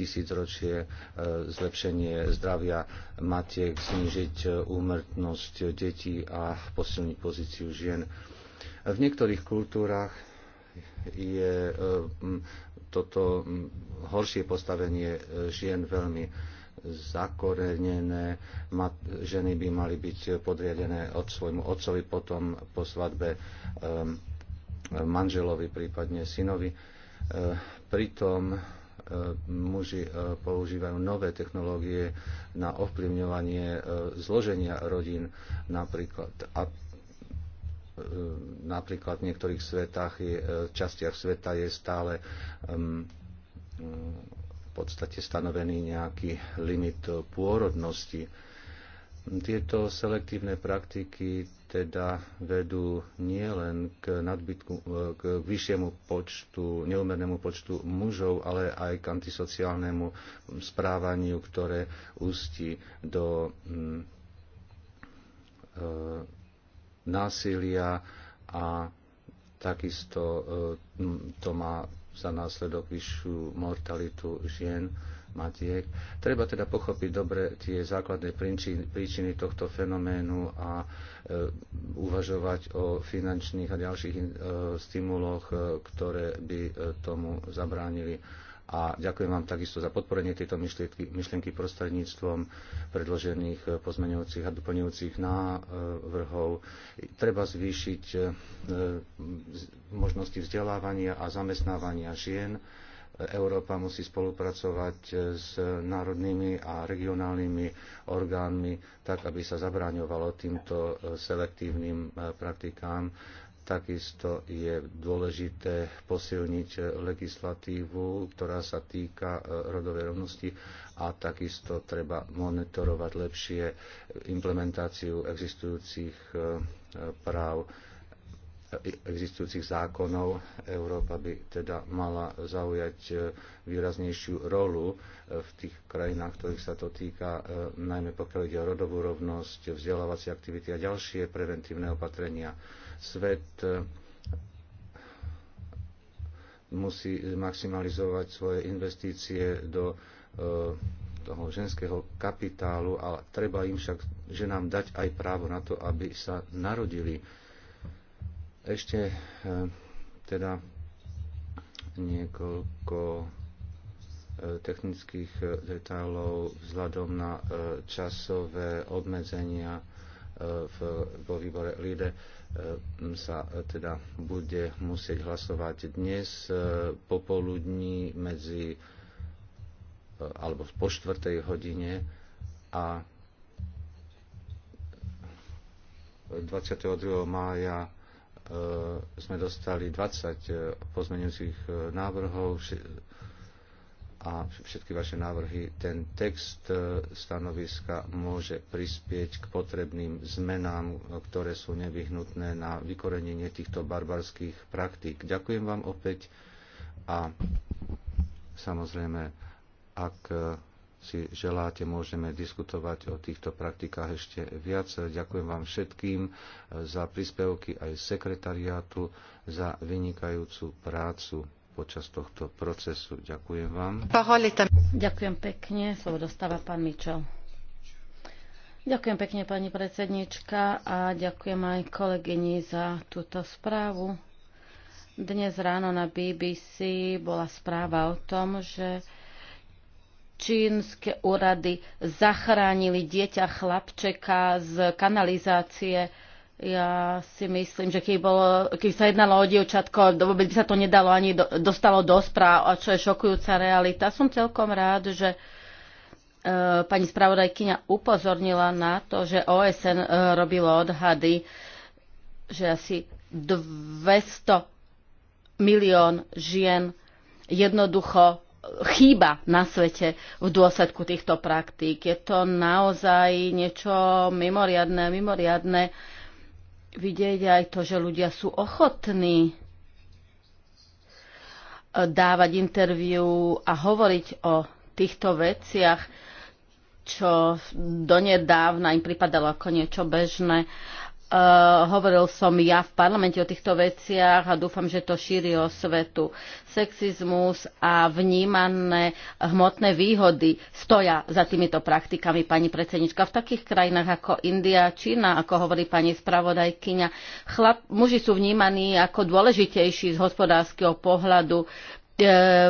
tisícročie, e, zlepšenie zdravia matiek, znižiť e, úmrtnosť detí a posilniť pozíciu žien. V niektorých kultúrach je e, toto horšie postavenie žien veľmi zakorenené. Ženy by mali byť podriadené od svojmu otcovi, potom po svadbe manželovi, prípadne synovi. Pritom muži e, používajú nové technológie na ovplyvňovanie e, zloženia rodín napríklad. A e, napríklad v niektorých svetách je, častiach sveta je stále v podstate stanovený nejaký limit pôrodnosti. Tieto selektívne praktiky teda vedú nielen k nadbytku, e, k vyššiemu počtu, neumernému počtu mužov, ale aj k antisociálnemu správaniu, ktoré ústi do mm, e, násilia a takisto e, to má za následok vyššiu mortalitu žien. E, matiek. Treba teda pochopiť dobre tie základné príčiny tohto fenoménu a e, uvažovať o finančných a ďalších e, stimuloch, e, ktoré by tomu zabránili. A ďakujem vám takisto za podporenie tejto myšlienky, myšlienky prostredníctvom predložených pozmeňujúcich a doplňujúcich návrhov. Treba zvýšiť možnosti vzdelávania a zamestnávania žien Európa musí spolupracovať e, s národnými a regionálnymi orgánmi, tak aby sa zabraňovalo týmto e, selektívnym e, praktikám. Takisto je dôležité posilniť legislatívu, ktorá sa týka rodovej rovnosti a takisto treba monitorovať lepšie implementáciu existujúcich práv existujúcich zákonov Európa by teda mala zaujať e, výraznejšiu rolu e, v tých krajinách, ktorých sa to týka, e, najmä pokiaľ ide o rodovú rovnosť, vzdelávacie aktivity a ďalšie preventívne opatrenia. Svet musí maximalizovať svoje investície do toho ženského kapitálu, ale treba im však ženám dať aj právo na to, aby sa narodili ešte e, teda niekoľko e, technických e, detailov vzhľadom na časové obmedzenia v, vo výbore LIDE sa teda bude musieť hlasovať dnes popoludní medzi alebo po štvrtej hodine a 22. mája E, sme dostali 20 e, pozmenujúcich e, návrhov a všetky vaše návrhy. Ten text stanoviska môže prispieť k potrebným zmenám, ktoré sú nevyhnutné na vykorenenie týchto barbarských praktík. Ďakujem vám opäť a samozrejme, ak si želáte, môžeme diskutovať o týchto praktikách ešte viac. Ďakujem vám všetkým za príspevky aj sekretariátu, za vynikajúcu prácu počas tohto procesu. Ďakujem vám. Ďakujem pekne. Slovo dostáva pán Mičel. Ďakujem pekne, pani predsednička, a ďakujem aj kolegyni za túto správu. Dnes ráno na BBC bola správa o tom, že čínske úrady zachránili dieťa chlapčeka z kanalizácie. Ja si myslím, že keď, bolo, sa jednalo o dievčatko, vôbec by sa to nedalo ani do, dostalo do správ, a čo je šokujúca realita. Som celkom rád, že e, pani spravodajkyňa upozornila na to, že OSN e, robilo odhady, že asi 200 milión žien jednoducho chýba na svete v dôsledku týchto praktík. Je to naozaj niečo mimoriadné, mimoriadné vidieť aj to, že ľudia sú ochotní eh, dávať interviu a hovoriť o týchto veciach, čo donedávna im pripadalo ako niečo bežné. Eh, hovoril som ja v parlamente o týchto veciach a dúfam, že to šíri o svetu. Sexizmus a vnímané hmotné výhody stoja za týmito praktikami, pani predsednička. V takých krajinách ako India, Čína, ako hovorí pani spravodajkyňa, chlap, muži sú vnímaní ako dôležitejší z hospodárskeho pohľadu e,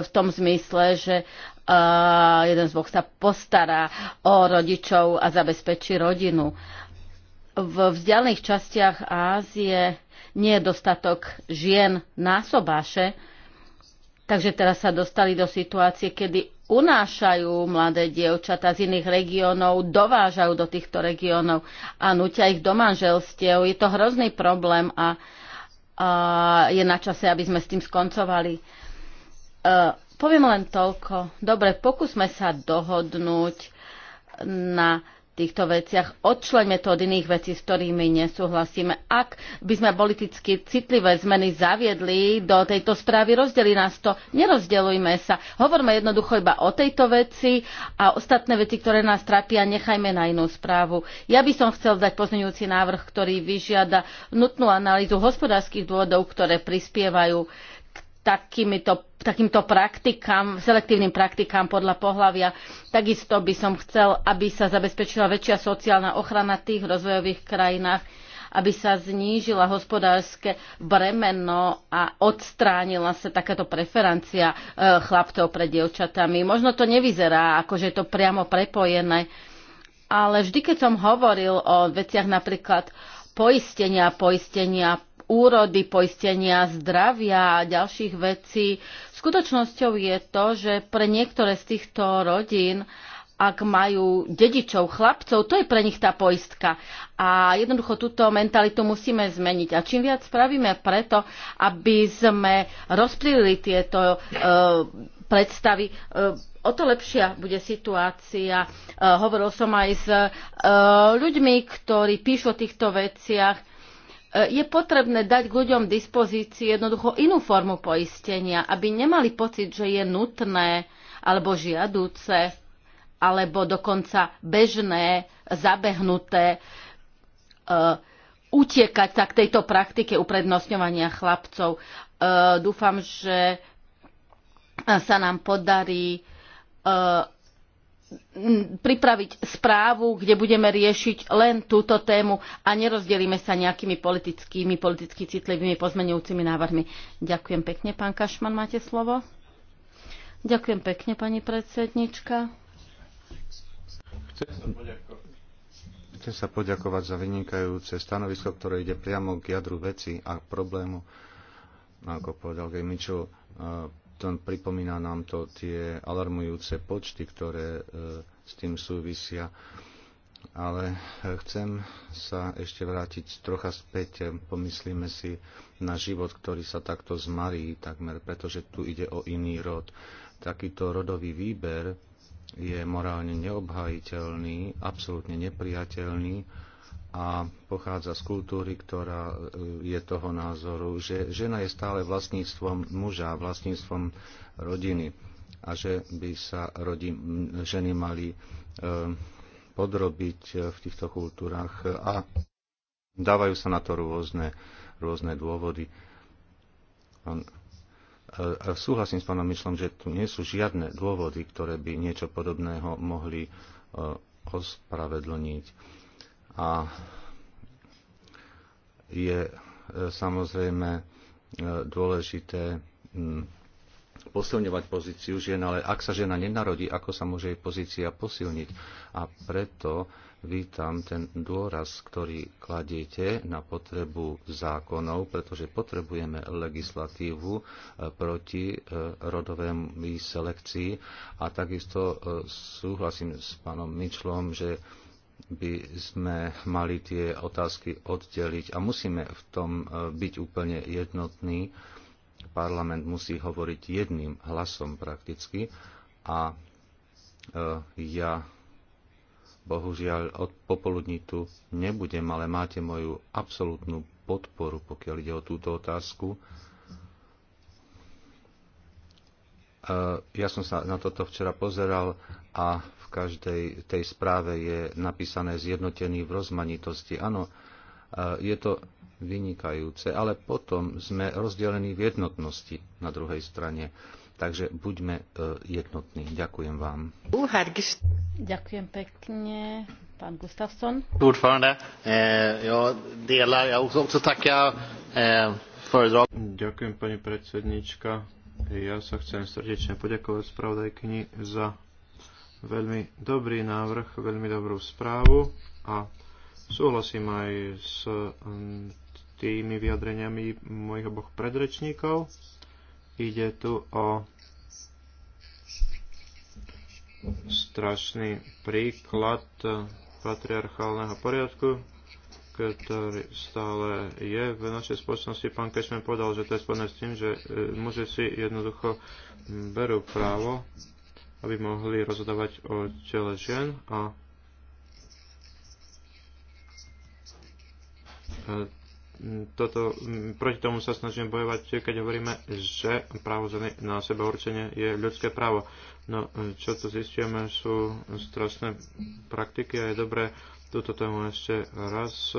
v tom zmysle, že eh, jeden z boh sa postará o rodičov a zabezpečí rodinu v vzdialených častiach Ázie nie je dostatok žien na sobáše, takže teraz sa dostali do situácie, kedy unášajú mladé dievčatá z iných regiónov, dovážajú do týchto regiónov a nutia ich do manželstiev. Je to hrozný problém a, a je na čase, aby sme s tým skoncovali. E, poviem len toľko. Dobre, pokúsme sa dohodnúť na týchto veciach. Odčleňme to od iných vecí, s ktorými nesúhlasíme. Ak by sme politicky citlivé zmeny zaviedli do tejto správy, rozdeli nás to. Nerozdelujme sa. Hovorme jednoducho iba o tejto veci a ostatné veci, ktoré nás trápia, nechajme na inú správu. Ja by som chcel dať pozmeňujúci návrh, ktorý vyžiada nutnú analýzu hospodárskych dôvodov, ktoré prispievajú takýmito, takýmto praktikám, selektívnym praktikám podľa pohlavia. Takisto by som chcel, aby sa zabezpečila väčšia sociálna ochrana tých rozvojových krajinách, aby sa znížila hospodárske bremeno a odstránila sa takáto preferencia e, chlapcov pred dievčatami. Možno to nevyzerá, ako že je to priamo prepojené, ale vždy, keď som hovoril o veciach napríklad poistenia, poistenia úrody, poistenia zdravia a ďalších vecí. Skutočnosťou je to, že pre niektoré z týchto rodín ak majú dedičov, chlapcov, to je pre nich tá poistka. A jednoducho túto mentalitu musíme zmeniť. A čím viac spravíme preto, aby sme rozptýlili tieto e, predstavy, e, o to lepšia bude situácia. E, hovoril som aj s e, ľuďmi, ktorí píšu o týchto veciach E, je potrebné dať ľuďom dispozícii jednoducho inú formu poistenia, aby nemali pocit, že je nutné alebo žiadúce alebo dokonca bežné, zabehnuté e, utiekať sa k tejto praktike uprednostňovania chlapcov. E, dúfam, že sa nám podarí e, pripraviť správu, kde budeme riešiť len túto tému a nerozdelíme sa nejakými politickými, politicky citlivými pozmeňujúcimi návrhmi. Ďakujem pekne, pán Kašman, máte slovo. Ďakujem pekne, pani predsednička. Chcem sa poďakovať chcem sa poďakovať za vynikajúce stanovisko, ktoré ide priamo k jadru veci a problému, ako povedal Gemičov, tam pripomína nám to tie alarmujúce počty, ktoré e, s tým súvisia. Ale e, chcem sa ešte vrátiť trocha späť. E, pomyslíme si na život, ktorý sa takto zmarí takmer, pretože tu ide o iný rod. Takýto rodový výber je morálne neobhajiteľný, absolútne nepriateľný a pochádza z kultúry, ktorá e, je toho názoru, že žena je stále vlastníctvom muža, vlastníctvom rodiny a že by sa rodin, ženy mali e, podrobiť e, v týchto kultúrach a dávajú sa na to rôzne, rôzne dôvody. A súhlasím s pánom Myšlom, že tu nie sú žiadne dôvody, ktoré by niečo podobného mohli ospravedlniť a je e, samozrejme e, dôležité posilňovať pozíciu žien, ale ak sa žena nenarodí, ako sa môže jej pozícia posilniť? A preto vítam ten dôraz, ktorý kladiete na potrebu zákonov, pretože potrebujeme legislatívu e, proti rodovému selekcii a takisto súhlasím s pánom Mičlom, že by sme mali tie otázky oddeliť a musíme v tom e, byť úplne jednotní. Parlament musí hovoriť jedným hlasom prakticky a e, ja bohužiaľ od popoludní tu nebudem, ale máte moju absolútnu podporu, pokiaľ ide o túto otázku. Eh, ja som sa na toto včera pozeral a v každej tej správe je napísané zjednotený v rozmanitosti. Áno, eh, je to vynikajúce, ale potom sme rozdelení v jednotnosti na druhej strane. Takže buďme eh, jednotní. Ďakujem vám. Ďakujem pekne. Pán Gustafsson. Ďakujem pani predsednička ja sa chcem srdečne poďakovať spravodajkyni za veľmi dobrý návrh, veľmi dobrú správu a súhlasím aj s mm, tými vyjadreniami mojich oboch predrečníkov. Ide tu o strašný príklad patriarchálneho poriadku, ktorý stále je v našej spoločnosti. Pán Kešmen povedal, že to je spodné s tým, že e, muži si jednoducho berú právo, aby mohli rozhodovať o tele žien a e, toto, proti tomu sa snažím bojovať, keď hovoríme, že právo ženy na seba určenie je ľudské právo. No, e, čo to zistíme, sú strašné praktiky a je dobré túto tému ešte raz e,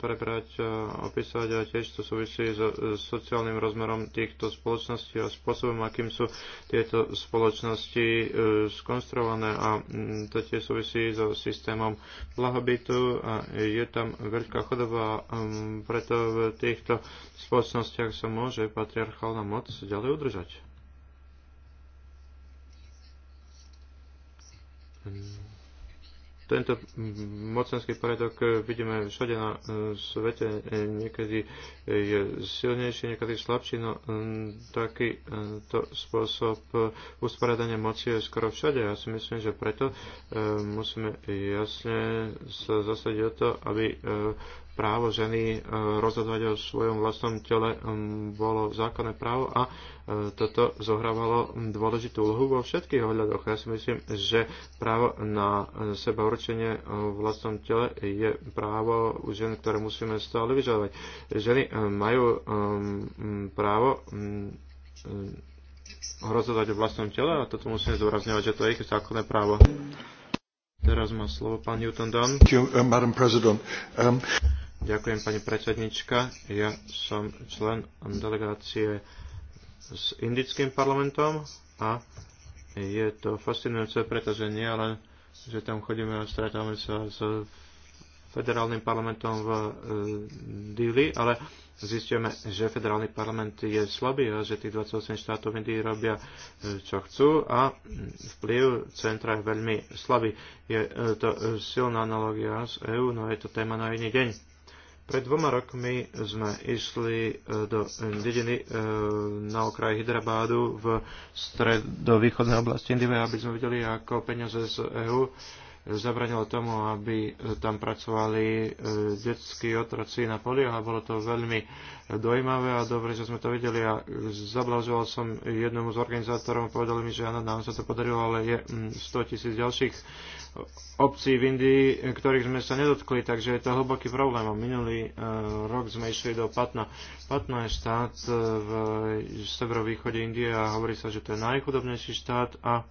prebrať, e, opísať a tiež to súvisí s e, sociálnym rozmerom týchto spoločností a spôsobom, akým sú tieto spoločnosti skonstruované a mm, to tiež súvisí so systémom blahobytu a je tam veľká chodoba, mm, preto v týchto spoločnostiach sa môže patriarchálna moc ďalej udržať. Tento mocenský poriadok e, vidíme všade na e, svete, e, niekedy je silnejší, niekedy slabší, no takýto spôsob usporiadania moci je skoro všade. Ja si myslím, že preto musíme jasne sa zasadiť o to, aby právo ženy e, rozhodovať o svojom vlastnom tele e, bolo zákonné právo a e, toto zohrávalo dôležitú úlohu vo všetkých ohľadoch. Ja si myslím, že právo na seba určenie v vlastnom tele je právo u žen, ktoré musíme stále vyžadovať. Ženy majú právo rozhodovať o vlastnom tele a toto musíme zdôrazňovať, že to je ich zákonné právo. Teraz má slovo pán Newton Dunn. Thank you, uh, Madam President. Um... Ďakujem, pani predsednička. Ja som člen delegácie s indickým parlamentom a je to fascinujúce, pretože nie len, že tam chodíme a stretáme sa s federálnym parlamentom v e, Dili, ale zistíme, že federálny parlament je slabý a že tých 28 štátov Indii robia, e, čo chcú a vplyv centra je veľmi slabý. Je e, to silná analogia z EÚ, no je to téma na iný deň. Pred dvoma rokmi sme išli e, do e, dediny e, na okraj Hydrabádu v stredovýchodnej oblasti Indie, aby sme videli, ako peniaze z EU zabranilo tomu, aby tam pracovali e, detskí otroci na poliach a bolo to veľmi dojímavé a dobre, že sme to videli a zablažoval som jednomu z organizátorov a povedali mi, že áno, nám sa to podarilo, ale je 100 mm, tisíc ďalších obcí v Indii, ktorých sme sa nedotkli, takže je to hlboký problém. minulý e, rok sme išli do Patna. Patna je štát e, v severovýchode Indie a hovorí sa, že to je najchudobnejší štát a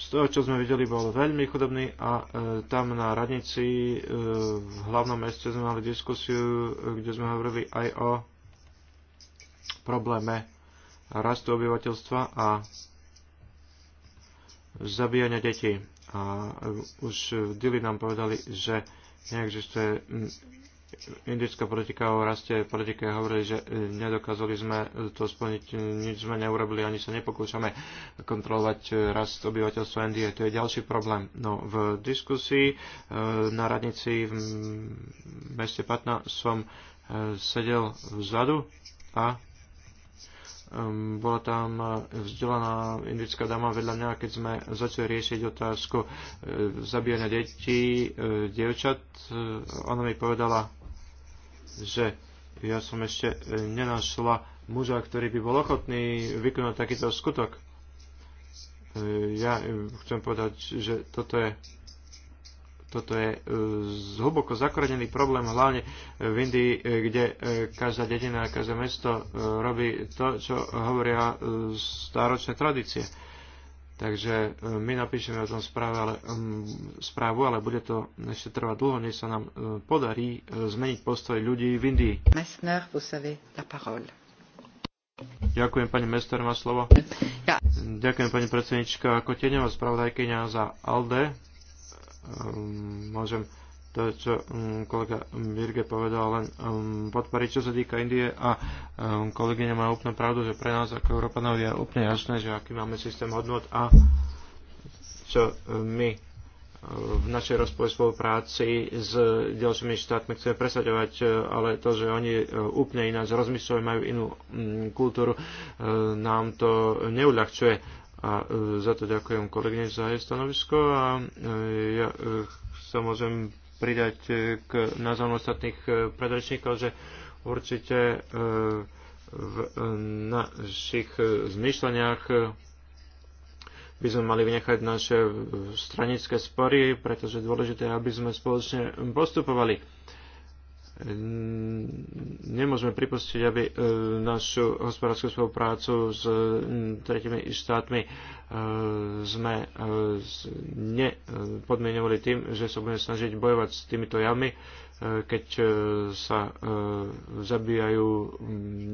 z toho, čo sme videli, bol veľmi chudobný a e, tam na radnici e, v hlavnom meste sme mali diskusiu, e, kde sme hovorili aj o probléme rastu obyvateľstva a zabíjania detí. A e, už v Dili nám povedali, že neexistuje indická politika o raste politike hovorili, že e, nedokázali sme e, to splniť, e, nič sme neurobili, ani sa nepokúšame kontrolovať rast obyvateľstva Indie. To je ďalší problém. No, v diskusii na radnici v meste Patna som sedel vzadu a bola tam vzdelaná indická dama vedľa mňa, keď sme začali riešiť otázku zabíjania detí, dievčat. Ona mi povedala, že ja som ešte e, nenašla muža, ktorý by bol ochotný vykonať takýto skutok. E, ja chcem povedať, že toto je toto je e, hlboko zakorenený problém, hlavne v Indii, kde každá dedina, každé mesto robí to, čo hovoria staročné tradície. Takže e, my napíšeme o tom správe, ale, správu, ale bude to ešte trvať dlho, než sa nám e, podarí e, zmeniť postoj ľudí v Indii. Messner, vous savez la parole. Ďakujem pani Mester, má slovo. Ja. Ďakujem pani predsednička. Ako tieňová spravodajkyňa za ALDE môžem to, čo mm, kolega Birge povedal, len mm, podporiť, čo sa týka Indie a mm, kolegyňa má úplnú pravdu, že pre nás ako Európanov je úplne jasné, že aký máme systém hodnot a čo my v našej rozpoj spolupráci s ďalšími štátmi chceme presaďovať, e, ale to, že oni e, úplne ináč rozmýšľajú, majú inú kultúru, e, nám to neuľahčuje. A za to ďakujem kolegyne za jej stanovisko a ja sa môžem pridať e, k názvom ostatných e, predrečníkov, že určite e, v našich zmyšľaniach by sme mali vynechať naše stranické spory, pretože je dôležité, aby sme spoločne postupovali nemôžeme pripustiť, aby e, našu hospodárskú spoluprácu s tretimi štátmi e, sme e, nepodmienovali tým, že sa budeme snažiť bojovať s týmito javmi, keď sa zabíjajú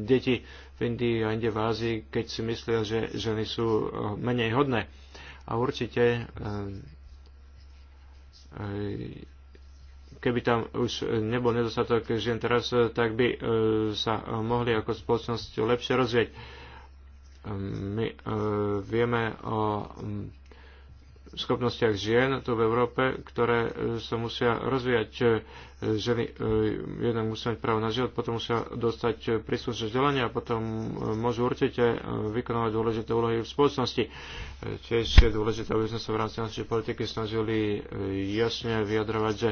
deti v Indii a inde v Ázii, keď si myslia, že ženy sú menej hodné. A určite keby tam už nebol nedostatok žien teraz, tak by e, sa mohli ako spoločnosť lepšie rozvieť. Ehm, my e, vieme o schopnostiach žien tu v Európe, ktoré e, sa musia rozvíjať. Ženy jednak musia mať právo na život, potom musia dostať príslušné vzdelanie a potom môžu určite vykonávať dôležité úlohy v spoločnosti. Tiež je dôležité, aby sme sa v rámci našej politiky snažili jasne vyjadrovať, že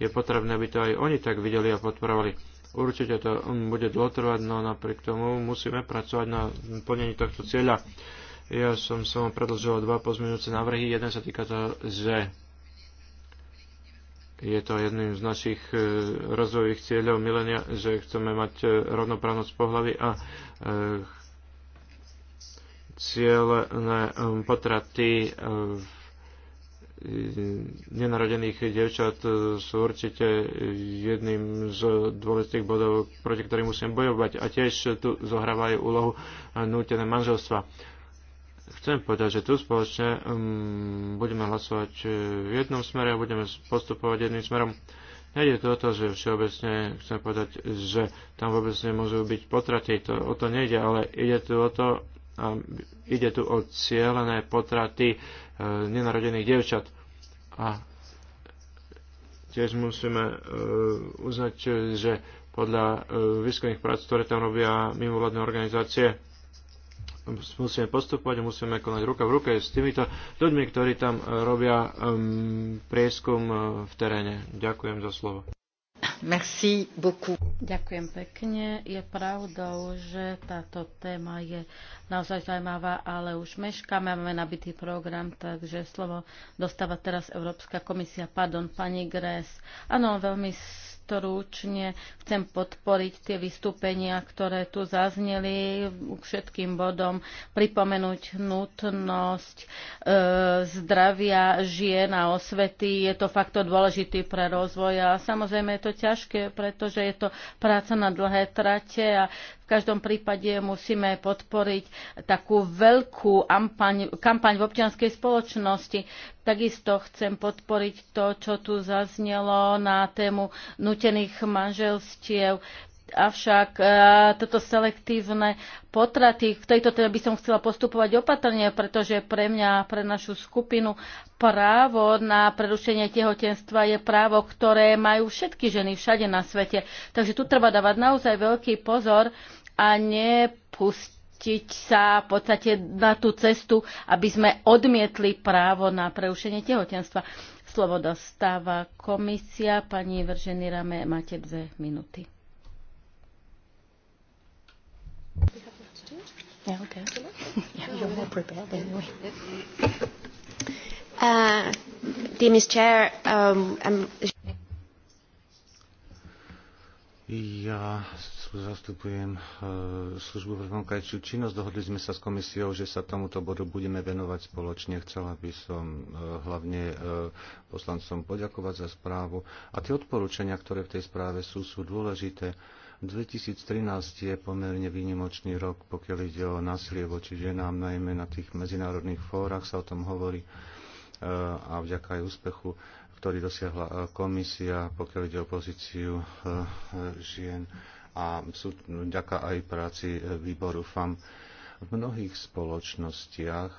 je potrebné, aby to aj oni tak videli a podporovali. Určite to mm, bude dlhotrvať, no napriek tomu musíme pracovať na plnení tohto cieľa. Ja som som predlžil dva pozmeňujúce návrhy. Jeden sa týka toho, že je to jedným z našich e, rozvojových cieľov milenia, že chceme mať e, rovnoprávnosť pohľavy a e, cieľné potraty v nenarodených dievčat sú určite jedným z dôležitých bodov, proti ktorým musím bojovať. A tiež tu zohrávajú úlohu nútené manželstva. Chcem povedať, že tu spoločne mm, budeme hlasovať v jednom smere a budeme postupovať jedným smerom. Nejde to o to, že všeobecne chcem povedať, že tam vôbec nemôžu byť potraty, to, o to nejde, ale ide tu o to, a ide tu o cieľené potraty e, nenarodených dievčat. A tiež musíme e, uznať, že podľa e, výskumných prác, ktoré tam robia mimovládne organizácie, musíme postupovať musíme konať ruka v ruke s týmito ľuďmi, ktorí tam robia prieskum v teréne. Ďakujem za slovo. Ďakujem pekne. Je pravdou, že táto téma je naozaj zaujímavá, ale už meškáme, máme nabitý program, takže slovo dostáva teraz Európska komisia. Pardon, pani Gres. Áno, veľmi stručne chcem podporiť tie vystúpenia, ktoré tu zazneli k všetkým bodom, pripomenúť nutnosť e, zdravia žien a osvety. Je to faktor dôležitý pre rozvoj a samozrejme je to ťažké, pretože je to práca na dlhé trate a každom prípade musíme podporiť takú veľkú ampaň, kampaň v občianskej spoločnosti. Takisto chcem podporiť to, čo tu zaznelo na tému nutených manželstiev. Avšak e, toto selektívne potraty, v tejto téme by som chcela postupovať opatrne, pretože pre mňa pre našu skupinu právo na prerušenie tehotenstva je právo, ktoré majú všetky ženy všade na svete. Takže tu treba dávať naozaj veľký pozor, a nepustiť sa v podstate na tú cestu, aby sme odmietli právo na preušenie tehotenstva. Slovo dostáva komisia. Pani Vržený Rame, máte dve minúty. Uh, um, um, ja zastupujem e, službu pre vonkajšiu činnosť. Dohodli sme sa s komisiou, že sa tomuto bodu budeme venovať spoločne. Chcela by som e, hlavne e, poslancom poďakovať za správu. A tie odporúčania, ktoré v tej správe sú, sú dôležité. 2013 je pomerne výnimočný rok, pokiaľ ide o násilie voči ženám, najmä na tých medzinárodných fórach sa o tom hovorí a vďaka aj úspechu, ktorý dosiahla komisia, pokiaľ ide o pozíciu žien a sú ďaká aj práci e, výboru FAM v mnohých spoločnostiach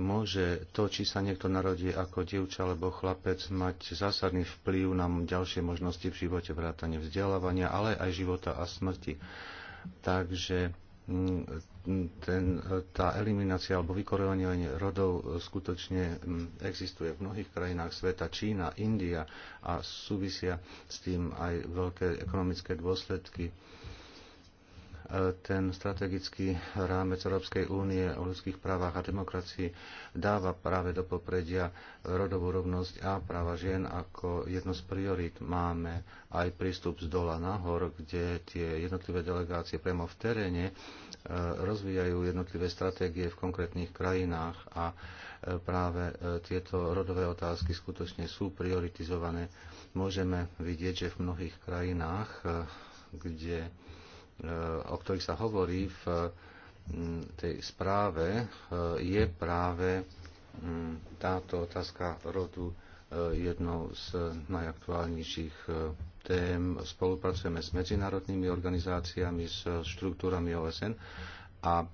môže to, či sa niekto narodí ako dievča alebo chlapec, mať zásadný vplyv na ďalšie možnosti v živote, vrátane vzdelávania, ale aj života a smrti. Takže Mm, ten, tá eliminácia alebo vykorovanie rodov e, skutočne mm, existuje v mnohých krajinách sveta, Čína, India a súvisia s tým aj veľké ekonomické dôsledky ten strategický rámec Európskej únie o ľudských právach a demokracii dáva práve do popredia rodovú rovnosť a práva žien ako jednu z priorit. Máme aj prístup z dola nahor, kde tie jednotlivé delegácie priamo v teréne e, rozvíjajú jednotlivé stratégie v konkrétnych krajinách a e, práve e, tieto rodové otázky skutočne sú prioritizované. Môžeme vidieť, že v mnohých krajinách, kde o ktorých sa hovorí v mm, tej správe, e, je práve mm, táto otázka rodu e, jednou z najaktuálnejších e, tém. Spolupracujeme s medzinárodnými organizáciami, s štruktúrami OSN a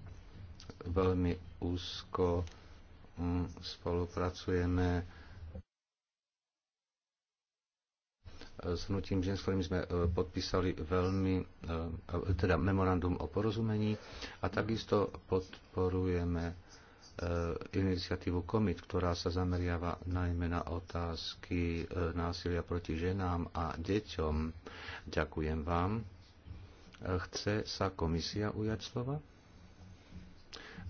veľmi úzko mm, spolupracujeme s hnutím žen, s ktorými sme e, podpísali veľmi, e, e, teda memorandum o porozumení a takisto podporujeme iniciatívu COMIT, ktorá sa zameriava najmä na otázky násilia proti ženám a deťom. Ďakujem vám. Chce sa komisia ujať slova?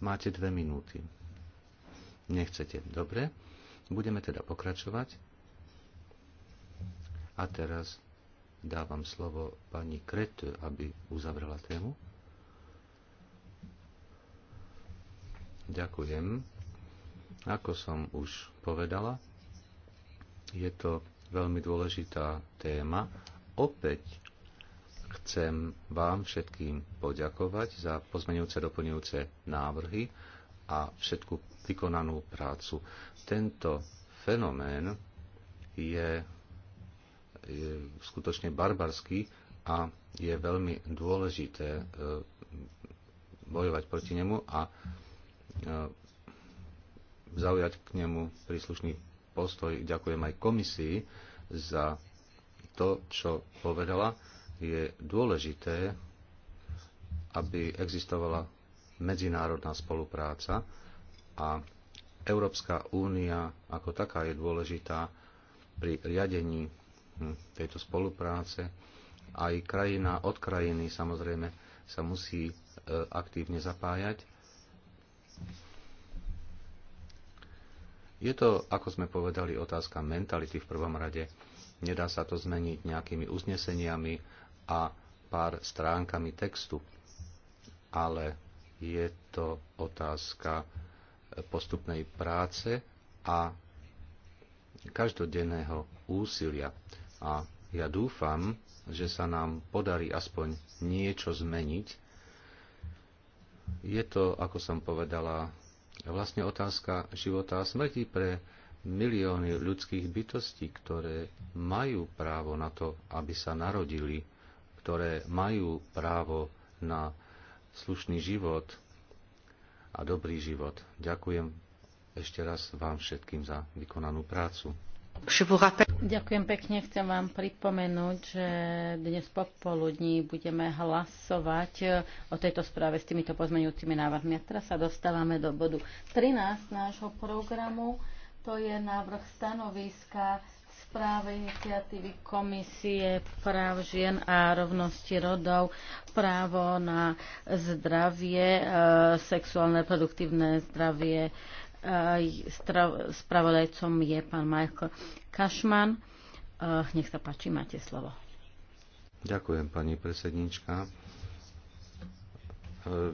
Máte dve minúty. Nechcete. Dobre. Budeme teda pokračovať. A teraz dávam slovo pani Kretu, aby uzavrela tému. Ďakujem. Ako som už povedala, je to veľmi dôležitá téma. Opäť chcem vám všetkým poďakovať za pozmenujúce doplňujúce návrhy a všetku vykonanú prácu. Tento fenomén je je skutočne barbarský a je veľmi dôležité e, bojovať proti nemu a e, zaujať k nemu príslušný postoj. Ďakujem aj komisii za to, čo povedala. Je dôležité, aby existovala medzinárodná spolupráca a Európska únia ako taká je dôležitá pri riadení Hm, tejto spolupráce. Aj krajina od krajiny samozrejme sa musí e, aktívne zapájať. Je to, ako sme povedali, otázka mentality v prvom rade. Nedá sa to zmeniť nejakými uzneseniami a pár stránkami textu, ale je to otázka e, postupnej práce a každodenného úsilia. A ja dúfam, že sa nám podarí aspoň niečo zmeniť. Je to, ako som povedala, vlastne otázka života a smrti pre milióny ľudských bytostí, ktoré majú právo na to, aby sa narodili, ktoré majú právo na slušný život a dobrý život. Ďakujem ešte raz vám všetkým za vykonanú prácu. Ďakujem pekne. Chcem vám pripomenúť, že dnes popoludní budeme hlasovať eh, o tejto správe s týmito pozmeňujúcimi návrhmi. A teraz sa dostávame do bodu 13 nášho programu. To je návrh stanoviska správe iniciatívy Komisie práv žien a rovnosti rodov právo na zdravie, eh, sexuálne produktívne zdravie, Spravodajcom je pán Michael Kašman. Eh, nech sa páči, máte slovo. Ďakujem, pani predsednička. Eh,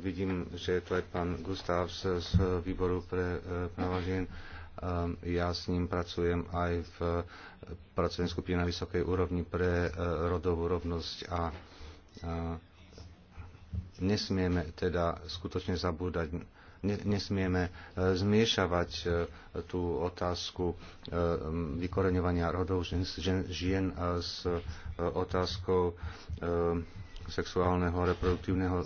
vidím, že je tu aj pán Gustav z, z výboru pre eh, práva žien. Ja s ním pracujem aj v pracovnej skupine na vysokej úrovni pre rodovú rovnosť a nesmieme teda skutočne zabúdať nesmieme e, zmiešavať e, tú otázku e, vykoreňovania rodov žien s otázkou sexuálneho reproduktívneho,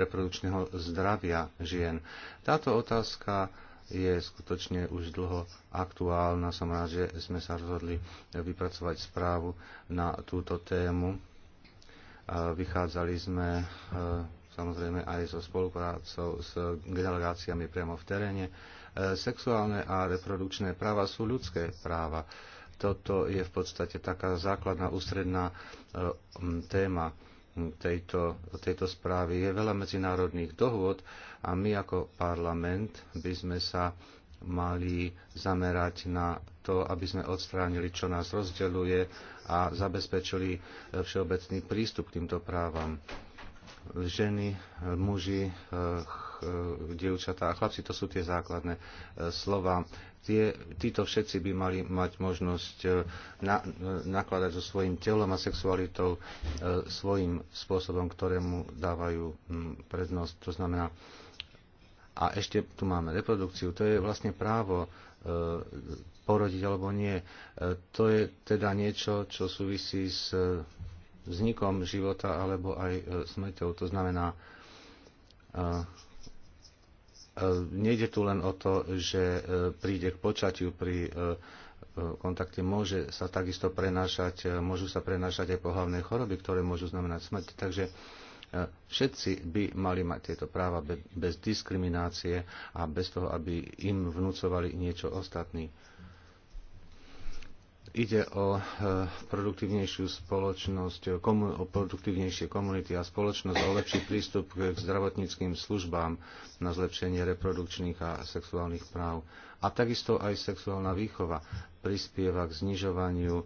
reprodukčného zdravia žien. Táto otázka je skutočne už dlho aktuálna. Som rád, že sme sa rozhodli vypracovať správu na túto tému. Vychádzali sme samozrejme aj so spoluprácou s delegáciami priamo v teréne. E, sexuálne a reprodukčné práva sú ľudské práva. Toto je v podstate taká základná ústredná e, téma tejto, tejto správy. Je veľa medzinárodných dohôd a my ako parlament by sme sa mali zamerať na to, aby sme odstránili, čo nás rozdeľuje a zabezpečili e, všeobecný prístup k týmto právam ženy, muži, eh, dievčatá a chlapci, to sú tie základné eh, slova. Tie, títo všetci by mali mať možnosť eh, na, nakladať so svojím telom a sexualitou svojím spôsobom, ktorému dávajú hm, prednosť. To znamená, a ešte tu máme reprodukciu, to je vlastne právo porodiť alebo nie. To je teda niečo, čo súvisí s vznikom života alebo aj e, smrťou. To znamená, e, e, nejde tu len o to, že príde k počatiu pri kontakte, môže sa takisto prenášať, môžu sa prenášať aj pohlavné choroby, ktoré môžu znamenať smrť. Takže všetci by mali mať tieto práva bez diskriminácie a bez toho, aby im vnúcovali niečo ostatné. Ide o e, produktívnejšiu spoločnosť, o produktívnejšie komunity a spoločnosť, o lepší prístup k zdravotníckým službám na zlepšenie reprodukčných a sexuálnych práv. A takisto aj sexuálna výchova prispieva k znižovaniu e,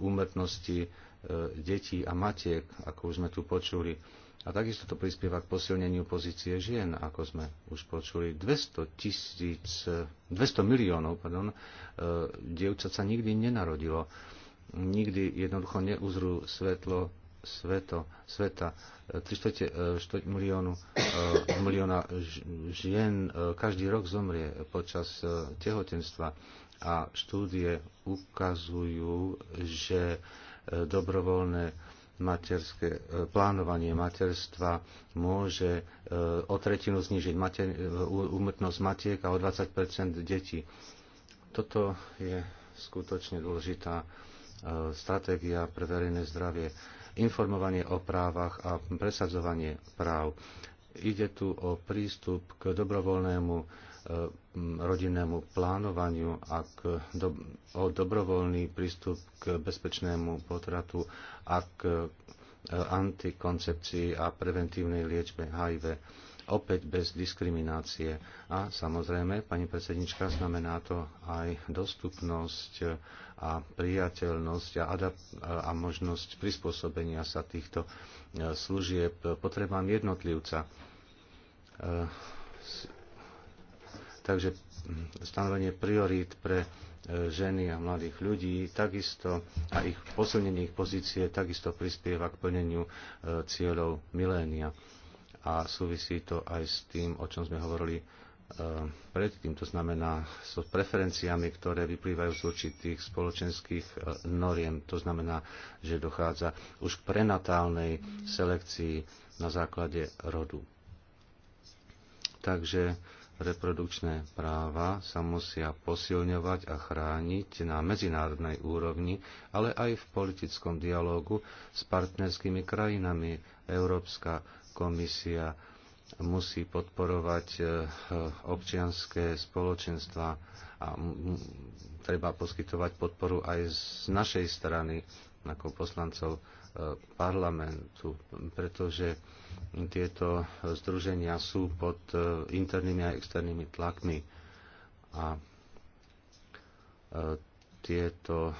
úmrtnosti e, detí a matiek, ako už sme tu počuli a takisto to prispieva k posilneniu pozície žien, ako sme už počuli. 200, tisíc, 200 miliónov pardon, e, dievčat sa nikdy nenarodilo. Nikdy jednoducho neuzrú svetlo sveto, sveta. 300 e, e, miliónu, milióna žien každý rok zomrie počas tehotenstva. A štúdie ukazujú, že dobrovoľné materské, e, plánovanie materstva môže e, o tretinu znižiť mater, e, úmrtnosť matiek a o 20 detí. Toto je skutočne dôležitá stratégia pre verejné zdravie, informovanie o právach a presadzovanie práv. Ide tu o prístup k dobrovoľnému rodinnému plánovaniu a k do, o dobrovoľný prístup k bezpečnému potratu a k e, antikoncepcii a preventívnej liečbe HIV. Opäť bez diskriminácie. A samozrejme, pani predsednička, znamená to aj dostupnosť a priateľnosť a, adap- a možnosť prispôsobenia sa týchto e, služieb potrebám jednotlivca e, Takže mm, stanovenie priorít pre e, ženy a mladých ľudí takisto a ich posilnenie ich pozície takisto prispieva k plneniu e, cieľov milénia. A súvisí to aj s tým, o čom sme hovorili e, predtým, to znamená s so preferenciami, ktoré vyplývajú z určitých spoločenských noriem. To znamená, že dochádza už k prenatálnej selekcii na základe rodu. Takže reprodukčné práva sa musia posilňovať a chrániť na medzinárodnej úrovni, ale aj v politickom dialogu s partnerskými krajinami. Európska komisia musí podporovať eh, občianské spoločenstva a treba poskytovať podporu aj z našej strany ako poslancov eh, parlamentu, pretože tieto združenia sú pod e, internými a externými tlakmi a e, tieto e,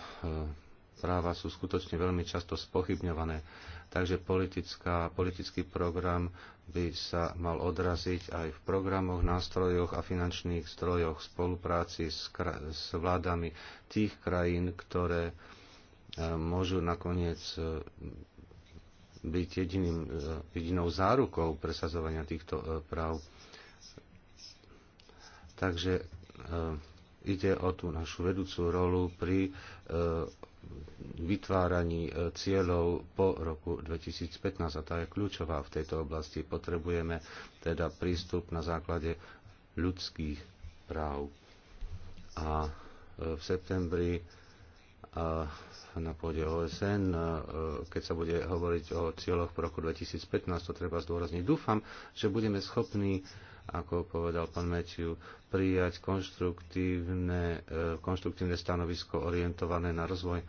práva sú skutočne veľmi často spochybňované. Takže politická, politický program by sa mal odraziť aj v programoch, nástrojoch a finančných strojoch v spolupráci s, s vládami tých krajín, ktoré môžu nakoniec byť jediným, e, jedinou zárukou presazovania týchto e, práv. Takže e, ide o tú našu vedúcu rolu pri vytváraní cieľov po roku 2015 a tá je kľúčová v tejto oblasti. Potrebujeme teda prístup na základe ľudských práv. A v septembri na pôde OSN, e, keď sa bude hovoriť o cieľoch v roku 2015, to treba zdôrazniť. Dúfam, že budeme schopní, ako povedal pán Metiu, prijať konštruktívne, e, konštruktívne stanovisko orientované na rozvoj,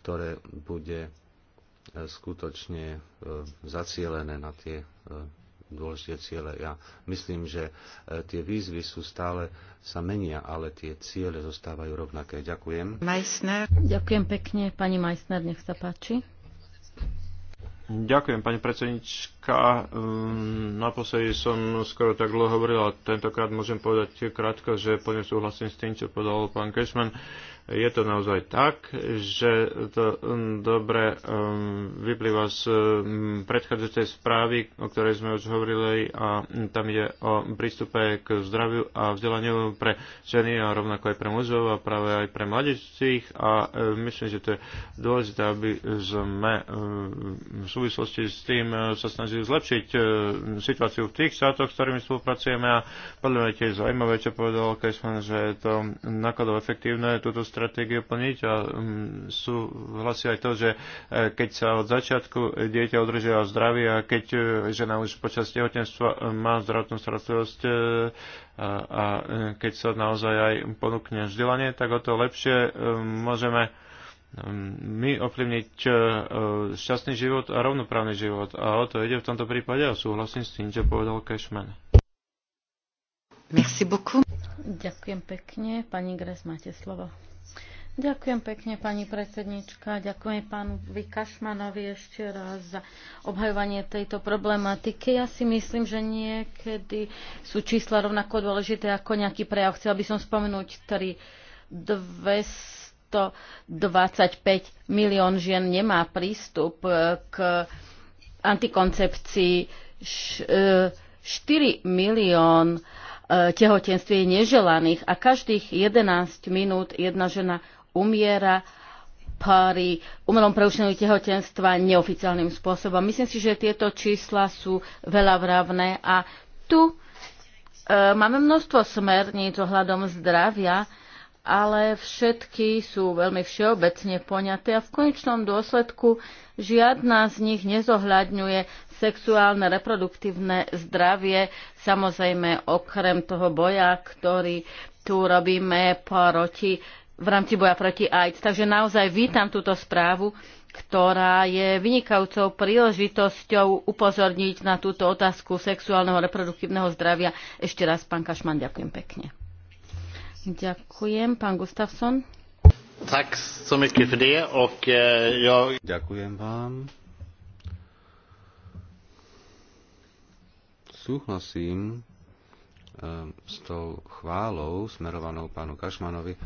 ktoré bude e, skutočne zacielené na tie dôležité ciele. Ja myslím, že e, tie výzvy sú stále sa menia, ale tie ciele zostávajú rovnaké. Ďakujem. Meissner. Ďakujem pekne. Pani majsner, nech sa páči. Ďakujem, pani predsednička. Ehm, naposledy som skoro tak dlho hovoril a tentokrát môžem povedať krátko, že plne súhlasím s tým, čo podal pán Cashman je to naozaj tak, že to mm, dobre mm, vyplýva z mm, predchádzajúcej správy, o ktorej sme už hovorili a tam je o prístupe k zdraviu a vzdelaniu pre ženy a rovnako aj pre mužov a práve aj pre mladistých a e, myslím, že to je dôležité, aby sme e, v súvislosti s tým e, sa snažili zlepšiť situáciu v tých štátoch, s ktorými spolupracujeme a podľa mňa tiež zaujímavé, čo povedal Kešman, že je to nakladov efektívne túto stratégiu plniť a mm, sú hlasy aj to, že e, keď sa od začiatku dieťa udržia zdravie a keď e, žena už počas tehotenstva e, má zdravotnú starostlivosť a, a keď sa naozaj aj ponúkne vzdelanie, tak o to lepšie môžeme my ovplyvniť šťastný život a rovnoprávny život. A o to ide v tomto prípade a súhlasím s tým, čo povedal Cashman. Merci beaucoup. Ďakujem pekne. Pani Gres, máte slovo. Ďakujem pekne, pani predsednička. Ďakujem pánovi Kašmanovi ešte raz za obhajovanie tejto problematiky. Ja si myslím, že niekedy sú čísla rovnako dôležité ako nejaký prejav. Chcela by som spomenúť 3. 225 milión žien nemá prístup e, k antikoncepcii. 4 e, milión e, tehotenství je neželaných a každých 11 minút jedna žena umiera pri umelom preušení tehotenstva neoficiálnym spôsobom. Myslím si, že tieto čísla sú veľa vravné a tu e, máme množstvo smerníc ohľadom zdravia, ale všetky sú veľmi všeobecne poňaté a v konečnom dôsledku žiadna z nich nezohľadňuje sexuálne reproduktívne zdravie, samozrejme okrem toho boja, ktorý tu robíme proti v rámci boja proti AIDS. Takže naozaj vítam túto správu, ktorá je vynikajúcou príležitosťou upozorniť na túto otázku sexuálneho reproduktívneho zdravia. Ešte raz, pán Kašman, ďakujem pekne. Ďakujem, pán Gustafsson. Tak so mycket för det eh, Ďakujem vám. Súhlasím eh, s tou chválou smerovanou pánu Kašmanovi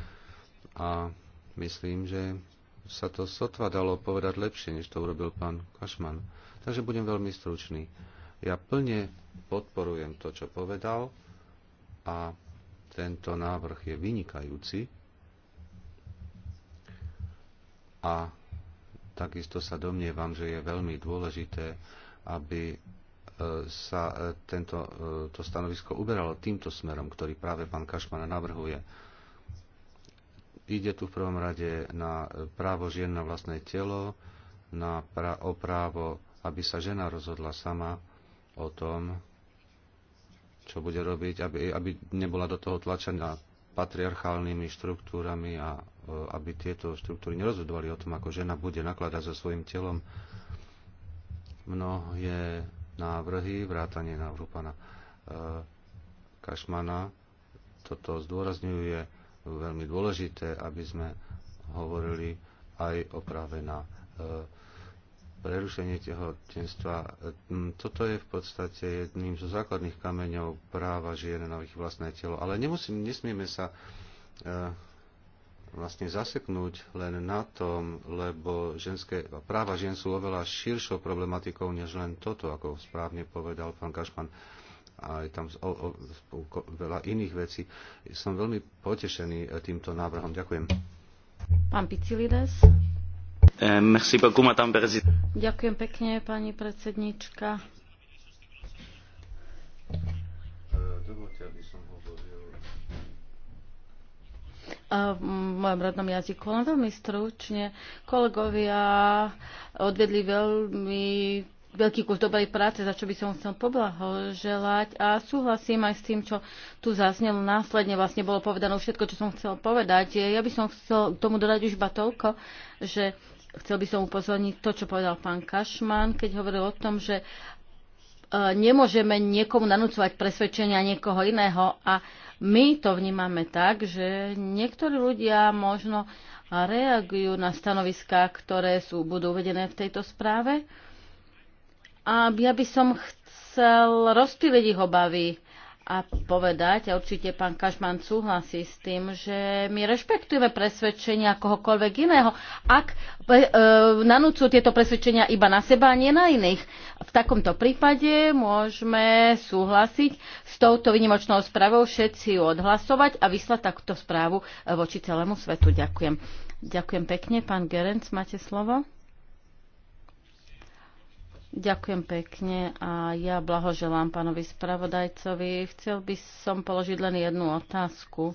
a myslím, že sa to sotva dalo povedať lepšie, než to urobil pán Kašman. Takže budem veľmi stručný. Ja plne podporujem to, čo povedal a tento návrh je vynikajúci a takisto sa domnievam, že je veľmi dôležité, aby e, sa e, tento, e, to stanovisko uberalo týmto smerom, ktorý práve pán Kašman navrhuje. Ide tu v prvom rade na právo žien na vlastné telo, na pra- o právo, aby sa žena rozhodla sama o tom, čo bude robiť, aby, aby nebola do toho tlačená patriarchálnymi štruktúrami a e, aby tieto štruktúry nerozhodovali o tom, ako žena bude nakladať so svojim telom. Mnohé návrhy, vrátanie návrhu pána e, Kašmana, toto zdôrazňuje veľmi dôležité, aby sme hovorili aj o práve na e, prerušenie tehotenstva. Mm, toto je v podstate jedným zo základných kameňov práva žien na ich vlastné telo. Ale nemusím, nesmieme sa e, vlastne zaseknúť len na tom, lebo ženské, práva žien sú oveľa širšou problematikou než len toto, ako správne povedal pán Kašman a je tam o, o, veľa iných vecí. Som veľmi potešený e, týmto návrhom. Ďakujem. Pán Picilides. Eh, Ďakujem pekne, pani predsednička. E, dovolte, aby som v mojom rodnom jazyku. Len veľmi stručne. Kolegovia odvedli veľmi veľký kus dobrej práce, za čo by som chcel poblahoželať. A súhlasím aj s tým, čo tu zaznelo následne. Vlastne bolo povedané všetko, čo som chcel povedať. Ja by som chcel k tomu dodať už iba toľko, že chcel by som upozorniť to, čo povedal pán Kašman, keď hovoril o tom, že e, nemôžeme niekomu nanúcovať presvedčenia niekoho iného a my to vnímame tak, že niektorí ľudia možno reagujú na stanoviská, ktoré sú, budú uvedené v tejto správe, a ja by som chcel rozpíliť ich obavy a povedať, a určite pán Kašman súhlasí s tým, že my rešpektujeme presvedčenia kohokoľvek iného, ak e, e nanúcu tieto presvedčenia iba na seba a nie na iných. V takomto prípade môžeme súhlasiť s touto vynimočnou správou, všetci ju odhlasovať a vyslať takúto správu voči celému svetu. Ďakujem. Ďakujem pekne. Pán Gerenc, máte slovo. Ďakujem pekne a ja blahoželám pánovi spravodajcovi. Chcel by som položiť len jednu otázku.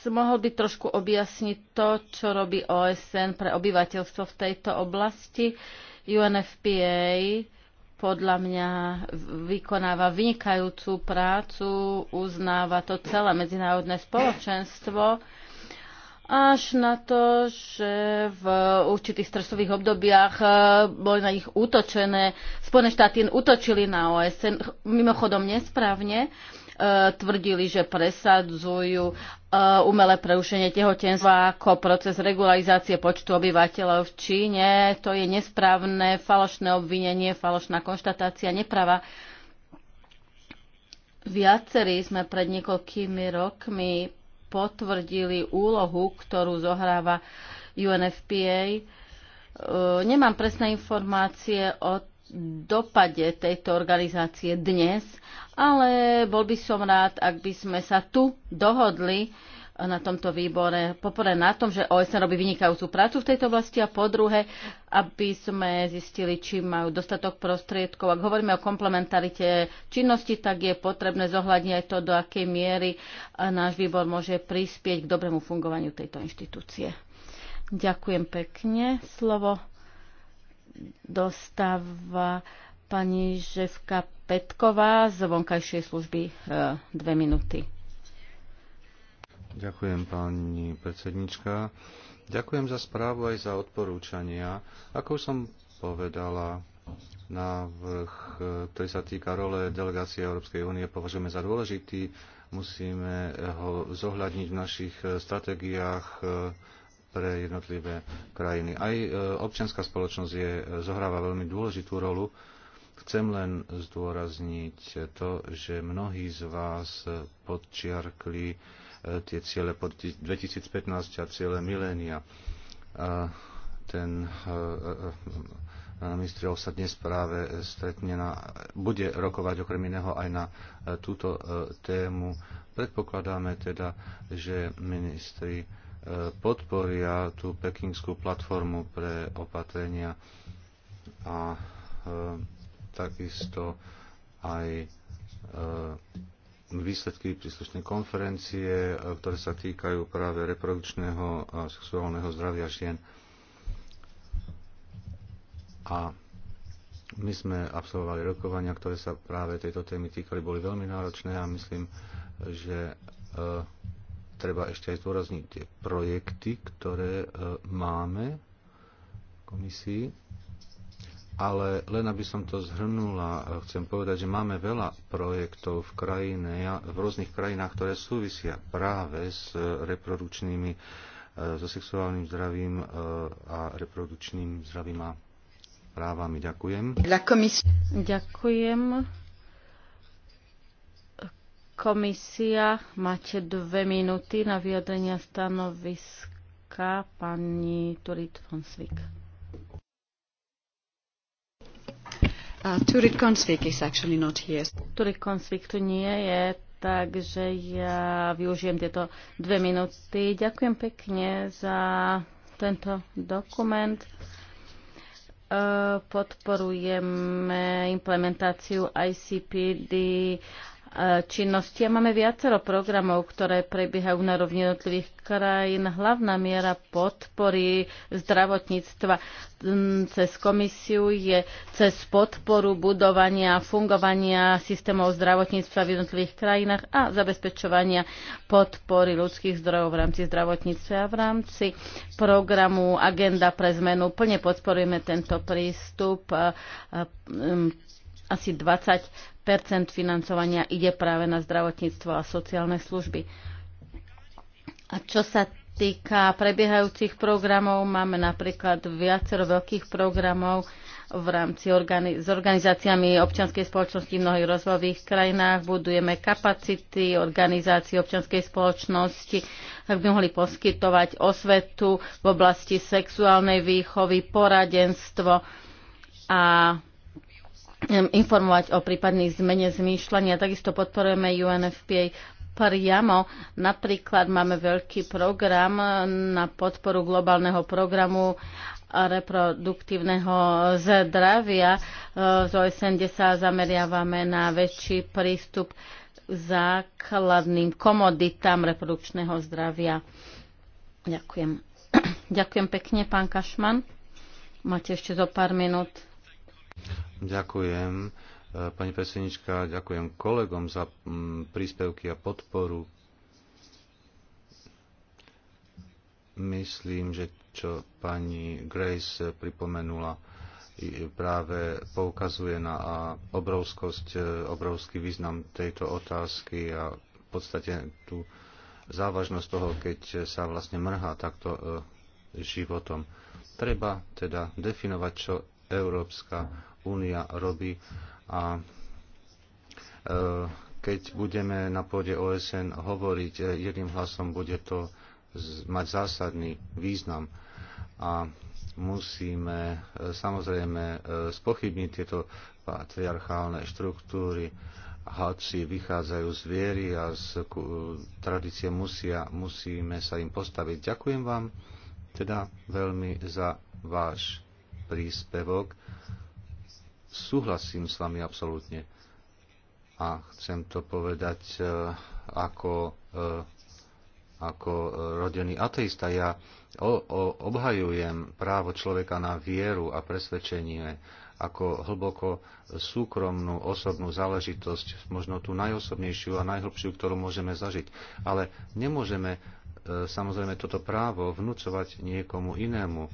Mohol by trošku objasniť to, čo robí OSN pre obyvateľstvo v tejto oblasti. UNFPA podľa mňa vykonáva vynikajúcu prácu, uznáva to celé medzinárodné spoločenstvo až na to, že v určitých stresových obdobiach e, boli na nich útočené. Spojené štáty útočili na OSN, mimochodom nesprávne, e, tvrdili, že presadzujú e, umelé preušenie tehotenstva ako proces regularizácie počtu obyvateľov v Číne. To je nesprávne, falošné obvinenie, falošná konštatácia, neprava. Viacerí sme pred niekoľkými rokmi potvrdili úlohu, ktorú zohráva UNFPA. E, nemám presné informácie o dopade tejto organizácie dnes, ale bol by som rád, ak by sme sa tu dohodli na tomto výbore. Poprvé na tom, že OSN robí vynikajúcu prácu v tejto oblasti a po druhé, aby sme zistili, či majú dostatok prostriedkov. Ak hovoríme o komplementarite činnosti, tak je potrebné zohľadniť aj to, do akej miery náš výbor môže prispieť k dobrému fungovaniu tejto inštitúcie. Ďakujem pekne. Slovo dostáva pani Ževka Petková z vonkajšej služby e, dve minúty. Ďakujem pani predsednička. Ďakujem za správu aj za odporúčania. Ako som povedala, návrh, ktorý sa týka role delegácie Európskej únie, považujeme za dôležitý. Musíme ho zohľadniť v našich stratégiách eh, pre jednotlivé krajiny. Aj eh, občianská spoločnosť je, eh, zohráva veľmi dôležitú rolu. Chcem len zdôrazniť to, že mnohí z vás podčiarkli, E, tie ciele pod 2015 a ciele milénia. A e, ten e, ministriov sa dnes práve stretne na, bude rokovať okrem iného aj na túto tému. Predpokladáme teda, že ministri podporia tú pekingskú platformu pre opatrenia a takisto aj výsledky príslušnej konferencie, e, ktoré sa týkajú práve reprodukčného a sexuálneho zdravia žien. A my sme absolvovali rokovania, ktoré sa práve tejto témy týkali, boli veľmi náročné a myslím, že e, treba ešte aj zdôrazniť tie projekty, ktoré e, máme v komisii ale len aby som to zhrnula, e, chcem povedať, že máme veľa projektov v, krajine, v rôznych krajinách, ktoré súvisia práve s e, reprodučnými, e, so sexuálnym zdravím a reprodučným zdravím a právami. Ďakujem. Ďakujem. Komisia, máte dve minúty na vyjadrenia stanoviska pani Turit von Svik. Uh, Turek Konsvik is actually not here. Konsvik tu nie je, takže ja využijem tieto dve minúty. Ďakujem pekne za tento dokument uh, podporujeme implementáciu ICPD činnosti a máme viacero programov, ktoré prebiehajú na rovni jednotlivých krajín. Hlavná miera podpory zdravotníctva cez komisiu je cez podporu budovania a fungovania systémov zdravotníctva v jednotlivých krajinách a zabezpečovania podpory ľudských zdrojov v rámci zdravotníctva a v rámci programu Agenda pre zmenu. Plne podporujeme tento prístup asi 20 percent financovania ide práve na zdravotníctvo a sociálne služby. A čo sa týka prebiehajúcich programov, máme napríklad viacero veľkých programov v rámci organi- s organizáciami občianskej spoločnosti v mnohých rozvojových krajinách. Budujeme kapacity organizácií občianskej spoločnosti, ak by mohli poskytovať osvetu v oblasti sexuálnej výchovy, poradenstvo a informovať o prípadných zmene zmýšľania. Takisto podporujeme UNFPA priamo. Napríklad máme veľký program eh, na podporu globálneho programu reproduktívneho zdravia. Eh, z OSN sa zameriavame na väčší prístup k základným komoditám reprodukčného zdravia. Ďakujem. Ďakujem pekne, pán Kašman. Máte ešte zo pár minút. Ďakujem, e, pani predsednička, ďakujem kolegom za príspevky a podporu. Myslím, že čo pani Grace pripomenula, práve poukazuje na obrovskosť, e, obrovský význam tejto otázky a v podstate tú závažnosť toho, keď sa vlastne mrhá takto e, životom. Treba teda definovať, čo Európska únia robí. A e, keď budeme na pôde OSN hovoriť e, jedným hlasom, bude to mať zásadný význam. A musíme e, samozrejme spochybniť tieto patriarchálne štruktúry. hoci vychádzajú z viery a z tradície musia, musíme sa im postaviť. Ďakujem vám teda veľmi za váš príspevok súhlasím s vami absolútne. A chcem to povedať e, ako, e, ako rodený ateista. Ja o, o, obhajujem právo človeka na vieru a presvedčenie ako hlboko súkromnú osobnú záležitosť, možno tú najosobnejšiu a najhlbšiu, ktorú môžeme zažiť. Ale nemôžeme e, samozrejme toto právo vnúcovať niekomu inému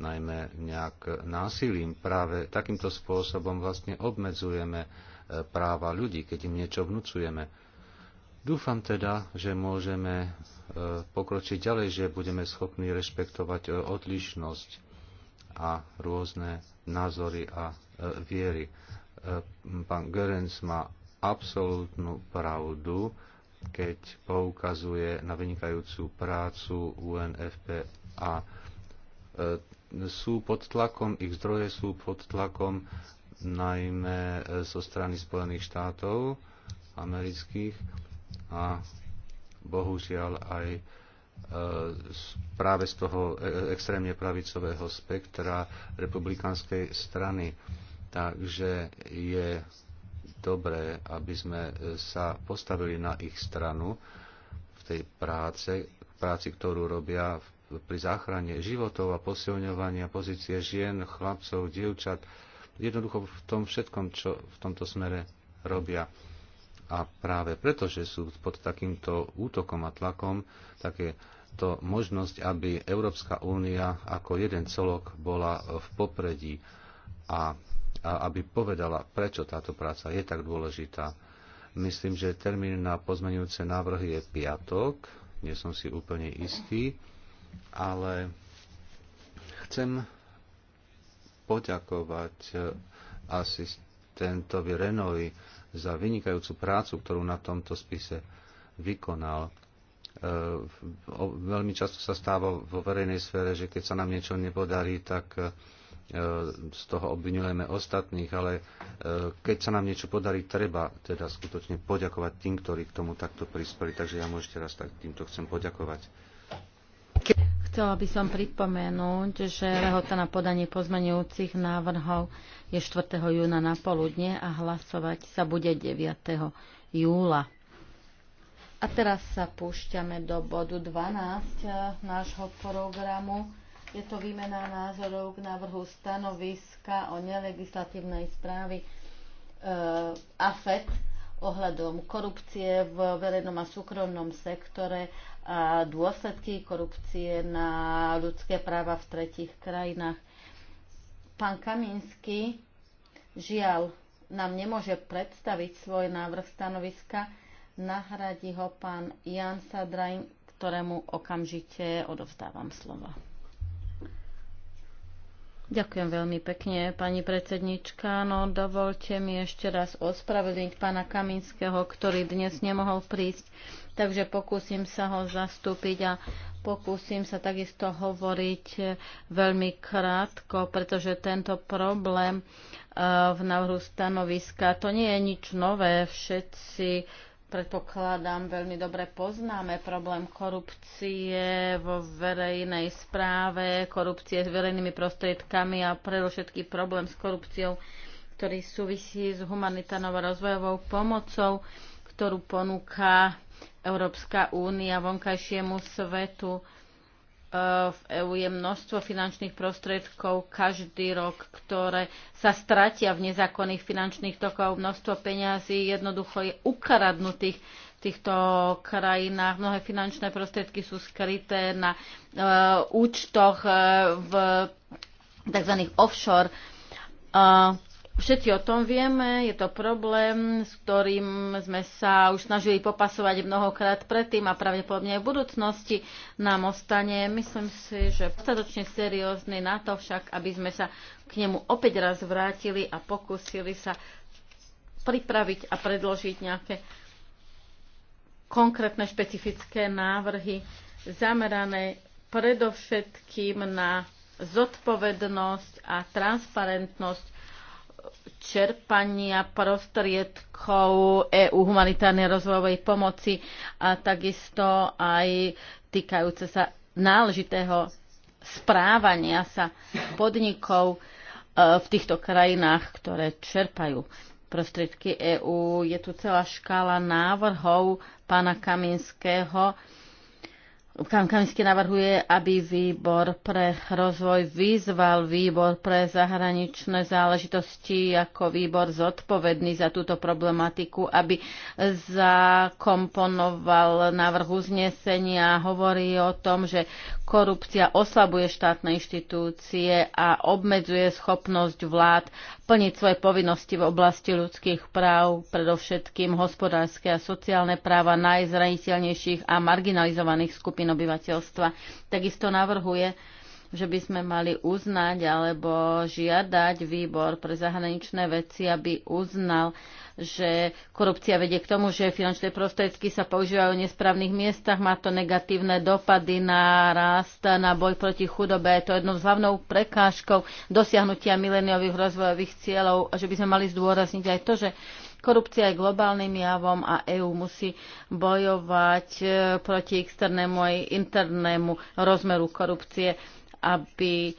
najmä nejak násilím. Práve takýmto spôsobom vlastne obmedzujeme e, práva ľudí, keď im niečo vnúcujeme. Dúfam teda, že môžeme e, pokročiť ďalej, že budeme schopní rešpektovať e, odlišnosť a rôzne názory a viery. Pán Görens má absolútnu pravdu, keď poukazuje na vynikajúcu prácu UNFP a sú pod tlakom, ich zdroje sú pod tlakom najmä e, zo strany Spojených štátov amerických a bohužiaľ aj e, práve z toho e, extrémne pravicového spektra republikánskej strany. Takže je dobré, aby sme sa postavili na ich stranu v tej práce, práci, ktorú robia v pri záchrane životov a posilňovania pozície žien, chlapcov, dievčat. Jednoducho v tom všetkom, čo v tomto smere robia. A práve preto, že sú pod takýmto útokom a tlakom, tak je to možnosť, aby Európska únia ako jeden celok bola v popredí a, a aby povedala, prečo táto práca je tak dôležitá. Myslím, že termín na pozmenujúce návrhy je piatok, nie som si úplne istý ale chcem poďakovať eh, asistentovi Renovi za vynikajúcu prácu, ktorú na tomto spise vykonal. Eh, veľmi často sa stáva vo verejnej sfére, že keď sa nám niečo nepodarí, tak eh, z toho obvinujeme ostatných, ale keď sa nám niečo podarí, treba teda skutočne poďakovať tým, ktorí k tomu takto prispeli. Takže ja mu ešte raz tak týmto chcem poďakovať. Chcela by som pripomenúť, že lehota na podanie pozmenujúcich návrhov je 4. júna na poludne a hlasovať sa bude 9. júla. A teraz sa púšťame do bodu 12 eh, nášho programu. Je to výmena názorov k návrhu stanoviska o nelegislatívnej správy e, eh, AFET ohľadom korupcie v verejnom a súkromnom sektore a dôsledky korupcie na ľudské práva v tretich krajinách. Pán Kaminsky žiaľ nám nemôže predstaviť svoj návrh stanoviska. Nahradí ho pán Jan Sadrajn, ktorému okamžite odovzdávam slovo. Ďakujem veľmi pekne, pani predsednička. No, dovolte mi ešte raz ospravedlniť pána Kaminského, ktorý dnes nemohol prísť takže pokúsim sa ho zastúpiť a pokúsim sa takisto hovoriť eh, veľmi krátko, pretože tento problém eh, v návrhu stanoviska, to nie je nič nové, všetci predpokladám, veľmi dobre poznáme problém korupcie vo verejnej správe, korupcie s verejnými prostriedkami a predovšetký problém s korupciou, ktorý súvisí s humanitárnou rozvojovou pomocou, ktorú ponúka Európska únia vonkajšiemu svetu. E, v EÚ je množstvo finančných prostriedkov každý rok, ktoré sa stratia v nezákonných finančných tokov. Množstvo peňazí jednoducho je ukradnutých v týchto krajinách. Mnohé finančné prostriedky sú skryté na e, účtoch e, v tzv. offshore. Uh, Všetci o tom vieme, je to problém, s ktorým sme sa už snažili popasovať mnohokrát predtým a pravdepodobne aj v budúcnosti nám ostane, myslím si, že dostatočne seriózny na to však, aby sme sa k nemu opäť raz vrátili a pokúsili sa pripraviť a predložiť nejaké konkrétne špecifické návrhy zamerané predovšetkým na zodpovednosť a transparentnosť čerpania prostriedkov EU humanitárnej rozvojovej pomoci a takisto aj týkajúce sa náležitého správania sa podnikov e, v týchto krajinách, ktoré čerpajú prostriedky EÚ. Je tu celá škála návrhov pána Kaminského, Pán navrhuje, aby výbor pre rozvoj vyzval výbor pre zahraničné záležitosti ako výbor zodpovedný za túto problematiku, aby zakomponoval návrh uznesenia, hovorí o tom, že korupcia oslabuje štátne inštitúcie a obmedzuje schopnosť vlád plniť svoje povinnosti v oblasti ľudských práv, predovšetkým hospodárske a sociálne práva najzraniteľnejších a marginalizovaných skupín skupín obyvateľstva. Takisto navrhuje, že by sme mali uznať alebo žiadať výbor pre zahraničné veci, aby uznal, že korupcia vedie k tomu, že finančné prostriedky sa používajú v nesprávnych miestach, má to negatívne dopady na rast, na boj proti chudobe. Je to jednou z hlavnou prekážkou dosiahnutia mileniových rozvojových cieľov, A že by sme mali zdôrazniť aj to, že Korupcia je globálnym javom a EÚ musí bojovať e, proti externému aj internému rozmeru korupcie aby e,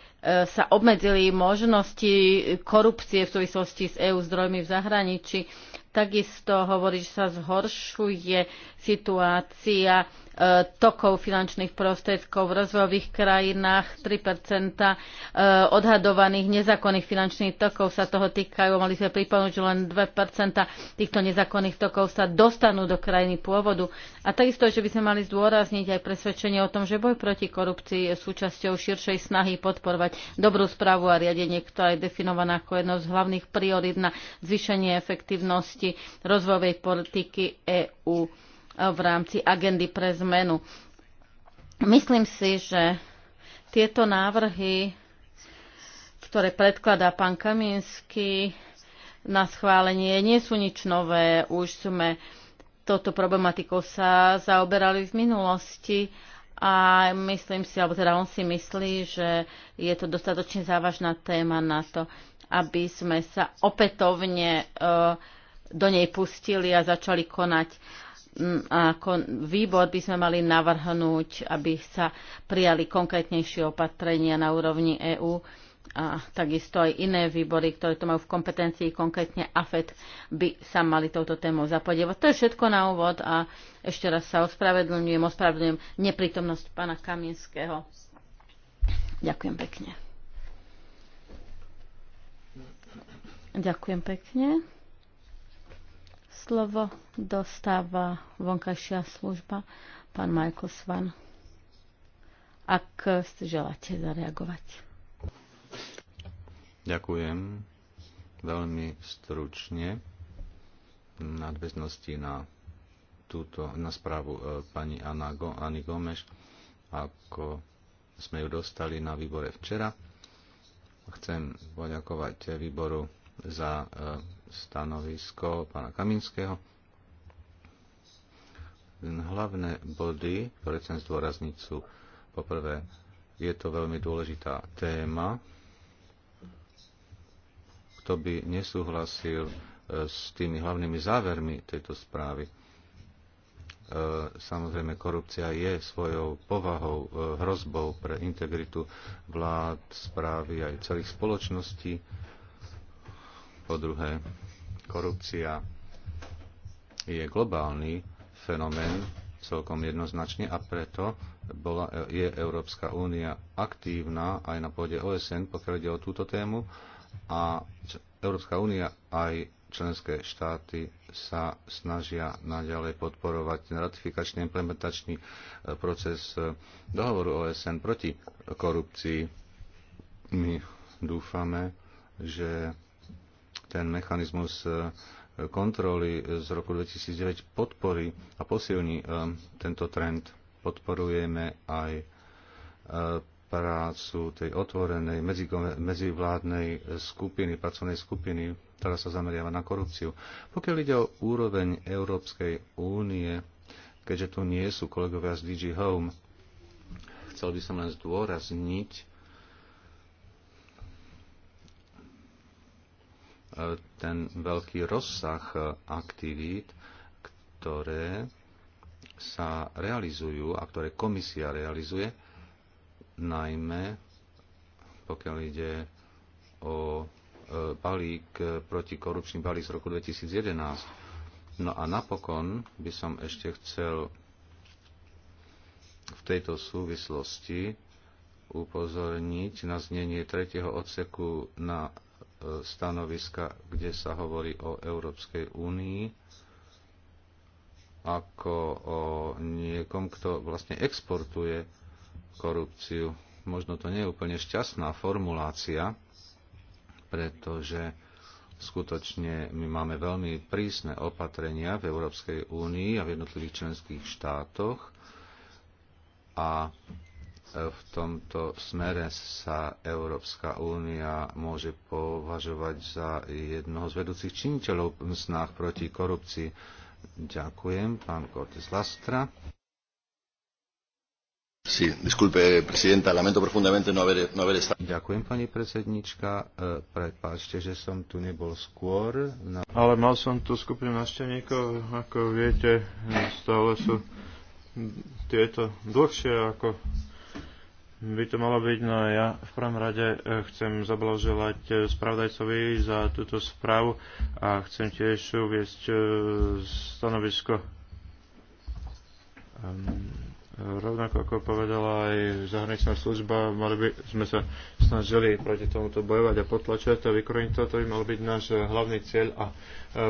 sa obmedzili možnosti korupcie v súvislosti s EU zdrojmi v zahraničí. Takisto hovorí, že sa zhoršuje situácia tokov finančných prostriedkov v rozvojových krajinách. 3 e, odhadovaných nezákonných finančných tokov sa toho týkajú. Mali sme pripomenúť, že len 2 týchto nezákonných tokov sa dostanú do krajiny pôvodu. A takisto, že by sme mali zdôrazniť aj presvedčenie o tom, že boj proti korupcii je súčasťou širšej snahy podporovať dobrú správu a riadenie, ktorá je definovaná ako jedno z hlavných priorít na zvýšenie efektívnosti rozvojovej politiky EÚ v rámci agendy pre zmenu. Myslím si, že tieto návrhy, ktoré predkladá pán Kaminsky na schválenie, nie sú nič nové. Už sme toto problematikou sa zaoberali v minulosti a myslím si, alebo teda on si myslí, že je to dostatočne závažná téma na to, aby sme sa opätovne eh, do nej pustili a začali konať a výbor by sme mali navrhnúť, aby sa prijali konkrétnejšie opatrenia na úrovni EÚ a takisto aj iné výbory, ktoré to majú v kompetencii, konkrétne AFED, by sa mali touto témou zapodievať. To je všetko na úvod a ešte raz sa ospravedlňujem, ospravedlňujem neprítomnosť pána Kamienského. Ďakujem pekne. Ďakujem pekne. Slovo dostáva vonkajšia služba, pán Michael Svan. Ak ste želáte zareagovať. Ďakujem veľmi stručne nadväznosti na túto, na správu e, pani Anna Go, Ani Gomeš, ako sme ju dostali na výbore včera. Chcem poďakovať výboru za e, stanovisko pána Kaminského. Hlavné body, ktoré chcem zdôrazniť, sú poprvé, je to veľmi dôležitá téma. Kto by nesúhlasil e, s tými hlavnými závermi tejto správy, e, samozrejme korupcia je svojou povahou e, hrozbou pre integritu vlád, správy aj celých spoločností po druhé, korupcia je globálny fenomén celkom jednoznačne a preto bola, je Európska únia aktívna aj na pôde OSN, pokiaľ ide o túto tému a Európska únia aj členské štáty sa snažia naďalej podporovať ten ratifikačný implementačný e, proces e, dohovoru OSN proti korupcii. My dúfame, že ten mechanizmus e, kontroly z roku 2009 podporí a posilní e, tento trend. Podporujeme aj e, prácu tej otvorenej medzivládnej skupiny, pracovnej skupiny, ktorá sa zameriava na korupciu. Pokiaľ ide o úroveň Európskej únie, keďže tu nie sú kolegovia z DG Home, chcel by som len zdôrazniť, ten veľký rozsah aktivít, ktoré sa realizujú a ktoré komisia realizuje, najmä pokiaľ ide o e, balík, e, protikorupčný balík z roku 2011. No a napokon by som ešte chcel v tejto súvislosti upozorniť na znenie tretieho odseku na stanoviska, kde sa hovorí o Európskej únii ako o niekom, kto vlastne exportuje korupciu. Možno to nie je úplne šťastná formulácia, pretože skutočne my máme veľmi prísne opatrenia v Európskej únii a v jednotlivých členských štátoch a v tomto smere sa Európska únia môže považovať za jednoho z vedúcich činiteľov v snách proti korupcii. Ďakujem, pán Cortes Lastra. Sí, disculpe, presidenta, lamento profundamente no haber, no haber estado. Ďakujem, pani predsednička. E, prepáčte, že som tu nebol skôr. Na... Ale mal som tu skupinu návštevníkov, ako viete, stále sú tieto dlhšie ako by to malo byť, no ja v prvom rade eh, chcem zablaželať eh, spravodajcovi za túto správu a chcem tiež uviesť eh, stanovisko ehm, rovnako ako povedala aj zahraničná služba, mali by sme sa snažili proti tomuto bojovať a potlačať a vykoreniť to, to by mal byť náš hlavný cieľ a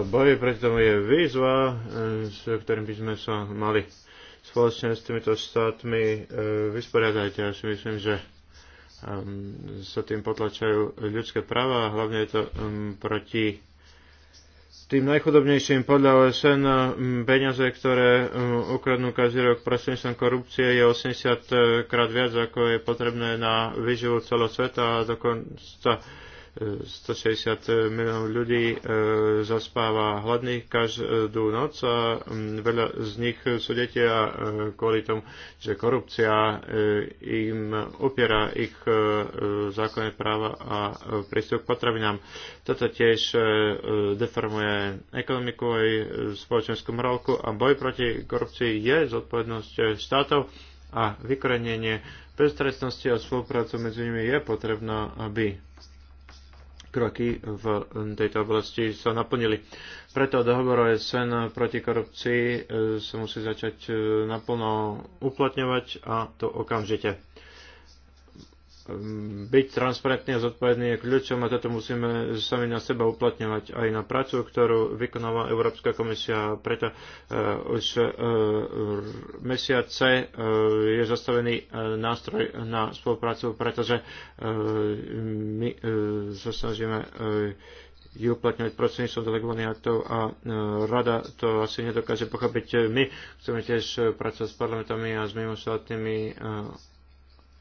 boj proti tomu je výzva, s ktorým by sme sa mali spoločne s týmito štátmi e, vysporiadať. Ja si myslím, že ehm, sa tým potlačajú ľudské práva a hlavne je to ehm, proti tým najchudobnejším podľa OSN ehm, peniaze, ktoré ukradnú každý rok prostredníctvom korupcie je 80 krát viac, ako je potrebné na výživu celého sveta a dokonca 160 miliónov ľudí e, zaspáva hladných každú noc a veľa z nich sú deti a e, kvôli tomu, že korupcia e, im opiera ich zákonné práva a prístup k potravinám. Toto tiež deformuje ekonomiku aj spoločenskú morálku a boj proti korupcii je zodpovednosť štátov a vykorenenie bezstresnosti a spoluprácu medzi nimi je potrebná, aby kroky v tejto oblasti sa naplnili. Preto dohovor OSN proti korupcii e, sa musí začať e, naplno uplatňovať a to okamžite byť transparentný a zodpovedný je kľúčom a toto musíme sami na seba uplatňovať aj na prácu, ktorú vykonáva Európska komisia. Preto uh, už uh, mesiace uh, je zastavený uh, nástroj na spoluprácu, pretože uh, my uh, sa snažíme uh, ju uplatňovať prostredníctvom delegovaných aktov a e, rada to asi nedokáže pochopiť. My chceme tiež pracovať s parlamentami a s mimoštátnymi e,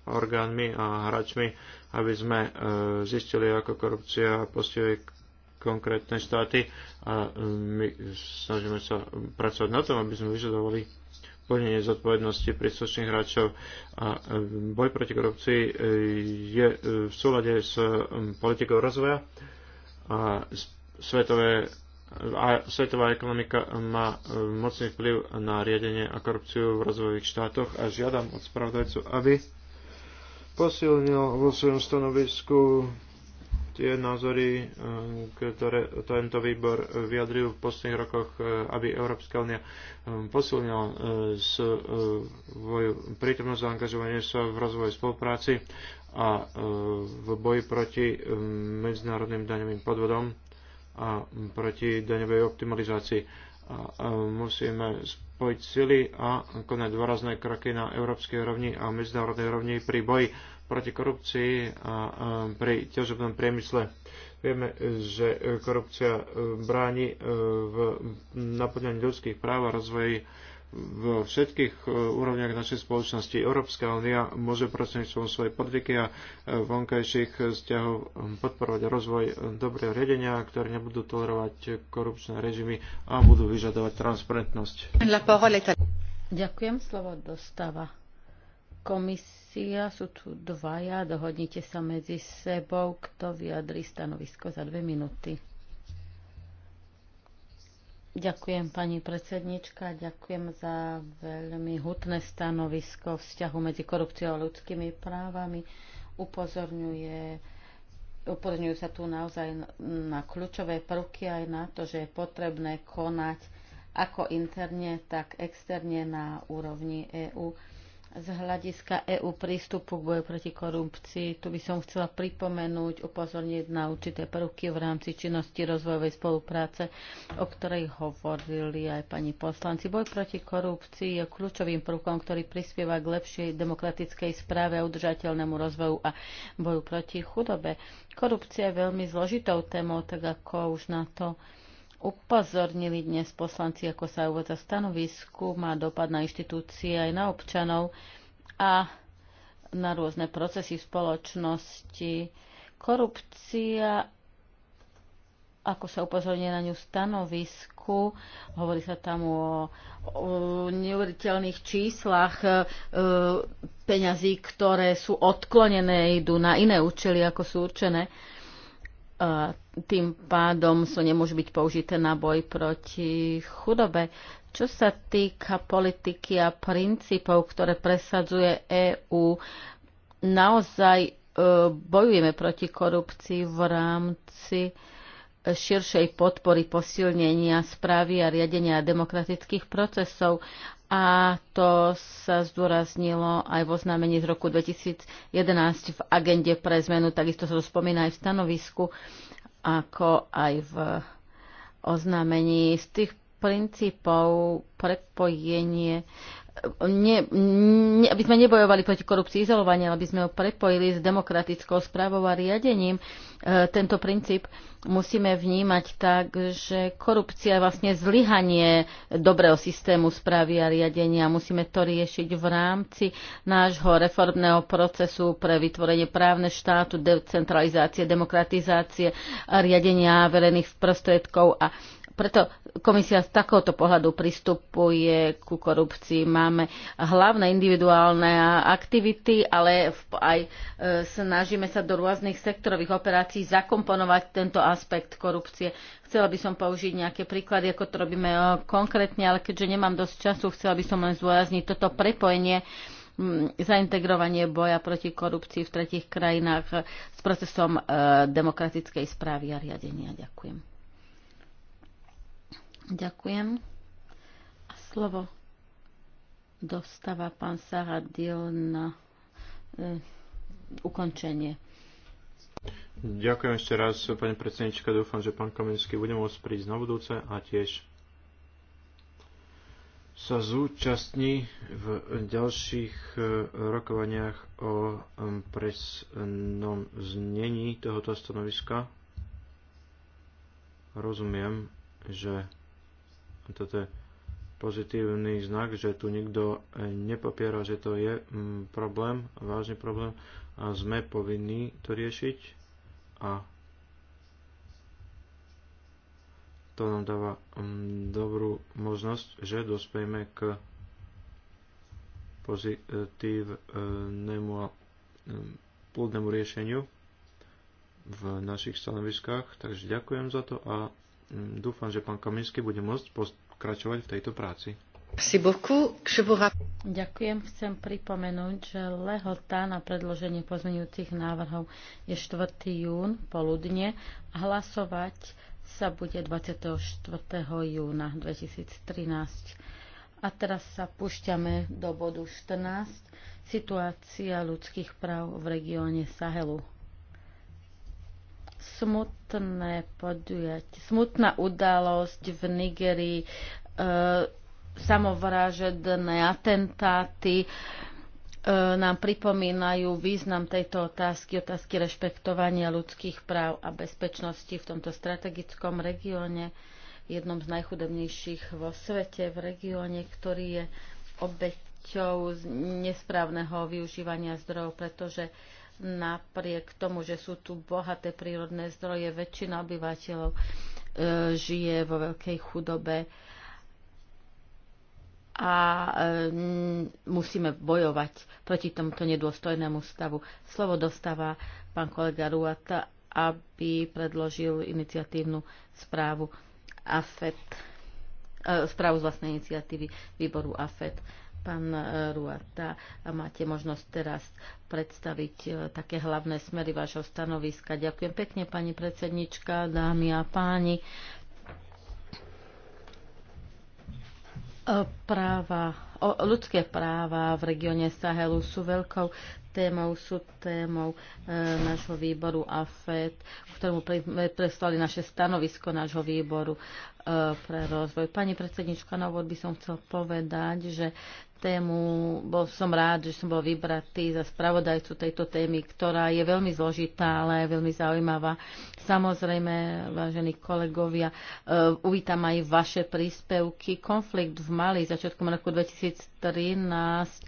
orgánmi a hráčmi, aby sme e, zistili, ako korupcia postihuje konkrétne štáty a e, my snažíme sa pracovať na tom, aby sme vyžadovali plnenie zodpovednosti príslušných hráčov a e, boj proti korupcii je v súlade s politikou rozvoja a svetové a svetová ekonomika má mocný vplyv na riadenie a korupciu v rozvojových štátoch a žiadam od spravodajcu, aby posilnil vo svojom stanovisku tie názory, e, ktoré tento výbor vyjadril v posledných rokoch, e, aby Európska únia e, posilnila svoju prítomnosť a angažovanie sa v rozvoji spolupráci a v boji proti medzinárodným daňovým podvodom a proti daňovej optimalizácii. A musíme spojiť sily a konať dôrazné kroky na európskej rovni a medzinárodnej rovni pri boji proti korupcii a pri ťažobnom priemysle. Vieme, že korupcia bráni e, v naplňaní ľudských práv a rozvoji vo všetkých e, úrovniach našej spoločnosti. Európska únia môže prostredníctvom svojej politiky a e, vonkajších vzťahov e, podporovať rozvoj dobrého riadenia, ktoré nebudú tolerovať korupčné režimy a budú vyžadovať transparentnosť. Ďakujem, slovo dostáva komisia, sú tu dvaja, dohodnite sa medzi sebou, kto vyjadrí stanovisko za dve minúty. Ďakujem pani predsednička, ďakujem za veľmi hutné stanovisko vzťahu medzi korupciou a ľudskými právami. Upozorňuje, upozorňujú sa tu naozaj na kľúčové prvky aj na to, že je potrebné konať ako interne, tak externe na úrovni EÚ z hľadiska EÚ prístupu k boju proti korupcii. Tu by som chcela pripomenúť, upozorniť na určité prvky v rámci činnosti rozvojovej spolupráce, o ktorej hovorili aj pani poslanci. Boj proti korupcii je kľúčovým prvkom, ktorý prispieva k lepšej demokratickej správe a udržateľnému rozvoju a boju proti chudobe. Korupcia je veľmi zložitou témou, tak ako už na to upozornili dnes poslanci, ako sa uvádza stanovisku, má dopad na inštitúcie aj na občanov a na rôzne procesy v spoločnosti. Korupcia, ako sa upozorňuje na ňu stanovisku, hovorí sa tam o, o neuveriteľných číslach e, peňazí, ktoré sú odklonené, idú na iné účely, ako sú určené. E, tým pádom sú nemôžu byť použité na boj proti chudobe. Čo sa týka politiky a princípov, ktoré presadzuje EÚ, naozaj e, bojujeme proti korupcii v rámci širšej podpory posilnenia správy a riadenia demokratických procesov a to sa zdôraznilo aj v oznámení z roku 2011 v agende pre zmenu, takisto sa to spomína aj v stanovisku, ako aj v oznámení z tých princípov prepojenie ne, ne, aby sme nebojovali proti korupcii izolovania, aby sme ho prepojili s demokratickou správou a riadením. E, tento princíp musíme vnímať tak, že korupcia je vlastne zlyhanie dobrého systému správy a riadenia. Musíme to riešiť v rámci nášho reformného procesu pre vytvorenie právne štátu, decentralizácie, demokratizácie a riadenia verejných prostriedkov a preto komisia z takéhoto pohľadu pristupuje ku korupcii. Máme hlavné individuálne aktivity, ale aj e, snažíme sa do rôznych sektorových operácií zakomponovať tento aspekt korupcie. Chcela by som použiť nejaké príklady, ako to robíme e, konkrétne, ale keďže nemám dosť času, chcela by som len zdôrazniť toto prepojenie zaintegrovanie boja proti korupcii v tretich krajinách e, s procesom demokratickej správy a riadenia. Ďakujem. Ďakujem. A slovo dostáva pán Saradil na uh, ukončenie. Ďakujem ešte raz, pani predsednička. Dúfam, že pán Kamenský bude môcť prísť na budúce a tiež sa zúčastní v ďalších e, rokovaniach o presnom znení tohoto stanoviska. Rozumiem, že toto je pozitívny znak, že tu nikto eh, nepopiera, že to je mm, problém, vážny problém a sme povinní to riešiť a to nám dáva mm, dobrú možnosť, že dospejme k pozitívnemu a mm, plodnému riešeniu v našich stanoviskách. Takže ďakujem za to a dúfam, že pán Kaminsky bude môcť pokračovať v tejto práci. Ďakujem. Chcem pripomenúť, že lehota na predloženie pozmeňujúcich návrhov je 4. jún poludne a hlasovať sa bude 24. júna 2013. A teraz sa púšťame do bodu 14. Situácia ľudských práv v regióne Sahelu smutné podujatie, smutná udalosť v Nigerii, e, samovražedné atentáty e, nám pripomínajú význam tejto otázky, otázky rešpektovania ľudských práv a bezpečnosti v tomto strategickom regióne, jednom z najchudobnejších vo svete, v regióne, ktorý je obeťou nesprávneho využívania zdrojov, pretože napriek tomu, že sú tu bohaté prírodné zdroje, väčšina obyvateľov e, žije vo veľkej chudobe a e, musíme bojovať proti tomuto nedôstojnému stavu. Slovo dostáva pán kolega Ruata, aby predložil iniciatívnu správu AFET, e, správu z vlastnej iniciatívy výboru AFET Pán e, Ruata, máte možnosť teraz predstaviť e, také hlavné smery vašho stanoviska. Ďakujem pekne, pani predsednička, dámy a páni. E, práva, ľudské práva v regióne Sahelu sú veľkou témou, sú témou e, nášho výboru AFED, ktorému pre, preslali naše stanovisko nášho výboru e, pre rozvoj. Pani predsednička, na úvod by som chcel povedať, že tému. Bol som rád, že som bol vybratý za spravodajcu tejto témy, ktorá je veľmi zložitá, ale je veľmi zaujímavá. Samozrejme, vážení kolegovia, e, uvítam aj vaše príspevky. Konflikt v Mali začiatkom roku 2013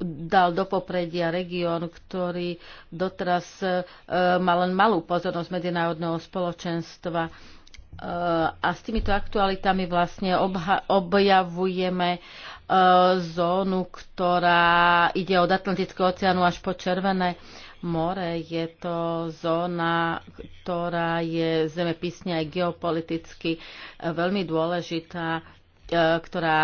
dal do popredia región, ktorý doteraz e, mal len malú pozornosť medzinárodného spoločenstva a s týmito aktualitami vlastne objavujeme e, zónu, ktorá ide od Atlantického oceánu až po Červené more. Je to zóna, ktorá je zemepisne aj geopoliticky e, veľmi dôležitá, e, ktorá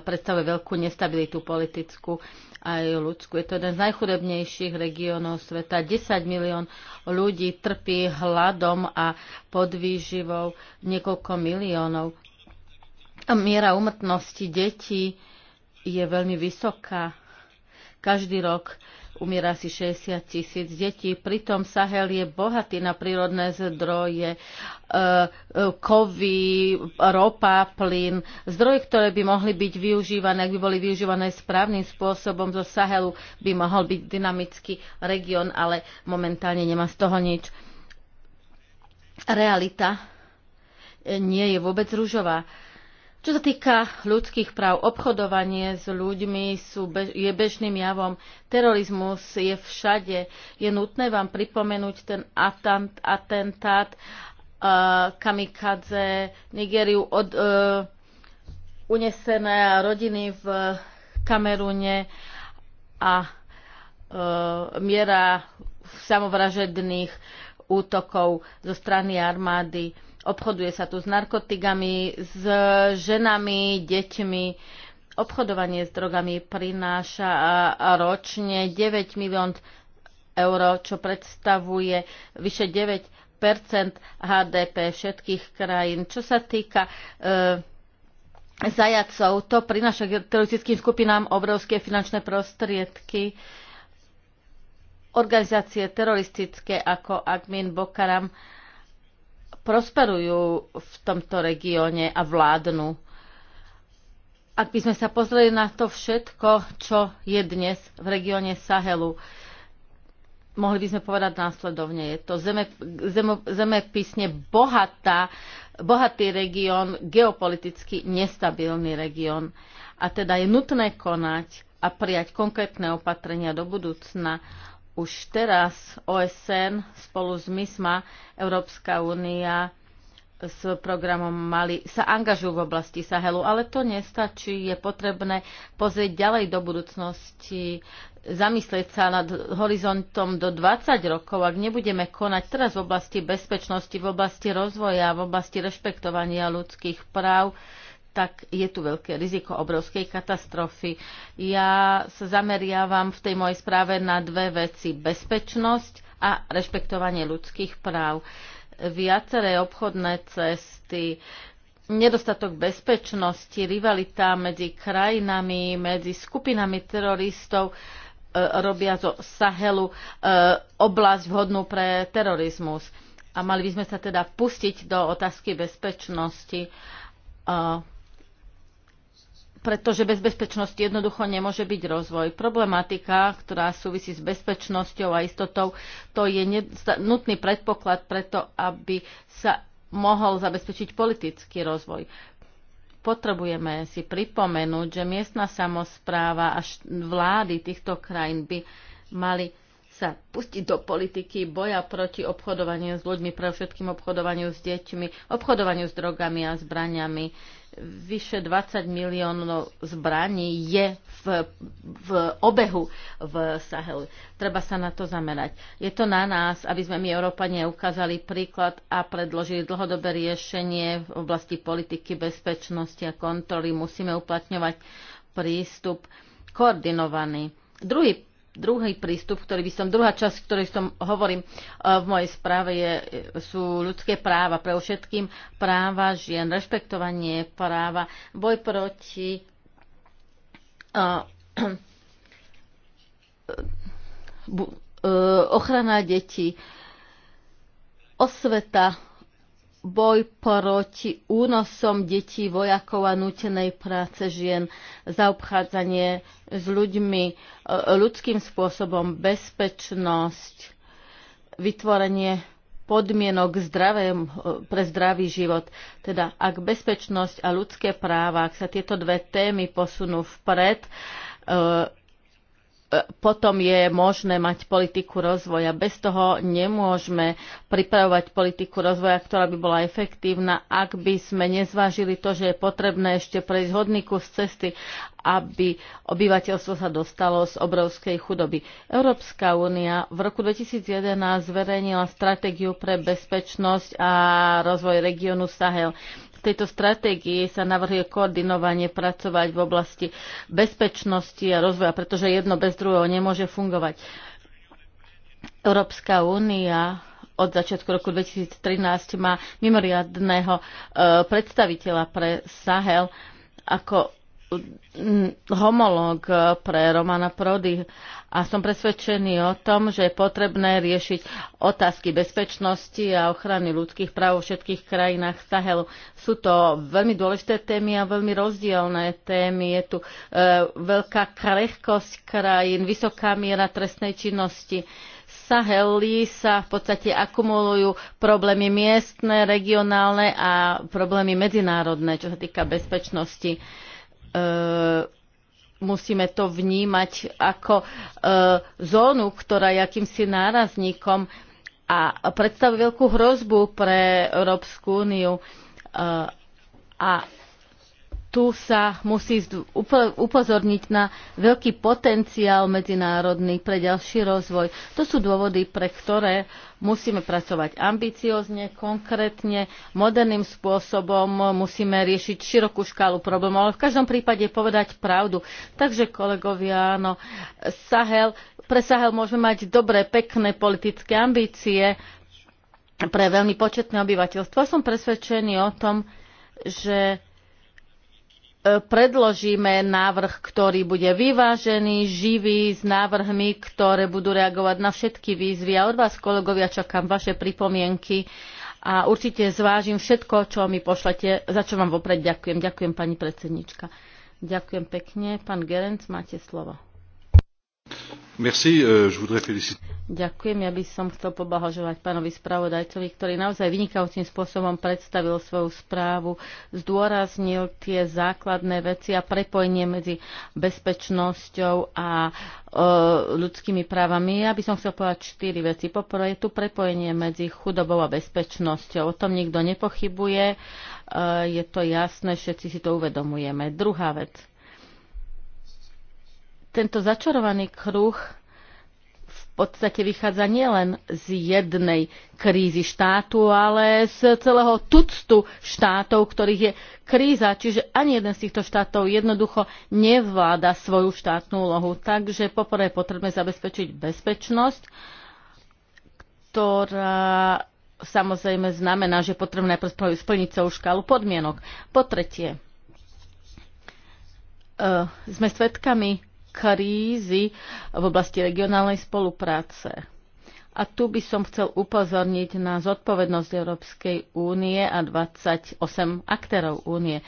predstavuje veľkú nestabilitu politickú aj ľudskú. Je to jeden z najchudobnejších regiónov sveta. 10 milión ľudí trpí hladom a podvýživou niekoľko miliónov. Miera umrtnosti detí je veľmi vysoká. Každý rok umiera asi 60 tisíc detí. Pritom Sahel je bohatý na prírodné zdroje, e, e, kovy, ropa, plyn, zdroje, ktoré by mohli byť využívané, ak by boli využívané správnym spôsobom zo Sahelu, by mohol byť dynamický región, ale momentálne nemá z toho nič. Realita e, nie je vôbec rúžová čo sa týka ľudských práv, obchodovanie s ľuďmi sú bež, je bežným javom. Terorizmus je všade. Je nutné vám pripomenúť ten atant, atentát uh, kamikadze Nigériu od, uh, unesené rodiny v Kamerune a uh, miera samovražedných útokov zo strany armády. Uh, Obchoduje sa tu s narkotikami, s ženami, deťmi. Obchodovanie s drogami prináša ročne 9 milión eur, čo predstavuje vyše 9 HDP všetkých krajín. Čo sa týka e, zajacov, to prináša teroristickým skupinám obrovské finančné prostriedky. Organizácie teroristické ako Agmin Bokaram e, prosperujú v tomto regióne a vládnu. Ak by sme sa pozreli na to všetko, čo je dnes v regióne Sahelu, mohli by sme povedať následovne. Je to zeme, zeme, zemepisne bohatá, bohatý región, geopoliticky nestabilný región. A teda je nutné konať a prijať konkrétne opatrenia do budúcna už teraz OSN spolu s MISMA Európska únia s programom Mali sa angažujú v oblasti Sahelu, ale to nestačí. Je potrebné pozrieť ďalej do budúcnosti, zamyslieť sa nad horizontom do 20 rokov, ak nebudeme konať teraz v oblasti bezpečnosti, v oblasti rozvoja, v oblasti rešpektovania ľudských práv, tak je tu veľké riziko obrovskej katastrofy. Ja sa zameriavam v tej mojej správe na dve veci. Bezpečnosť a rešpektovanie ľudských práv. Viaceré obchodné cesty, nedostatok bezpečnosti, rivalita medzi krajinami, medzi skupinami teroristov, e, robia zo Sahelu e, oblasť vhodnú pre terorizmus. A mali by sme sa teda pustiť do otázky bezpečnosti pretože bez bezpečnosti jednoducho nemôže byť rozvoj. Problematika, ktorá súvisí s bezpečnosťou a istotou, to je nutný predpoklad preto, aby sa mohol zabezpečiť politický rozvoj. Potrebujeme si pripomenúť, že miestna samozpráva a vlády týchto krajín by mali sa pustiť do politiky boja proti obchodovaniu s ľuďmi, pre všetkým obchodovaniu s deťmi, obchodovaniu s drogami a zbraniami vyše 20 miliónov zbraní je v, v obehu v Sahelu. Treba sa na to zamerať. Je to na nás, aby sme my Európanie ukázali príklad a predložili dlhodobé riešenie v oblasti politiky bezpečnosti a kontroly. Musíme uplatňovať prístup koordinovaný. Druhý druhý prístup, ktorý by som, druhá časť, ktorej som hovorím e, v mojej správe, je, e, sú ľudské práva, pre všetkým práva žien, rešpektovanie práva, boj proti uh, uh, ochrana detí, osveta boj proti únosom detí, vojakov a nutenej práce žien, zaobchádzanie s ľuďmi e, ľudským spôsobom, bezpečnosť, vytvorenie podmienok zdravém, pre zdravý život. Teda ak bezpečnosť a ľudské práva, ak sa tieto dve témy posunú vpred, e, potom je možné mať politiku rozvoja. Bez toho nemôžeme pripravovať politiku rozvoja, ktorá by bola efektívna, ak by sme nezvážili to, že je potrebné ešte prejsť hodný kus cesty, aby obyvateľstvo sa dostalo z obrovskej chudoby. Európska únia v roku 2011 zverejnila stratégiu pre bezpečnosť a rozvoj regiónu Sahel tejto stratégii sa navrhuje koordinovanie pracovať v oblasti bezpečnosti a rozvoja, pretože jedno bez druhého nemôže fungovať. Európska únia od začiatku roku 2013 má mimoriadného e, predstaviteľa pre Sahel ako Mm, homolog eh, pre Romana Prody a som presvedčený o tom, že je potrebné riešiť otázky bezpečnosti a ochrany ľudských práv vo všetkých krajinách Sahelu. Sú to veľmi dôležité témy a veľmi rozdielne témy. Je tu e, veľká krehkosť krajín, vysoká miera trestnej činnosti. Saheli sa v podstate akumulujú problémy miestne, regionálne a problémy medzinárodné, čo sa týka bezpečnosti. E, E, musíme to vnímať ako e, zónu, ktorá je akýmsi nárazníkom a predstavuje veľkú hrozbu pre Európsku úniu. E, a tu sa musí upozorniť na veľký potenciál medzinárodný pre ďalší rozvoj. To sú dôvody, pre ktoré musíme pracovať ambiciozne, konkrétne, moderným spôsobom, musíme riešiť širokú škálu problémov, ale v každom prípade povedať pravdu. Takže kolegovia, áno, Sahel, pre Sahel môžeme mať dobré, pekné politické ambície pre veľmi početné obyvateľstvo. Som presvedčený o tom, že E, predložíme návrh, ktorý bude vyvážený, živý, s návrhmi, ktoré budú reagovať na všetky výzvy. A od vás, kolegovia, čakám vaše pripomienky a určite zvážim všetko, čo mi pošlete, za čo vám vopred ďakujem. Ďakujem, pani predsednička. Ďakujem pekne. Pán Gerenc, máte slovo. Euh, Ďakujem, ja by som chcel poblahoželať pánovi spravodajcovi, ktorý naozaj vynikajúcim spôsobom predstavil svoju správu, zdôraznil tie základné veci a prepojenie medzi bezpečnosťou a e, ľudskými právami. Ja by som chcel povedať štyri veci. Poprvé je tu prepojenie medzi chudobou a bezpečnosťou. O tom nikto nepochybuje, e, je to jasné, všetci si to uvedomujeme. Druhá vec tento začarovaný kruh v podstate vychádza nielen z jednej krízy štátu, ale z celého tuctu štátov, ktorých je kríza. Čiže ani jeden z týchto štátov jednoducho nevláda svoju štátnu úlohu. Takže poprvé potrebujeme zabezpečiť bezpečnosť, ktorá samozrejme znamená, že potrebné najprv splniť celú škálu podmienok. Po tretie, eh, sme svedkami krízy v oblasti regionálnej spolupráce. A tu by som chcel upozorniť na zodpovednosť Európskej únie a 28 aktérov únie.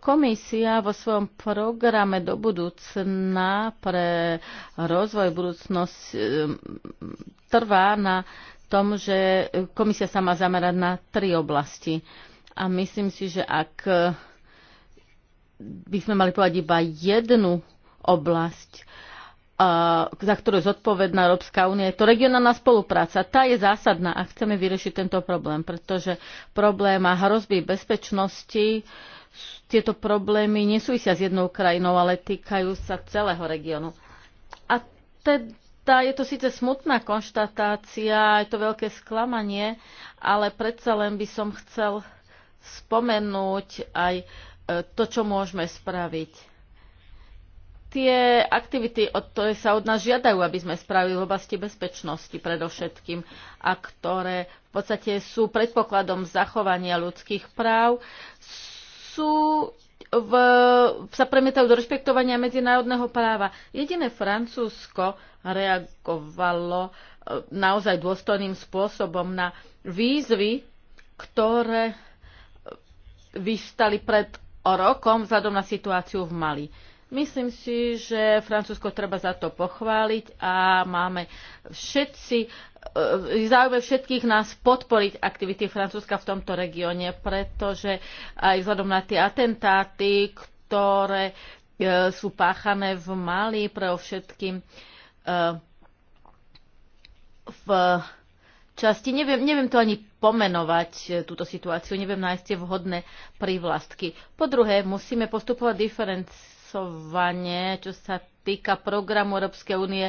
Komisia vo svojom programe do budúcna pre rozvoj budúcnosť trvá na tom, že komisia sa má zamerať na tri oblasti. A myslím si, že ak by sme mali povedať iba jednu oblasť, za ktorú je zodpovedná Európska únia. Je to regionálna spolupráca. Tá je zásadná a chceme vyriešiť tento problém, pretože problém a hrozby bezpečnosti tieto problémy nesúvisia s jednou krajinou, ale týkajú sa celého regiónu. A teda je to síce smutná konštatácia, je to veľké sklamanie, ale predsa len by som chcel spomenúť aj e, to, čo môžeme spraviť tie aktivity, od ktoré sa od nás žiadajú, aby sme spravili v oblasti bezpečnosti predovšetkým a ktoré v podstate sú predpokladom zachovania ľudských práv, sú v, sa premietajú do rešpektovania medzinárodného práva. Jediné Francúzsko reagovalo e, naozaj dôstojným spôsobom na výzvy, ktoré e, vystali pred rokom vzhľadom na situáciu v Mali Myslím si, že Francúzsko treba za to pochváliť a máme všetci e, záujme všetkých nás podporiť aktivity Francúzska v tomto regióne, pretože aj vzhľadom na tie atentáty, ktoré e, sú páchané v Mali pre všetkým e, v časti. Neviem, neviem to ani pomenovať, túto situáciu, neviem nájsť tie vhodné privlastky. Po druhé, musíme postupovať diferenci hlasovanie, čo sa týka programu Európskej únie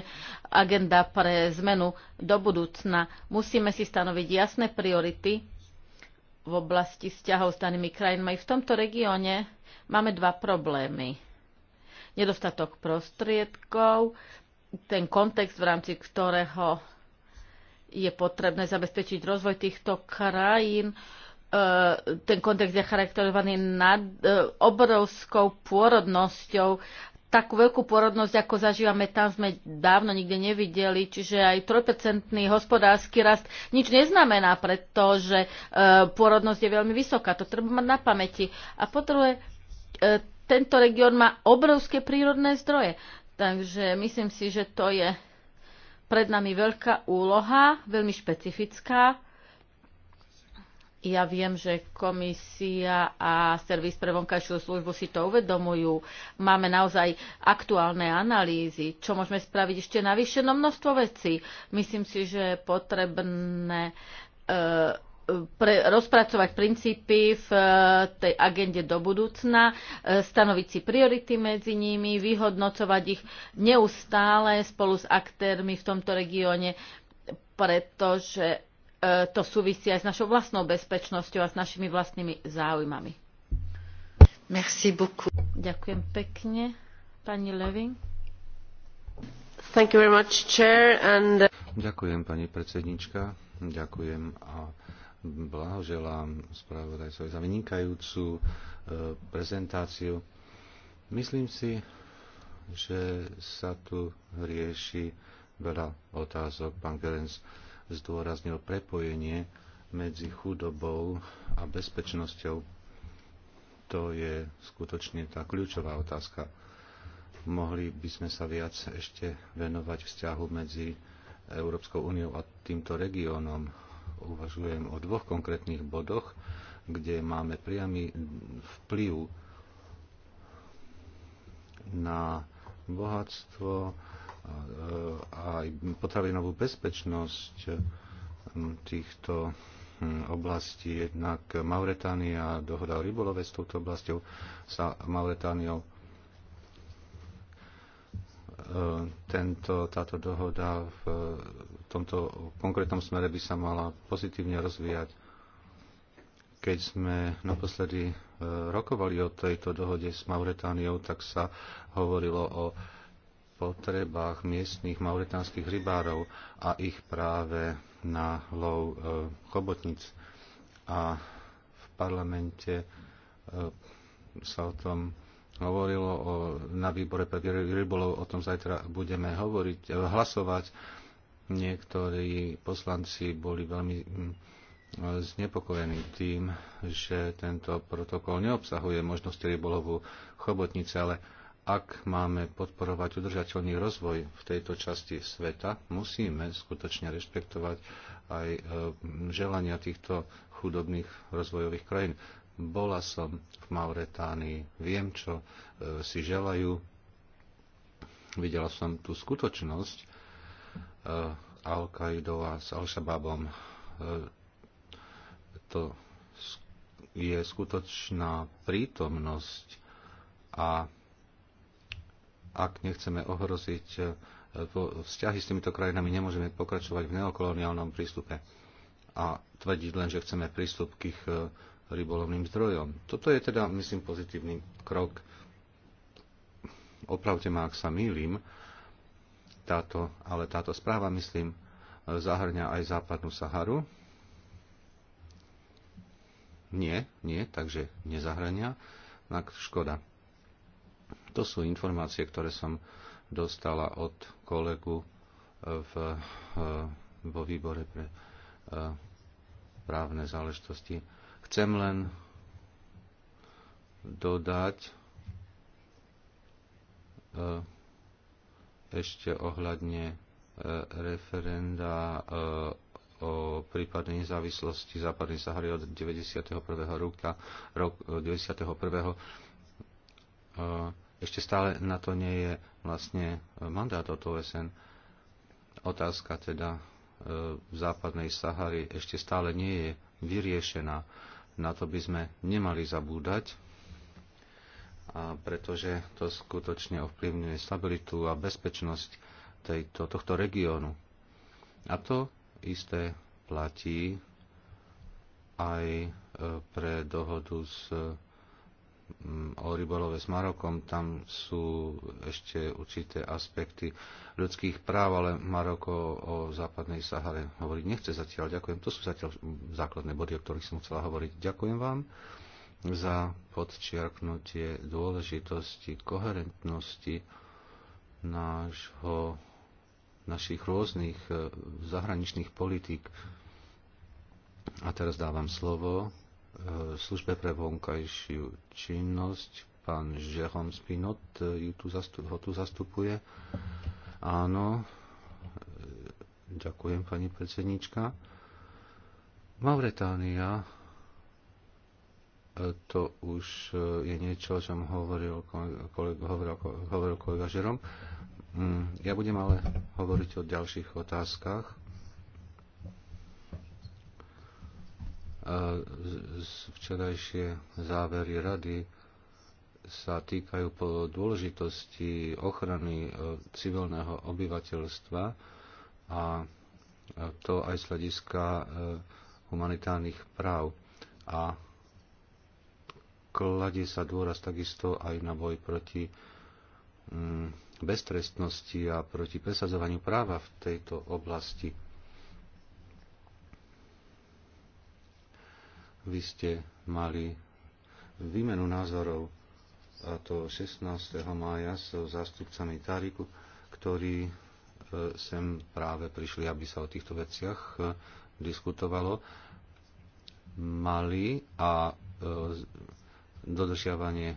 Agenda pre zmenu do budúcna. Musíme si stanoviť jasné priority v oblasti vzťahov s danými krajinami. V tomto regióne máme dva problémy. Nedostatok prostriedkov, ten kontext, v rámci ktorého je potrebné zabezpečiť rozvoj týchto krajín, E, ten kontext je charakterovaný nad e, obrovskou pôrodnosťou. Takú veľkú pôrodnosť, ako zažívame tam, sme dávno nikde nevideli, čiže aj 3% hospodársky rast nič neznamená, pretože e, pôrodnosť je veľmi vysoká. To treba mať na pamäti. A po druhé, tento región má obrovské prírodné zdroje. Takže myslím si, že to je pred nami veľká úloha, veľmi špecifická ja viem, že komisia a servis pre vonkajšiu službu si to uvedomujú. Máme naozaj aktuálne analýzy, čo môžeme spraviť ešte navyše, množstvo vecí. Myslím si, že je potrebné e, pre, rozpracovať princípy v e, tej agende do budúcna, e, stanoviť si priority medzi nimi, vyhodnocovať ich neustále spolu s aktérmi v tomto regióne, pretože E, to súvisí aj s našou vlastnou bezpečnosťou a s našimi vlastnými záujmami. Merci beaucoup. Ďakujem pekne. Pani Levin. Thank you very much, chair, and... Uh, Ďakujem, pani predsednička. Ďakujem a blahoželám spravodajcovi za vynikajúcu e, prezentáciu. Myslím si, že sa tu rieši veľa otázok, pán Gerens zdôraznil prepojenie medzi chudobou a bezpečnosťou. To je skutočne tá kľúčová otázka. Mohli by sme sa viac ešte venovať vzťahu medzi Európskou úniou a týmto regiónom. Uvažujem o dvoch konkrétnych bodoch, kde máme priamy vplyv na bohatstvo, aj potravinovú bezpečnosť týchto oblastí. Jednak Mauretánia, dohoda o rybolove s touto oblasťou sa Mauretániou e, tento, táto dohoda v tomto konkrétnom smere by sa mala pozitívne rozvíjať. Keď sme naposledy e, rokovali o tejto dohode s Mauretániou, tak sa hovorilo o potrebách miestných mauritánskych rybárov a ich práve na lov e, chobotnic. A v parlamente e, sa o tom hovorilo o, na výbore pre rybolov, o tom zajtra budeme hovoriť, e, hlasovať. Niektorí poslanci boli veľmi znepokojení tým, že tento protokol neobsahuje možnosti rybolovu chobotnice, ale ak máme podporovať udržateľný rozvoj v tejto časti sveta, musíme skutočne rešpektovať aj e, želania týchto chudobných rozvojových krajín. Bola som v Mauretánii, viem, čo e, si želajú. Videla som tú skutočnosť e, al a s Al-Shabaabom. To je skutočná prítomnosť a ak nechceme ohroziť e, vzťahy s týmito krajinami, nemôžeme pokračovať v neokoloniálnom prístupe a tvrdiť len, že chceme prístup k ich e, rybolovným zdrojom. Toto je teda, myslím, pozitívny krok. Opravte ma, ak sa mýlim, táto, ale táto správa, myslím, e, zahrňa aj západnú Saharu. Nie, nie, takže nezahrania. Tak škoda. To sú informácie, ktoré som dostala od kolegu eh, v, eh, vo výbore pre eh, právne záležitosti. Chcem len dodať ešte ohľadne referenda o prípade nezávislosti Západnej Sahary od 91. Roka, rok, 91 ešte stále na to nie je vlastne e, mandát od OSN. Otázka teda e, v západnej Sahary ešte stále nie je vyriešená. Na to by sme nemali zabúdať, a pretože to skutočne ovplyvňuje stabilitu a bezpečnosť tejto, tohto regiónu. A to isté platí aj e, pre dohodu s Mm, o rybolove s Marokom, tam sú ešte určité aspekty ľudských práv, ale Maroko o západnej Sahare hovoriť nechce zatiaľ. Ďakujem. To sú zatiaľ základné body, o ktorých som chcela hovoriť. Ďakujem vám za podčiarknutie dôležitosti, koherentnosti nášho, našich rôznych eh, zahraničných politík. A teraz dávam slovo službe pre vonkajšiu činnosť. Pán Žehom Spinot ju tu zastup, ho tu zastupuje. Áno, ďakujem pani predsednička. Mauretánia, to už je niečo, o čom hovoril, kolega, hovoril, hovoril kolega Žerom. Mm, ja budem ale hovoriť o ďalších otázkach včerajšie závery rady sa týkajú po dôležitosti ochrany e, civilného obyvateľstva a to aj z hľadiska e, humanitárnych práv. A kladie sa dôraz takisto aj na boj proti mm, beztrestnosti a proti presadzovaniu práva v tejto oblasti. Vy ste mali výmenu názorov a to 16. mája so zástupcami Tariku, ktorí e, sem práve prišli, aby sa o týchto veciach e, diskutovalo. Mali a e, dodržiavanie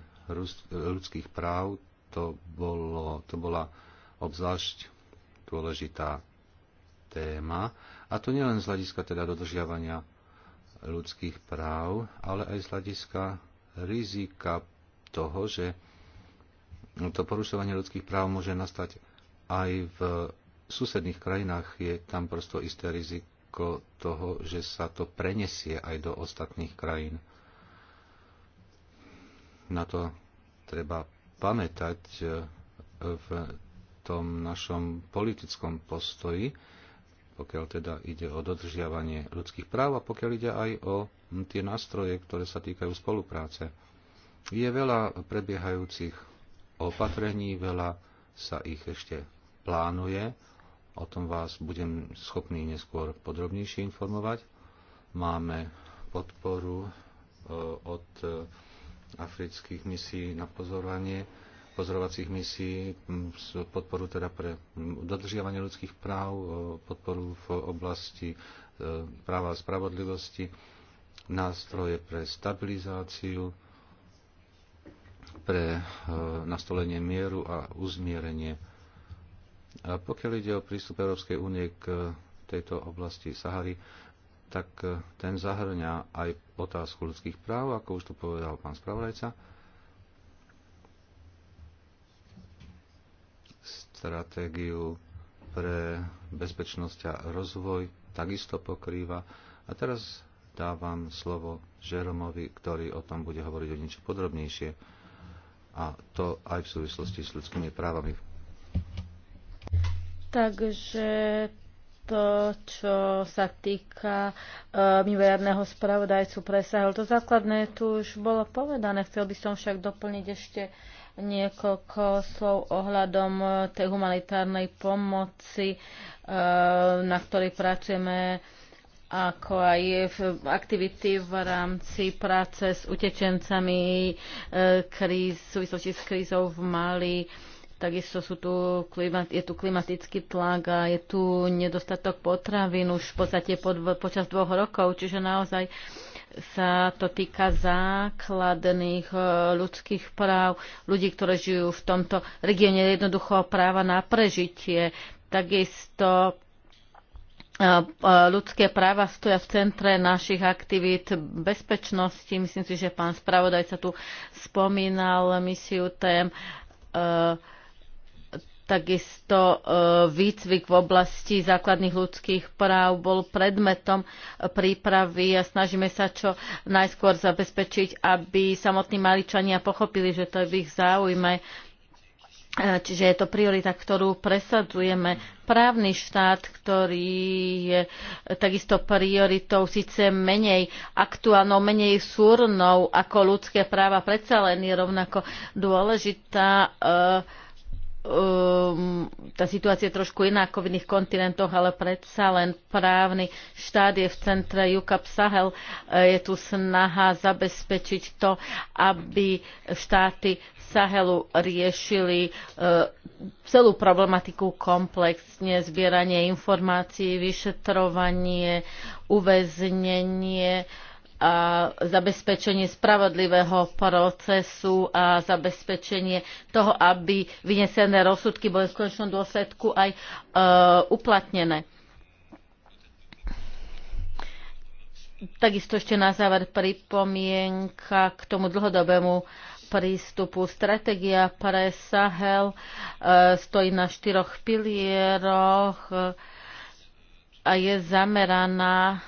ľudských práv to, bolo, to bola obzvlášť dôležitá téma. A to nielen z hľadiska teda dodržiavania ľudských práv, ale aj z hľadiska rizika toho, že to porušovanie ľudských práv môže nastať aj v susedných krajinách. Je tam prosto isté riziko toho, že sa to prenesie aj do ostatných krajín. Na to treba pamätať eh, v tom našom politickom postoji, pokiaľ teda ide o dodržiavanie ľudských práv a pokiaľ ide aj o tie nástroje, ktoré sa týkajú spolupráce. Je veľa prebiehajúcich opatrení, veľa sa ich ešte plánuje. O tom vás budem schopný neskôr podrobnejšie informovať. Máme podporu e, od e, afrických misií na pozorovanie pozorovacích misií, podporu teda pre dodržiavanie ľudských práv, podporu v oblasti e, práva a spravodlivosti, nástroje pre stabilizáciu, pre e, nastolenie mieru a uzmierenie. A pokiaľ ide o prístup Európskej únie k tejto oblasti Sahary, tak e, ten zahrňa aj otázku ľudských práv, ako už tu povedal pán spravodajca, stratégiu pre bezpečnosť a rozvoj takisto pokrýva. A teraz dávam slovo Žeromovi, ktorý o tom bude hovoriť o niečo podrobnejšie. A to aj v súvislosti s ľudskými právami. Takže to, čo sa týka e, mimoriadného spravodajcu presahol. To základné tu už bolo povedané. Chcel by som však doplniť ešte e, niekoľko slov ohľadom eh, tej humanitárnej pomoci, eh, na ktorej pracujeme ako aj v aktivity v rámci práce s utečencami eh, kríz, v súvislosti s krízou v Mali. Takisto sú tu, je tu klimatický tlak a je tu nedostatok potravín už v podstate pod, počas dvoch rokov, čiže naozaj sa to týka základných e, ľudských práv ľudí, ktorí žijú v tomto regióne, jednoducho práva na prežitie. Takisto e, e, ľudské práva stoja v centre našich aktivít bezpečnosti. Myslím si, že pán spravodajca tu spomínal misiu tém Takisto e, výcvik v oblasti základných ľudských práv bol predmetom prípravy a snažíme sa čo najskôr zabezpečiť, aby samotní Maličania pochopili, že to je v ich záujme. E, čiže je to priorita, ktorú presadzujeme. Právny štát, ktorý je takisto prioritou, síce menej aktuálnou, menej súrnou ako ľudské práva, predsa len je rovnako dôležitá. E, um, tá situácia je trošku iná ako v iných kontinentoch, ale predsa len právny štát je v centre UCAP Sahel. E, je tu snaha zabezpečiť to, aby štáty Sahelu riešili uh, celú problematiku komplexne, zbieranie informácií, vyšetrovanie, uväznenie, uh, a zabezpečenie spravodlivého procesu a zabezpečenie toho, aby vynesené rozsudky boli v konečnom dôsledku aj e, uplatnené. Takisto ešte na záver pripomienka k tomu dlhodobému prístupu. Stratégia pre Sahel e, stojí na štyroch pilieroch e, a je zameraná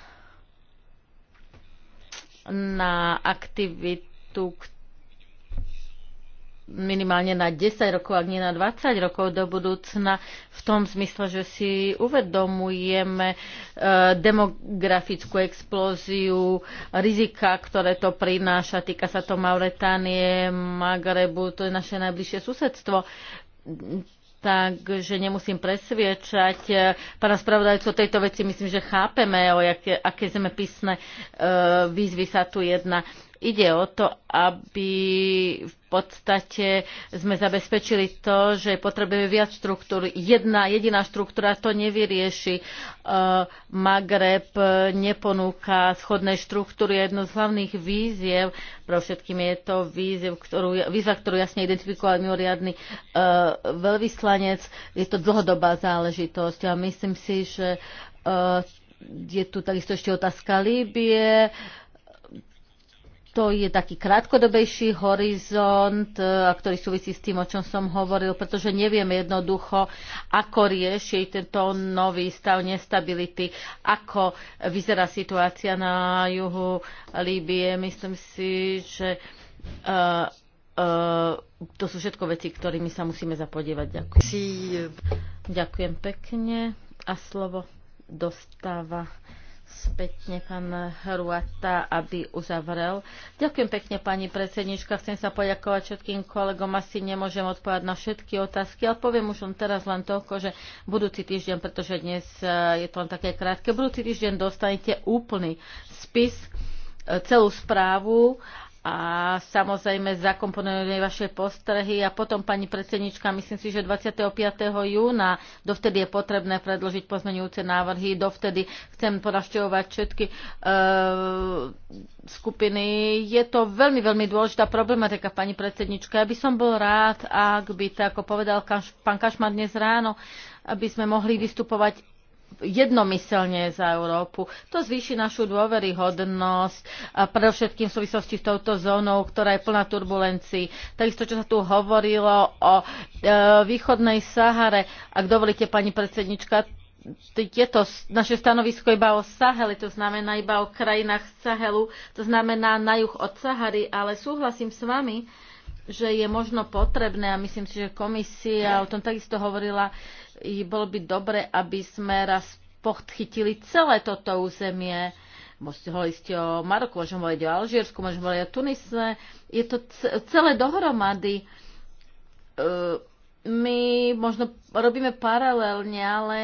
na aktivitu minimálne na 10 rokov, ak nie na 20 rokov do budúcna, v tom zmysle, že si uvedomujeme e, demografickú explóziu, rizika, ktoré to prináša. Týka sa to Mauretánie, Magrebu, to je naše najbližšie susedstvo takže nemusím presviečať. Eh, pána spravodajcu o tejto veci myslím, že chápeme, o aké, aké zemepisné eh, výzvy sa tu jedná. Ide o to, aby v podstate sme zabezpečili to, že potrebujeme viac štruktúr. Jedna jediná štruktúra to nevyrieši. E, Magreb neponúka schodné štruktúry. Jedno z hlavných víziev, pre všetkým je to víziev, ktorú, víza, ktorú jasne identifikoval mimoriadný e, veľvyslanec. Je to dlhodobá záležitosť a myslím si, že e, je tu takisto ešte otázka Líbie to je taký krátkodobejší horizont, e, ktorý súvisí s tým, o čom som hovoril, pretože nevieme jednoducho, ako riešiť tento nový stav nestability, ako vyzerá situácia na juhu Líbie. Myslím si, že uh, uh, to sú všetko veci, ktorými sa musíme zapodievať. Ďakujem. Ďakujem pekne a slovo dostáva spätne pán Ruata, aby uzavrel. Ďakujem pekne, pani predsednička. Chcem sa poďakovať všetkým kolegom. Asi nemôžem odpovedať na všetky otázky, ale poviem už len teraz len toľko, že budúci týždeň, pretože dnes e, je to len také krátke, budúci týždeň dostanete úplný spis, e, celú správu a samozrejme zakomponujeme vaše postrehy a potom, pani predsednička, myslím si, že 25. júna, dovtedy je potrebné predložiť pozmenujúce návrhy, dovtedy chcem podašťovať všetky e, skupiny. Je to veľmi, veľmi dôležitá problematika, pani predsednička. Ja by som bol rád, ak by, tak ako povedal kaš, pán Kašman dnes ráno, aby sme mohli vystupovať jednomyselne za Európu. To zvýši našu dôveryhodnosť, a predovšetkým v súvislosti s touto zónou, ktorá je plná turbulencií. Takisto, čo sa tu hovorilo o e, východnej Sahare, ak dovolíte, pani predsednička, je to naše stanovisko iba o Saheli, to znamená iba o krajinách Sahelu, to znamená na juh od Sahary, ale súhlasím s vami, že je možno potrebné, a myslím si, že komisia o tom takisto hovorila, bolo by dobre, aby sme raz podchytili celé toto územie. Môžete hovoriť o Maroku, môžeme hovoriť o Alžírsku, môžeme hovoriť o Tunise. Je to celé dohromady. E, my možno robíme paralelne, ale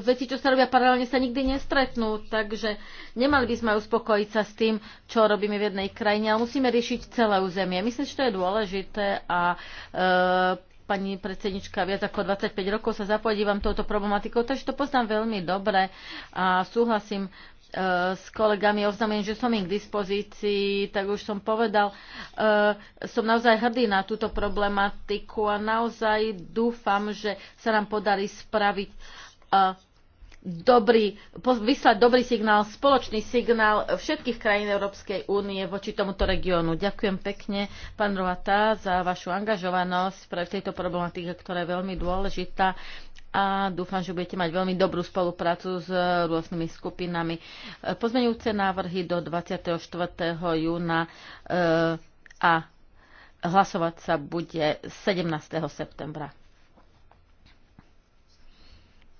veci, čo sa robia paralelne, sa nikdy nestretnú, takže nemali by sme uspokojiť sa s tým, čo robíme v jednej krajine, ale musíme riešiť celé územie. Myslím, že to je dôležité a e, pani predsednička, viac ako 25 rokov sa zapodívam touto problematikou, takže to poznám veľmi dobre a súhlasím e, s kolegami oznamujem, že som im k dispozícii, tak už som povedal, e, som naozaj hrdý na túto problematiku a naozaj dúfam, že sa nám podarí spraviť e, dobrý, vyslať dobrý signál, spoločný signál všetkých krajín Európskej únie voči tomuto regiónu. Ďakujem pekne, pán Rovata, za vašu angažovanosť pre tejto problematike, ktorá je veľmi dôležitá a dúfam, že budete mať veľmi dobrú spoluprácu s rôznymi skupinami. E, pozmeňujúce návrhy do 24. júna e, a hlasovať sa bude 17. septembra.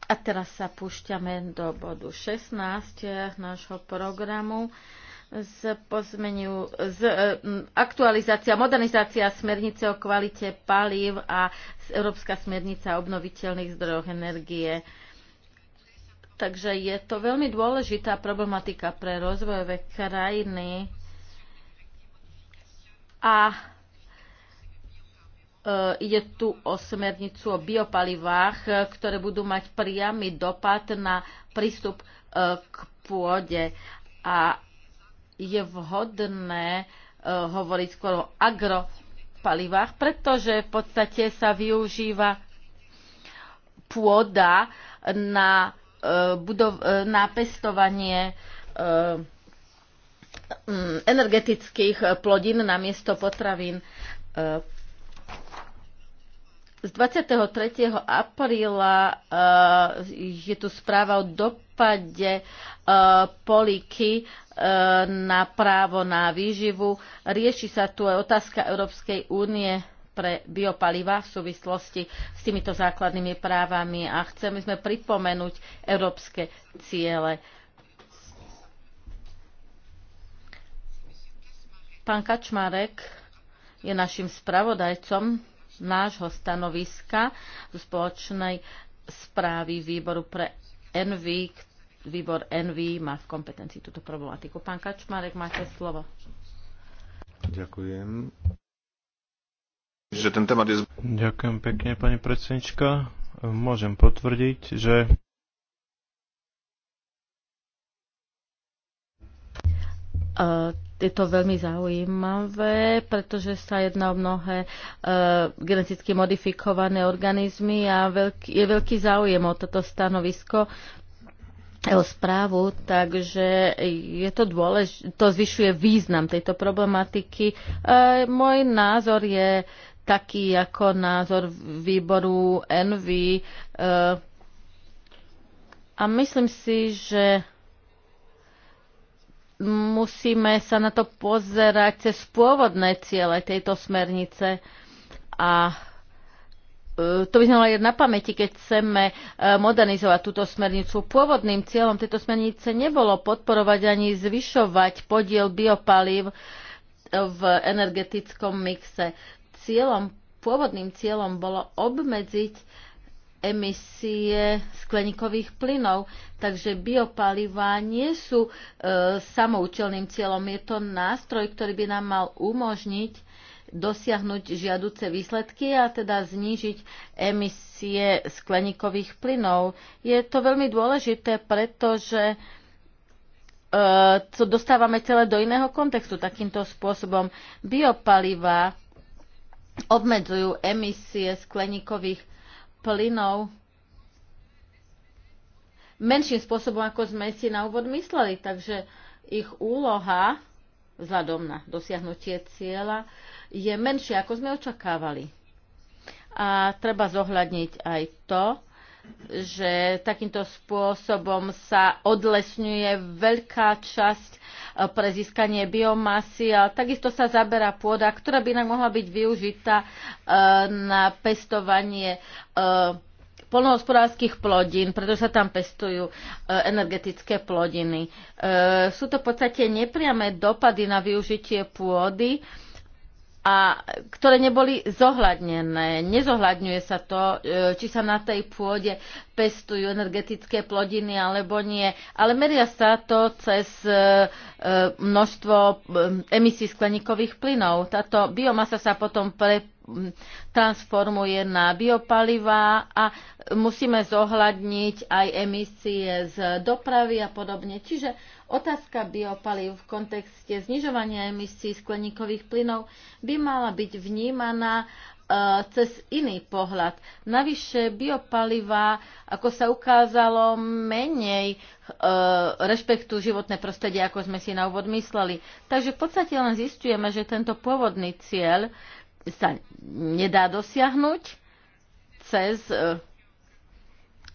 A teraz sa púšťame do bodu 16 nášho programu z, pozmeniu, z e, aktualizácia, modernizácia smernice o kvalite palív a Európska smernica o obnoviteľných zdrojoch energie. Takže je to veľmi dôležitá problematika pre rozvojové krajiny a E, ide tu o smernicu o biopalivách, e, ktoré budú mať priamy dopad na prístup e, k pôde. A je vhodné hovoriť skôr o agropalivách, pretože v podstate sa využíva pôda na, na pestovanie energetických plodín na miesto potravín z 23. apríla eh, je tu správa o dopade eh, poliky eh, na právo na výživu. Rieši sa tu aj otázka Európskej únie pre biopaliva v súvislosti s týmito základnými právami a chceme sme pripomenúť európske ciele. Pán Kačmarek je našim spravodajcom nášho stanoviska zo spoločnej správy výboru pre NV. Výbor NV má v kompetencii túto problematiku. Pán Kačmarek, máte slovo. Ďakujem. Že ten je... Ďakujem pekne, pani predsednička. Môžem potvrdiť, že Eh, je to veľmi zaujímavé, pretože sa jedná o mnohé e, geneticky modifikované organizmy a veľký, je veľký záujem o toto stanovisko o správu, takže je to dôležité, to zvyšuje význam tejto problematiky. E, môj názor je taký ako názor výboru NV e, a myslím si, že musíme sa na to pozerať cez pôvodné ciele tejto smernice a e, to by sme mali na pamäti, keď chceme e, modernizovať túto smernicu. Pôvodným cieľom tejto smernice nebolo podporovať ani zvyšovať podiel biopalív v energetickom mixe. Cieľom, pôvodným cieľom bolo obmedziť emisie skleníkových plynov. Takže biopalivá nie sú e, samoučelným cieľom. Je to nástroj, ktorý by nám mal umožniť dosiahnuť žiaduce výsledky a teda znížiť emisie skleníkových plynov. Je to veľmi dôležité, pretože e, to dostávame celé do iného kontextu takýmto spôsobom. Biopalivá obmedzujú emisie skleníkových plynov plynov menším spôsobom, ako sme si na úvod mysleli. Takže ich úloha vzhľadom na dosiahnutie cieľa je menšia, ako sme očakávali. A treba zohľadniť aj to, že takýmto spôsobom sa odlesňuje veľká časť e, pre získanie biomasy a takisto sa zaberá pôda, ktorá by inak mohla byť využitá e, na pestovanie e, polnohospodárských plodín, pretože sa tam pestujú energetické plodiny. Sú to v podstate nepriame dopady na využitie pôdy, a ktoré neboli zohľadnené. Nezohľadňuje sa to, e, či sa na tej pôde pestujú energetické plodiny alebo nie, ale meria sa to cez e, e, množstvo emisí skleníkových plynov. Táto biomasa sa potom pre, transformuje na biopalivá a musíme zohľadniť aj emisie z dopravy a podobne. Čiže Otázka biopalív v kontexte znižovania emisí skleníkových plynov by mala byť vnímaná e, cez iný pohľad. Navyše biopaliva, ako sa ukázalo, menej e, rešpektu životné prostredie, ako sme si na úvod mysleli. Takže v podstate len zistujeme, že tento pôvodný cieľ sa nedá dosiahnuť cez e,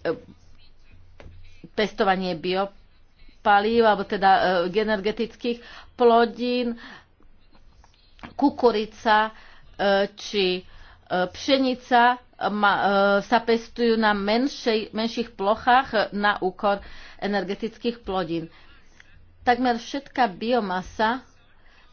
e, testovanie biopaliv palív, alebo teda e, energetických plodín, kukurica e, či e, pšenica sa pestujú na menšej, menších plochách na úkor energetických plodín. Takmer všetká biomasa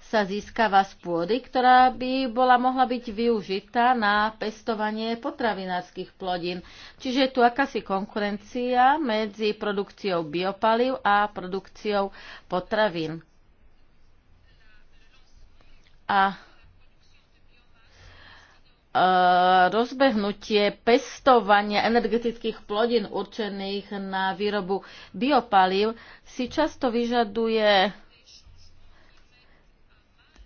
sa získava z pôdy, ktorá by bola mohla byť využitá na pestovanie potravinárskych plodín. Čiže je tu akási konkurencia medzi produkciou biopaliv a produkciou potravín. A e, rozbehnutie pestovania energetických plodín určených na výrobu biopalív si často vyžaduje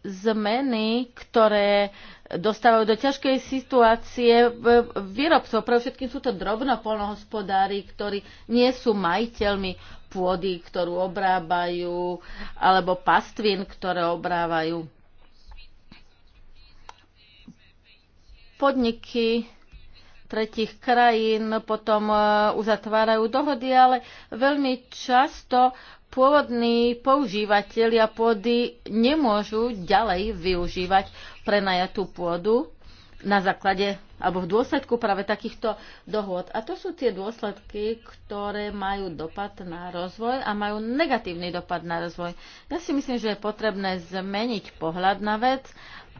zmeny, ktoré dostávajú do ťažkej situácie výrobcov. Pre všetkým sú to drobnopolnohospodári, ktorí nie sú majiteľmi pôdy, ktorú obrábajú, alebo pastvin, ktoré obrávajú. Podniky tretich krajín potom e, uzatvárajú dohody, ale veľmi často pôvodní používateľia pôdy nemôžu ďalej využívať prenajatú pôdu na základe alebo v dôsledku práve takýchto dohôd. A to sú tie dôsledky, ktoré majú dopad na rozvoj a majú negatívny dopad na rozvoj. Ja si myslím, že je potrebné zmeniť pohľad na vec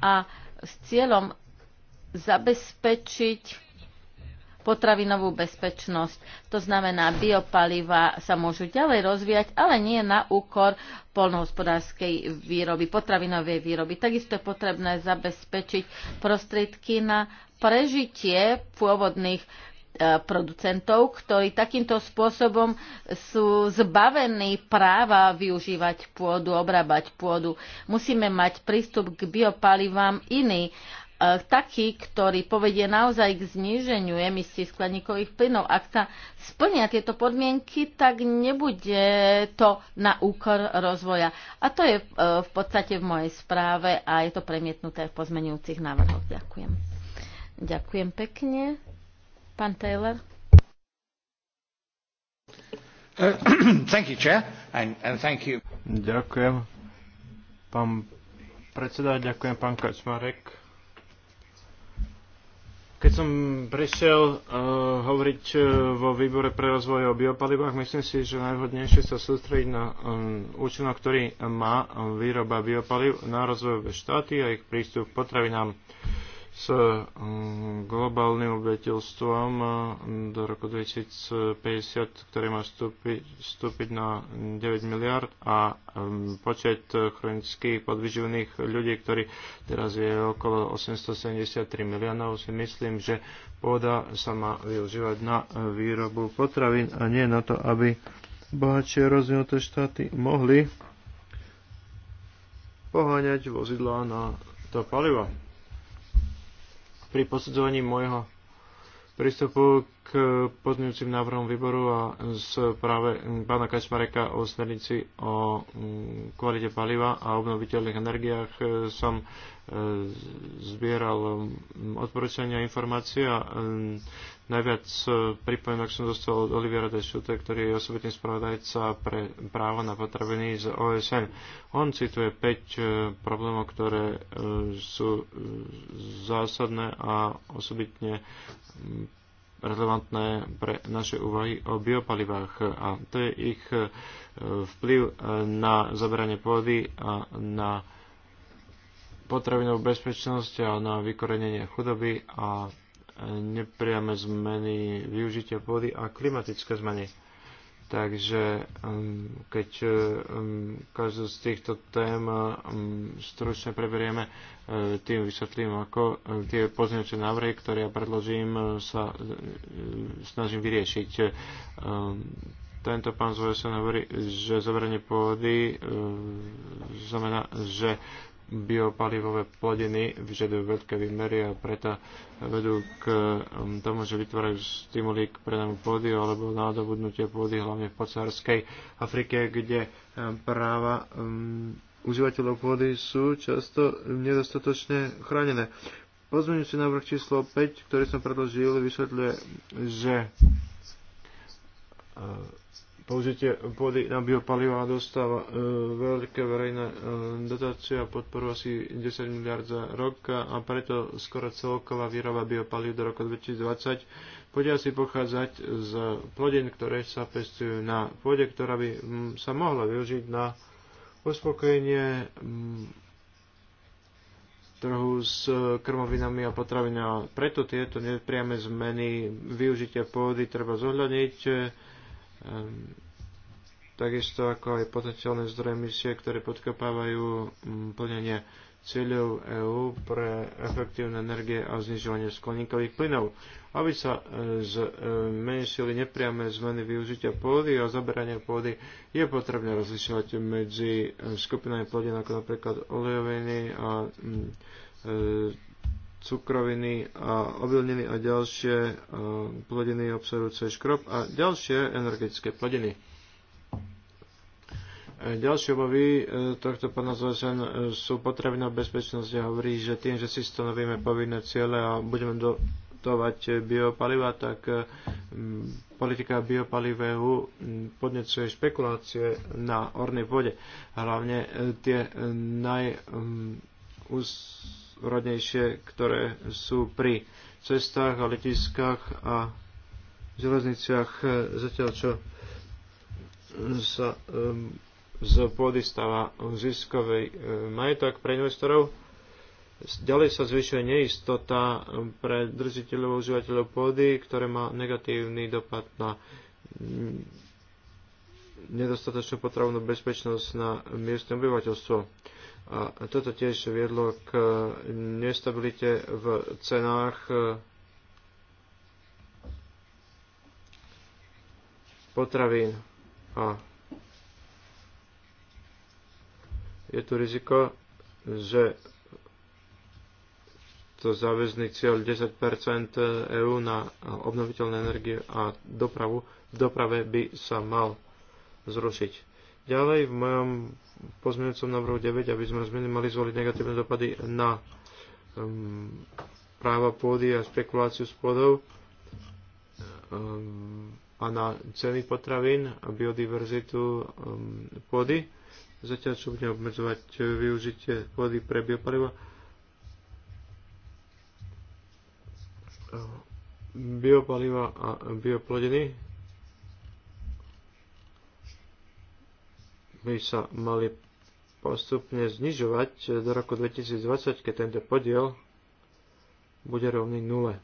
a s cieľom zabezpečiť potravinovú bezpečnosť. To znamená, biopaliva sa môžu ďalej rozvíjať, ale nie na úkor polnohospodárskej výroby, potravinovej výroby. Takisto je potrebné zabezpečiť prostriedky na prežitie pôvodných e, producentov, ktorí takýmto spôsobom sú zbavení práva využívať pôdu, obrábať pôdu. Musíme mať prístup k biopalivám iný E, taký, ktorý povedie naozaj k zníženiu emisí skleníkových plynov. Ak sa splnia tieto podmienky, tak nebude to na úkor rozvoja. A to je e, v podstate v mojej správe a je to premietnuté v pozmenujúcich návrhoch. Ďakujem. Ďakujem pekne. Pán Taylor. Uh, you, and, and ďakujem, pán predseda, ďakujem, pán Kačmarek keď som prišiel uh, hovoriť uh, vo výbore pre rozvoj o biopalivách, myslím si, že najvhodnejšie sa sústrediť na um, účinok, ktorý má výroba biopaliv na rozvojové štáty a ich prístup k potravinám. Uh, s mm, globálnym obyvateľstvom e, do roku 2050, ktoré má vstúpiť, vstúpiť na 9 miliard a mm, počet chronických podvyživných ľudí, ktorí teraz je okolo 873 miliónov, si myslím, že pôda sa má využívať na výrobu potravín a nie na to, aby bohatšie rozvinuté štáty mohli poháňať vozidlá na to palivo pri posudzovaní môjho prístupu k pozmeňujúcim návrhom výboru a z práve pána Kačmareka o smernici o mm, kvalite paliva a obnoviteľných energiách e, som e, zbieral mm, odporúčania informácie a mm, Najviac ak e, som dostal od Olivera de ktorý je osobitný spravodajca pre právo na potraviny z OSN. On cituje 5 e, problémov, ktoré e, sú zásadné a osobitne mm, relevantné pre naše úvahy o biopalivách a to je ich vplyv na zaberanie pôdy a na potravinovú bezpečnosť a na vykorenenie chudoby a nepriame zmeny využitia pôdy a klimatické zmeny. Takže um, keď um, každú z týchto tém um, stručne preberieme, uh, tým vysvetlím, ako uh, tie pozmeňujúce návrhy, ktoré ja predložím, uh, sa snažím vyriešiť. Tento pán z hovorí, že zoberenie pôdy znamená, že biopalivové plodiny vyžadujú veľké výmery a preto vedú k um, tomu, že vytvárajú stimuli k predamu pôdy alebo nadobudnutie pôdy, hlavne v podsaharskej Afrike, kde um, práva um, užívateľov pôdy sú často nedostatočne chránené. Pozmeňujúci návrh číslo 5, ktorý som predložil, vysvetľuje, že uh, použitie pôdy na biopaliva dostáva e, veľké verejné e, dotácie a podporu asi 10 miliard za rok a preto skoro celková výroba biopaliv do roku 2020 bude asi pochádzať z plodin, ktoré sa pestujú na pôde, ktorá by sa mohla využiť na uspokojenie trhu s e, krmovinami a potravinami. Preto tieto nepriame zmeny využitia pôdy treba zohľadniť takisto ako aj potenciálne zdroje misie, ktoré podkopávajú mm, plnenie cieľov EÚ pre efektívne energie a znižovanie skleníkových plynov, aby sa e, zmenšili nepriame zmeny využitia pôdy a zaberania pôdy, je potrebné rozlišovať medzi e, skupinami plodín ako napríklad olejoviny a mm, e, cukroviny a obilniny a ďalšie plodiny obsahujúce škrob a ďalšie energetické plodiny. Ďalšie obavy e, tohto pána Zlesen e, sú potrebné bezpečnosti. a hovorí, že tým, že si stanovíme povinné ciele a budeme dotovať biopaliva, tak e, politika biopalivého podnecuje špekulácie na ornej vode. Hlavne tie najúrodnejšie, ktoré sú pri cestách a letiskách a železniciach, zatiaľ čo sa um, z pôdy stáva ziskový e, majetok pre investorov. Ďalej sa zvyšuje neistota pre držiteľov a užívateľov pôdy, ktoré má negatívny dopad na mm, nedostatočnú potravnú bezpečnosť na miestne obyvateľstvo. A toto tiež viedlo k nestabilite v cenách e, potravín a je tu riziko, že to záväzný cieľ 10 EÚ na obnoviteľné energie a dopravu v doprave by sa mal zrušiť. Ďalej v mojom pozmeňujúcom návrhu 9, aby sme zminimalizovali negatívne dopady na um, práva pôdy a špekuláciu s pôdou um, a na ceny potravín a biodiverzitu um, pôdy zatiaľ čo budeme obmedzovať e, využitie vody pre biopaliva. E, biopaliva a bioplodiny by sa mali postupne znižovať e, do roku 2020, keď tento podiel bude rovný nule.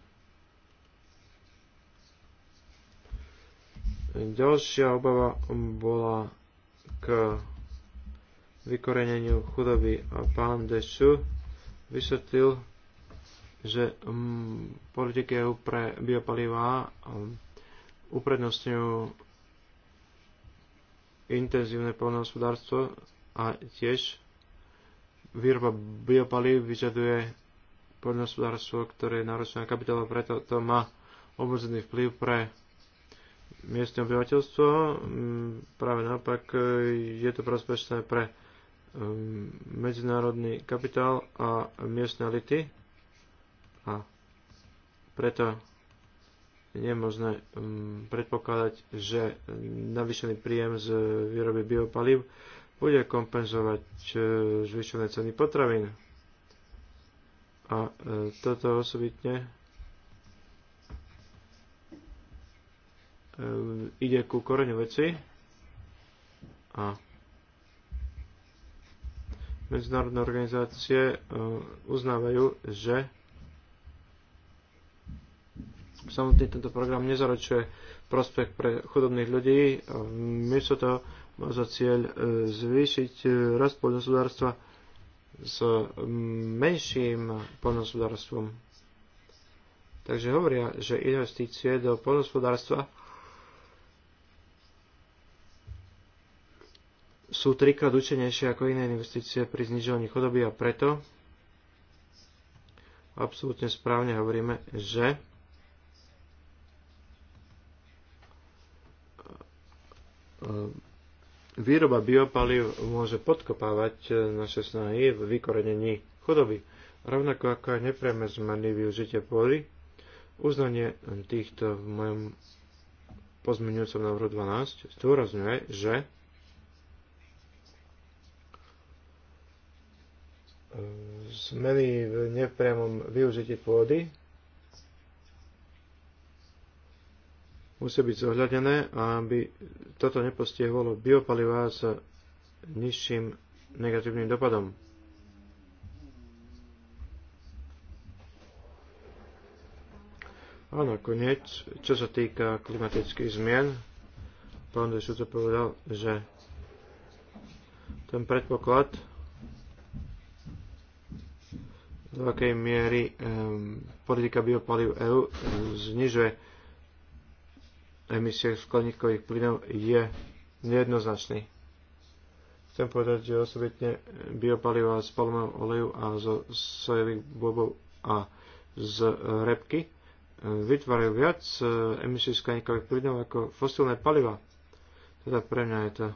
Ďalšia obava bola k vykoreneniu chudoby. A pán Dešu vysvetlil, že um, politiky EU pre biopalivá um, uprednostňujú intenzívne poľnohospodárstvo a tiež výroba biopalív vyžaduje poľnohospodárstvo, ktoré je náročné na kapitál, preto to má obmedzený vplyv pre miestne obyvateľstvo. Mm, práve naopak e, je to prospešné pre Ehm, medzinárodný kapitál a miestne elity a preto je možné ehm, predpokladať, že navýšený príjem z výroby biopalív bude kompenzovať ehm, zvyšené ceny potravín. A toto osobitne ide ku koreňu veci a medzinárodné organizácie e, uznávajú, že samotný tento program nezaručuje prospech pre chudobných ľudí. E, sa to má za cieľ e, zvýšiť rast poľnohospodárstva s menším poľnohospodárstvom. Takže hovoria, že investície do poľnohospodárstva sú trikrát účinnejšie ako iné investície pri znižovaní chodoby a preto absolútne správne hovoríme, že výroba biopalív môže podkopávať naše snahy v vykorenení chudoby, rovnako ako aj nepriame zmeny využitia pôdy. Uznanie týchto v mojom pozmeňujúcom návrhu 12 zdôrazňuje, že zmeny v nepriamom využití pôdy musia byť zohľadené, aby toto nepostihovalo biopalivá s nižším negatívnym dopadom. A nakoniec, čo sa týka klimatických zmien, pán Dešuto povedal, že ten predpoklad do akej miery um, politika biopalív EÚ znižuje emisie skleníkových plynov je nejednoznačný. Chcem povedať, že osobitne biopaliva z palmového oleju a zo sojových bobov a z e, repky vytvárajú viac e, emisí skleníkových plynov ako fosílne paliva. Teda pre mňa je to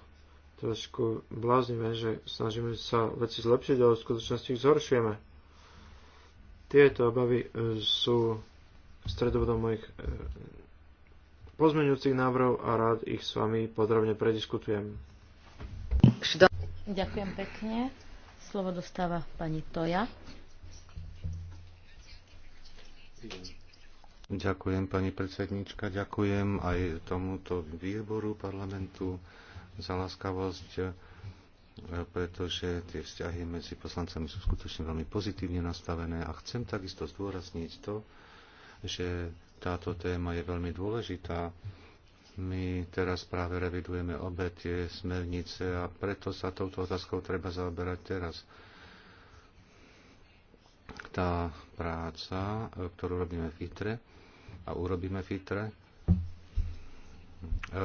trošku bláznivé, že snažíme sa veci zlepšiť, ale v skutočnosti ich zhoršujeme tieto obavy e, sú stredobodom mojich e, pozmeňujúcich návrhov a rád ich s vami podrobne prediskutujem. Ďakujem pekne. Slovo dostáva pani Toja. Ďakujem, pani predsednička. Ďakujem aj tomuto výboru parlamentu za láskavosť pretože tie vzťahy medzi poslancami sú skutočne veľmi pozitívne nastavené a chcem takisto zdôrazniť to, že táto téma je veľmi dôležitá. My teraz práve revidujeme obe tie smernice a preto sa touto otázkou treba zaoberať teraz. Tá práca, ktorú robíme v ITRE a urobíme v ITRE, E,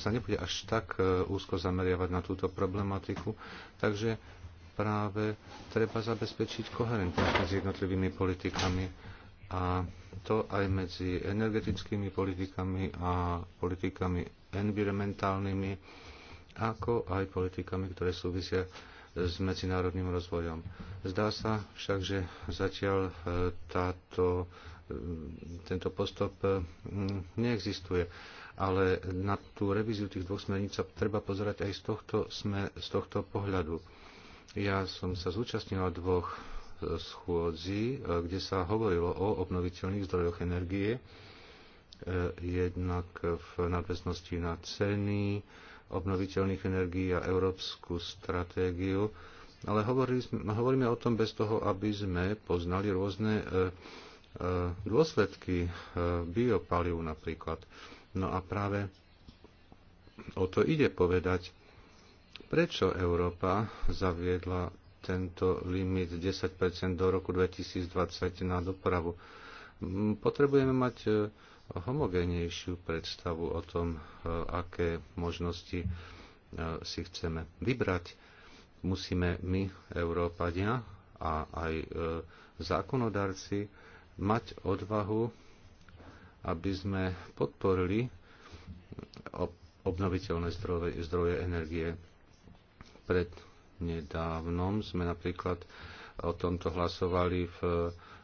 sa nebude až tak e, úzko zameriavať na túto problematiku, takže práve treba zabezpečiť koherentnosť medzi jednotlivými politikami a to aj medzi energetickými politikami a politikami environmentálnymi, ako aj politikami, ktoré súvisia s medzinárodným rozvojom. Zdá sa však, že zatiaľ e, táto, tento postup mm, neexistuje ale na tú revíziu tých dvoch smerníc sa treba pozerať aj z tohto, sme, z tohto pohľadu. Ja som sa zúčastnila dvoch e, schôdzi, e, kde sa hovorilo o obnoviteľných zdrojoch energie, e, jednak v nadväznosti na ceny obnoviteľných energií a európsku stratégiu. Ale hovorili, no, hovoríme o tom bez toho, aby sme poznali rôzne dôsledky biopalivu napríklad. No a práve o to ide povedať, prečo Európa zaviedla tento limit 10 do roku 2020 na dopravu. Mm, potrebujeme mať e, homogénejšiu predstavu o tom, e, aké možnosti e, si chceme vybrať. Musíme my, Európania a aj zákonodarci, mať odvahu aby sme podporili obnoviteľné zdroje, zdroje energie. Pred nedávnom sme napríklad o tomto hlasovali v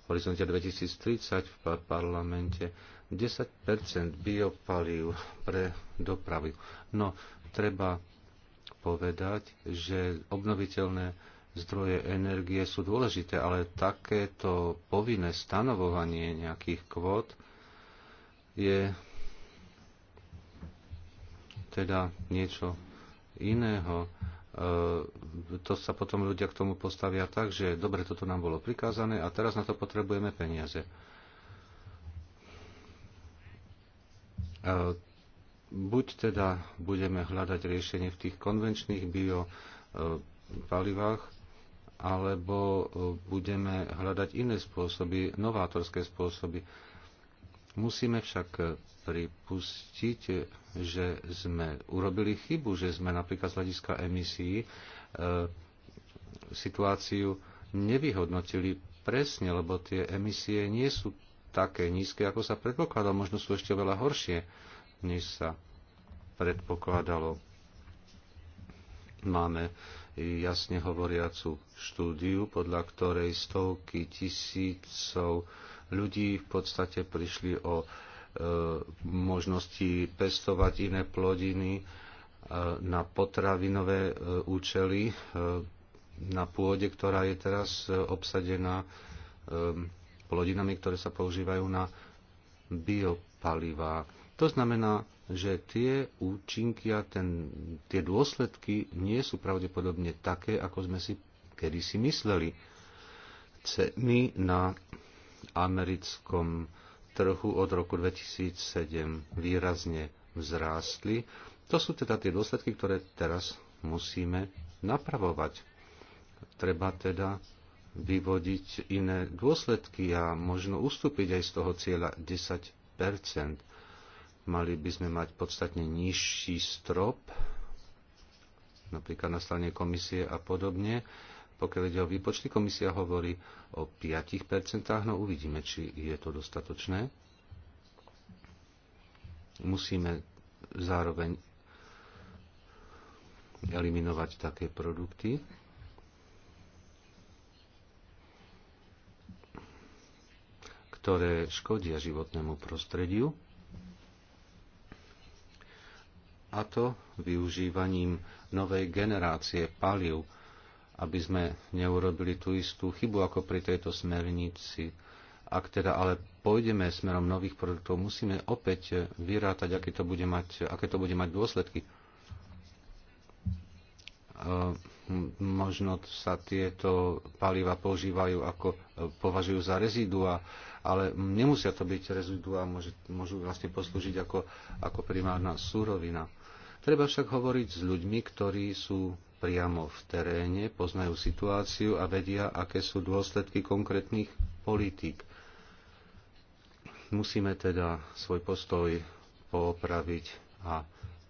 horizonte 2030 v parlamente 10 biopalív pre dopravy. No, treba povedať, že obnoviteľné zdroje energie sú dôležité, ale takéto povinné stanovovanie nejakých kvót je teda niečo iného. E, to sa potom ľudia k tomu postavia tak, že dobre, toto nám bolo prikázané a teraz na to potrebujeme peniaze. E, buď teda budeme hľadať riešenie v tých konvenčných biopalivách, e, alebo budeme hľadať iné spôsoby, novátorské spôsoby Musíme však pripustiť, že sme urobili chybu, že sme napríklad z hľadiska emisí e, situáciu nevyhodnotili presne, lebo tie emisie nie sú také nízke, ako sa predpokladalo. Možno sú ešte veľa horšie, než sa predpokladalo. Máme jasne hovoriacu štúdiu, podľa ktorej stovky tisícov ľudí v podstate prišli o e, možnosti pestovať iné plodiny e, na potravinové e, účely na pôde, ktorá je teraz obsadená plodinami, ktoré sa používajú na biopalivá. To znamená, že tie účinky a ten, tie dôsledky nie sú pravdepodobne také, ako sme si kedysi mysleli. Ceny na americkom trhu od roku 2007 výrazne vzrástli. To sú teda tie dôsledky, ktoré teraz musíme napravovať. Treba teda vyvodiť iné dôsledky a možno ustúpiť aj z toho cieľa 10 Mali by sme mať podstatne nižší strop, napríklad na strane komisie a podobne. Pokiaľ ide o výpočty, komisia hovorí o 5%, no uvidíme, či je to dostatočné. Musíme zároveň eliminovať také produkty, ktoré škodia životnému prostrediu a to využívaním novej generácie paliv aby sme neurobili tú istú chybu ako pri tejto smernici. Ak teda ale pôjdeme smerom nových produktov, musíme opäť vyrátať, aké to bude mať, aké to bude mať dôsledky. E, možno sa tieto paliva používajú ako e, považujú za rezidua, ale nemusia to byť rezidua, môže, môžu vlastne poslúžiť ako, ako primárna súrovina. Treba však hovoriť s ľuďmi, ktorí sú priamo v teréne, poznajú situáciu a vedia, aké sú dôsledky konkrétnych politík. Musíme teda svoj postoj poopraviť a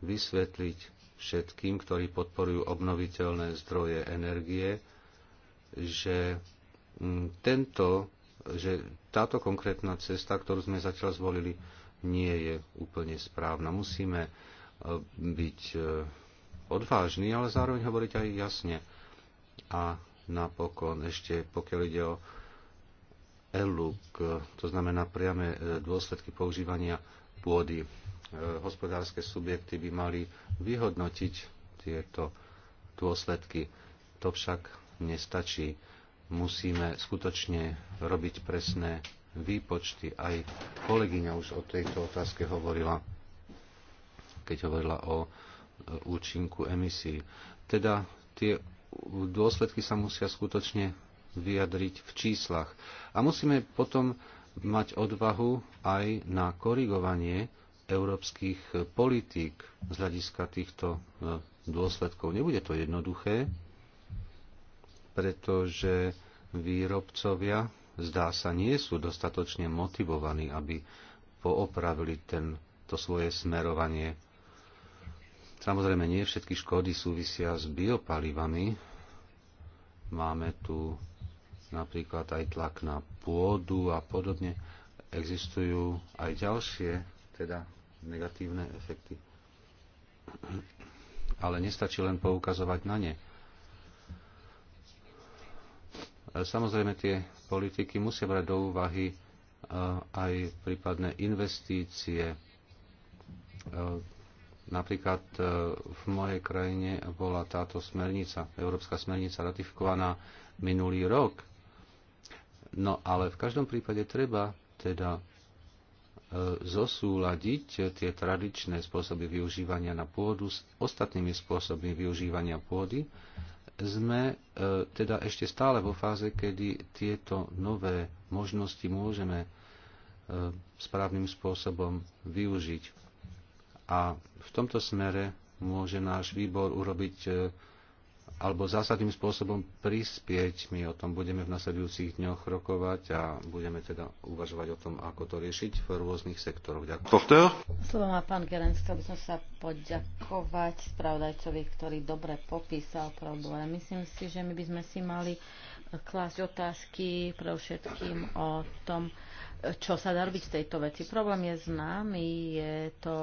vysvetliť všetkým, ktorí podporujú obnoviteľné zdroje energie, že mm, tento, že táto konkrétna cesta, ktorú sme zatiaľ zvolili, nie je úplne správna. Musíme e, byť e, odvážny, ale zároveň hovoriť aj jasne. A napokon ešte, pokiaľ ide o ELUK, to znamená priame e, dôsledky používania pôdy. E, hospodárske subjekty by mali vyhodnotiť tieto dôsledky. To však nestačí. Musíme skutočne robiť presné výpočty. Aj kolegyňa už o tejto otázke hovorila, keď hovorila o účinku emisí. Teda tie dôsledky sa musia skutočne vyjadriť v číslach. A musíme potom mať odvahu aj na korigovanie európskych politík z hľadiska týchto e, dôsledkov. Nebude to jednoduché, pretože výrobcovia zdá sa nie sú dostatočne motivovaní, aby poopravili ten, to svoje smerovanie Samozrejme, nie všetky škody súvisia s biopalivami. Máme tu napríklad aj tlak na pôdu a podobne. Existujú aj ďalšie, teda negatívne efekty. Ale nestačí len poukazovať na ne. Samozrejme, tie politiky musia brať do úvahy eh, aj prípadné investície, eh, Napríklad e, v mojej krajine bola táto smernica, európska smernica ratifikovaná minulý rok. No ale v každom prípade treba teda e, zosúľadiť tie tradičné spôsoby využívania na pôdu s ostatnými spôsobmi využívania pôdy, sme e, teda ešte stále vo fáze, kedy tieto nové možnosti môžeme správnym spôsobom využiť. A v tomto smere môže náš výbor urobiť e, alebo zásadným spôsobom prispieť. My o tom budeme v nasledujúcich dňoch rokovať a budeme teda uvažovať o tom, ako to riešiť v rôznych sektoroch. Ďakujem. Slovo má pán Gerenc, chcel by som sa poďakovať spravodajcovi, ktorý dobre popísal problém. Myslím si, že my by sme si mali klásť otázky pre všetkým o tom, čo sa dá robiť v tejto veci. Problém je známy, je to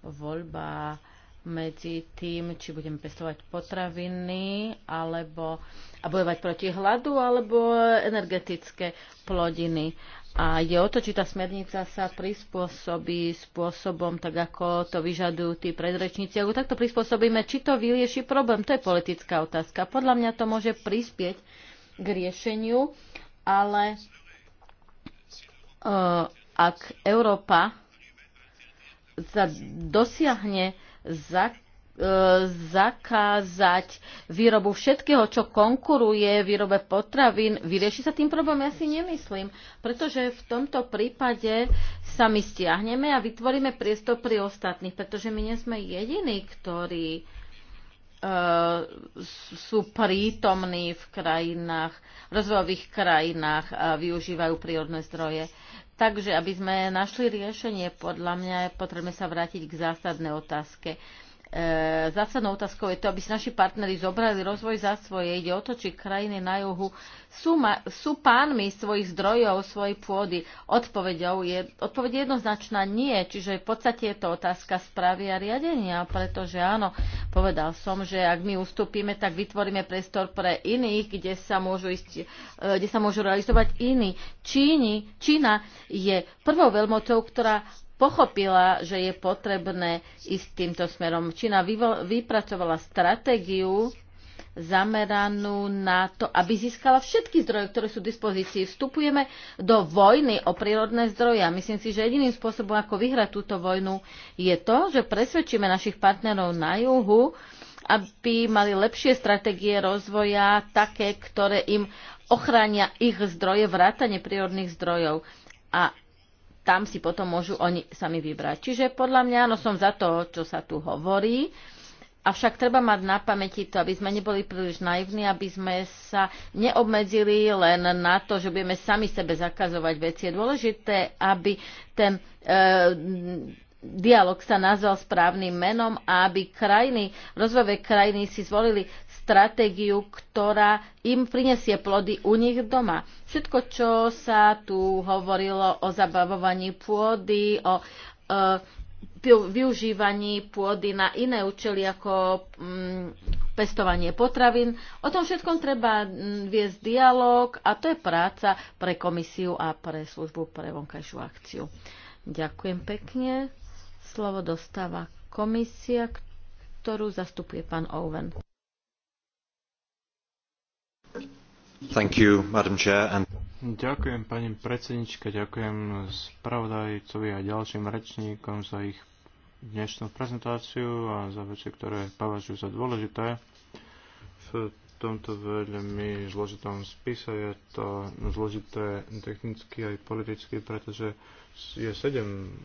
voľba medzi tým, či budeme pestovať potraviny alebo a bojovať proti hladu alebo energetické plodiny. A je o to, či tá smernica sa prispôsobí spôsobom, tak ako to vyžadujú tí predrečníci. Ako takto prispôsobíme, či to vyrieši problém, to je politická otázka. Podľa mňa to môže prispieť k riešeniu, ale Uh, ak Európa dosiahne za, uh, zakázať výrobu všetkého, čo konkuruje výrobe potravín, vyrieši sa tým problém? Ja si nemyslím, pretože v tomto prípade sa my stiahneme a vytvoríme priestor pri ostatných, pretože my nie sme jediní, ktorí uh, sú prítomní v krajinách, v rozvojových krajinách a využívajú prírodné zdroje. Uh, Takže aby sme našli riešenie, podľa mňa je potrebné sa vrátiť k zásadnej otázke E, zásadnou otázkou je to, aby si naši partnery zobrali rozvoj za svoje. Ide o to, či krajiny na juhu sú, ma, sú pánmi svojich zdrojov, svojej pôdy. Odpovedou je, odpoveď je jednoznačná nie, čiže v podstate je to otázka správy a riadenia, pretože áno, povedal som, že ak my ustúpime, tak vytvoríme priestor pre iných, kde sa môžu, ísť, e, kde sa môžu realizovať iní. Číni, Čína je prvou veľmocou, ktorá pochopila, že je potrebné ísť týmto smerom. Čína vypracovala stratégiu zameranú na to, aby získala všetky zdroje, ktoré sú v dispozícii. Vstupujeme do vojny o prírodné zdroje a myslím si, že jediným spôsobom, ako vyhrať túto vojnu, je to, že presvedčíme našich partnerov na juhu, aby mali lepšie stratégie rozvoja, také, ktoré im ochránia ich zdroje, vrátanie prírodných zdrojov. A tam si potom môžu oni sami vybrať. Čiže podľa mňa, no som za to, čo sa tu hovorí, Avšak treba mať na pamäti to, aby sme neboli príliš naivní, aby sme sa neobmedzili len na to, že budeme sami sebe zakazovať veci. Je dôležité, aby ten e, dialog sa nazval správnym menom a aby krajiny, rozvojové krajiny si zvolili stratégiu, ktorá im prinesie plody u nich doma. Všetko, čo sa tu hovorilo o zabavovaní pôdy, o e, využívaní pôdy na iné účely ako mm, pestovanie potravín. O tom všetkom treba mm, viesť dialog a to je práca pre komisiu a pre službu pre vonkajšiu akciu. Ďakujem pekne. Slovo dostáva komisia, ktorú zastupuje pán Owen. Ďakujem pani predsednička, ďakujem spravodajcovi a ďalším rečníkom za ich dnešnú prezentáciu a za veci, ktoré považujú za dôležité. V tomto veľmi zložitom spise je to zložité technicky aj politicky, pretože je sedem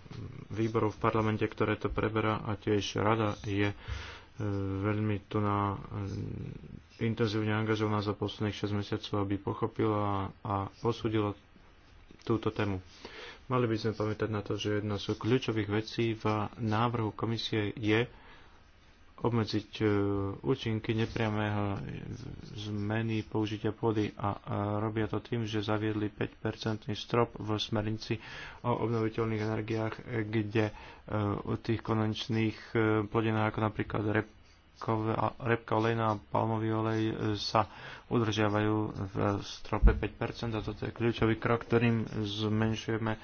výborov v parlamente, ktoré to preberá a tiež rada je e, veľmi tu na intenzívne angažovaná za posledných 6 mesiacov, aby pochopila a posúdila túto tému. Mali by sme pamätať na to, že jedna z kľúčových vecí v návrhu komisie je obmedziť e, účinky nepriamého zmeny použitia pôdy a robia to tým, že zaviedli 5-percentný strop v smernici o obnoviteľných energiách, kde e, u tých konečných e, plodinách ako napríklad rep repka olejná a palmový olej e, sa udržiavajú v strope 5% a toto je kľúčový krok, ktorým zmenšujeme e,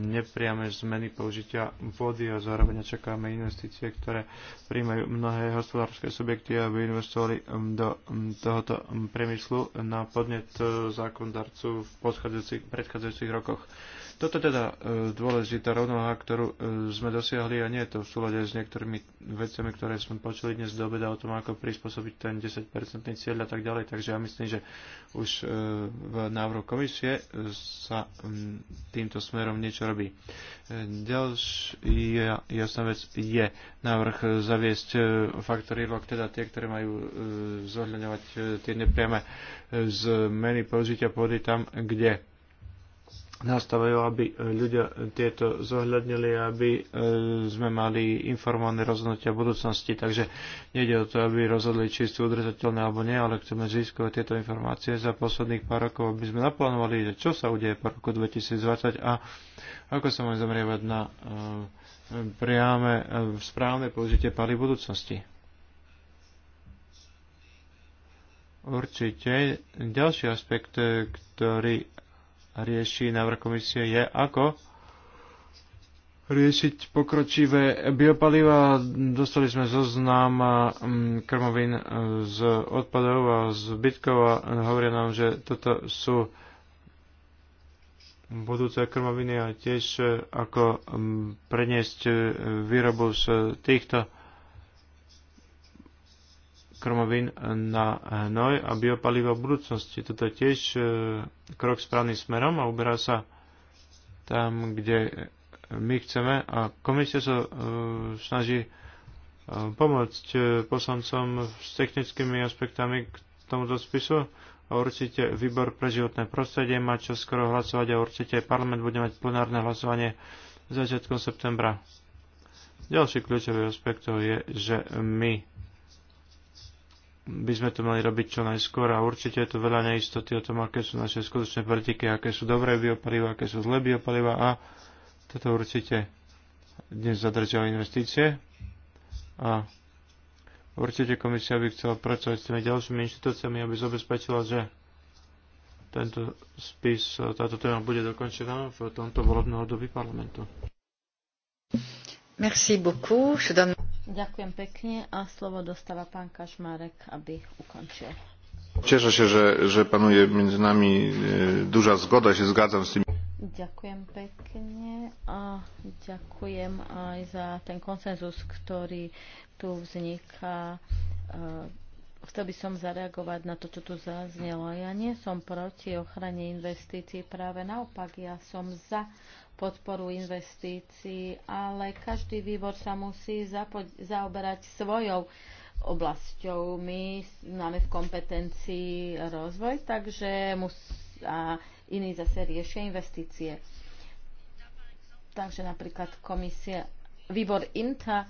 nepriame zmeny použitia vody a zároveň čakáme investície, ktoré príjmajú mnohé hospodárske subjekty, aby investovali do tohoto priemyslu na podnet e, zákondarcu v predchádzajúcich rokoch. Toto teda e, dôležitá rovnováha, ktorú e, sme dosiahli a nie je to v súlade s niektorými vecami, ktoré sme počuli dnes do obeda o tom, ako prispôsobiť ten 10-percentný cieľ a tak ďalej. Takže ja myslím, že už e, v návrhu komisie sa týmto smerom niečo robí. Ďalšia jasná vec je návrh zaviesť faktory log, teda tie, ktoré majú zohľadňovať tie nepriame zmeny použitia pôdy tam, kde nastavujú, aby e, ľudia e, tieto zohľadnili, aby e, sme mali informované rozhodnutia budúcnosti. Takže nejde o to, aby rozhodli, či sú udržateľné alebo nie, ale chceme získať tieto informácie za posledných pár rokov, aby sme naplánovali, čo sa udeje po roku 2020 a ako sa môžeme zamrievať na priame správne použitie pali budúcnosti. Určite ďalší aspekt, ktorý rieši návrh komisie, je ako riešiť pokročivé biopaliva. Dostali sme zoznam mm, krmovín e, z odpadov a z bytkov a hovoria nám, že toto sú budúce krmoviny a tiež e, ako mm, preniesť e, výrobu z týchto kromovín na hnoj a biopalivo v budúcnosti. Toto je tiež e, krok správnym smerom a uberá sa tam, kde my chceme a komisia sa e, snaží e, pomôcť poslancom s technickými aspektami k tomuto spisu a určite výbor pre životné prostredie má čo skoro hlasovať a určite parlament bude mať plenárne hlasovanie začiatkom septembra. Ďalší kľúčový aspekt je, že my by sme to mali robiť čo najskôr a určite je tu veľa neistoty o tom, aké sú naše skutočné politiky, aké sú dobré biopaliva, aké sú zlé biopaliva a toto určite dnes zadržia investície a určite komisia by chcela pracovať s tými ďalšími inštitúciami, aby zabezpečila, že tento spis, táto téma bude dokončená v tomto volebnom období parlamentu. Merci beaucoup. Je donne... Ďakujem pekne a slovo dostáva pán Kašmarek, aby ukončil. Cieszę się, że, że panuje między nami e, duża zgoda, się zgadzam z tym. Ďakujem pekne a ďakujem aj za ten konsenzus, ktorý tu vzniká. E, chcel by som zareagovať na to, čo tu zaznelo. Ja nie som proti ochrane investícií, práve naopak, ja som za podporu investícií, ale každý výbor sa musí zaoberať svojou oblasťou. My máme v kompetencii rozvoj, takže mus- a iní zase riešia investície. Takže napríklad komisia, výbor INTA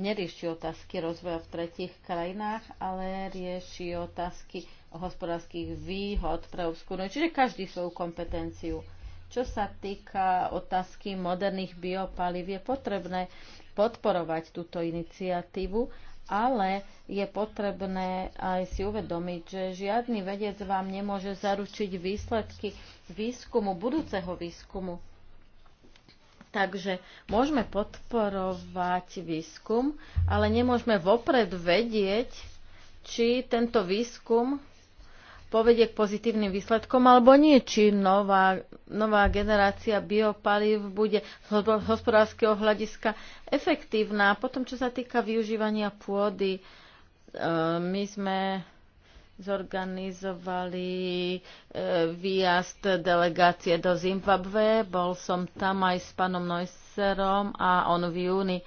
nerieši otázky rozvoja v tretich krajinách, ale rieši otázky hospodárskych výhod pre Európsku Čiže každý svoju kompetenciu. Čo sa týka otázky moderných biopalív, je potrebné podporovať túto iniciatívu, ale je potrebné aj si uvedomiť, že žiadny vedec vám nemôže zaručiť výsledky výskumu, budúceho výskumu. Takže môžeme podporovať výskum, ale nemôžeme vopred vedieť, či tento výskum povedie k pozitívnym výsledkom alebo nie, či nová, nová generácia biopalív bude z hospodárskeho hľadiska efektívna. A Potom, čo sa týka využívania pôdy, e, my sme zorganizovali e, výjazd delegácie do Zimbabwe. Bol som tam aj s pánom Neusserom a on v, júni,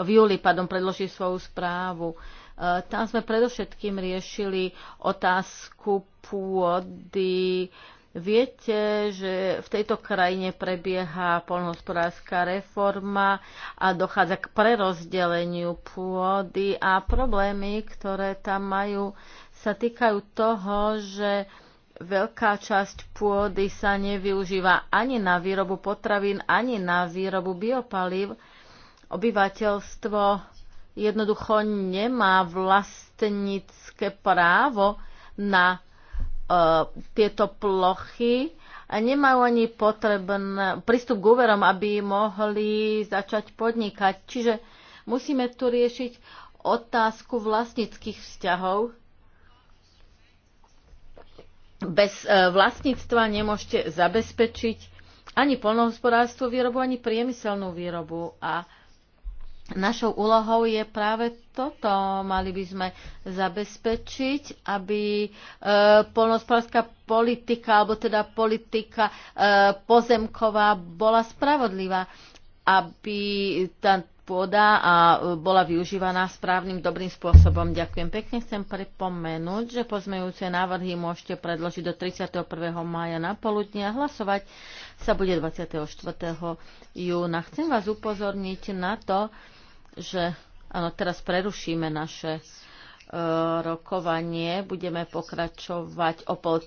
v júli pardon, predložil svoju správu. Eh, tam sme predovšetkým riešili otázku pôdy. Viete, že v tejto krajine prebieha polnohospodárska reforma a dochádza k prerozdeleniu pôdy a problémy, ktoré tam majú, sa týkajú toho, že veľká časť pôdy sa nevyužíva ani na výrobu potravín, ani na výrobu biopalív. Obyvateľstvo jednoducho nemá vlastnícke právo na e, tieto plochy a nemajú ani potrebný prístup k úverom, aby mohli začať podnikať. Čiže musíme tu riešiť otázku vlastnických vzťahov. Bez e, vlastníctva nemôžete zabezpečiť ani polnohospodárstvo výrobu, ani priemyselnú výrobu. A Našou úlohou je práve toto. Mali by sme zabezpečiť, aby e, polnospodárska politika, alebo teda politika e, pozemková bola spravodlivá, aby tá pôda a bola využívaná správnym, dobrým spôsobom. Ďakujem pekne. Chcem pripomenúť, že pozmejúce návrhy môžete predložiť do 31. maja na poludne a hlasovať sa bude 24. júna. Chcem vás upozorniť na to, že áno, teraz prerušíme naše e, rokovanie. Budeme pokračovať o pol,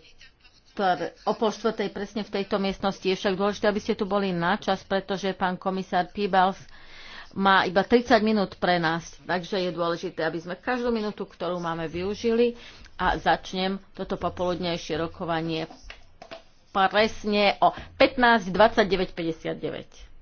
o pol štvrtej presne v tejto miestnosti. Je však dôležité, aby ste tu boli na čas, pretože pán komisár Pibals má iba 30 minút pre nás, takže je dôležité, aby sme každú minútu, ktorú máme, využili a začnem toto popoludnejšie rokovanie presne o 15.29.59.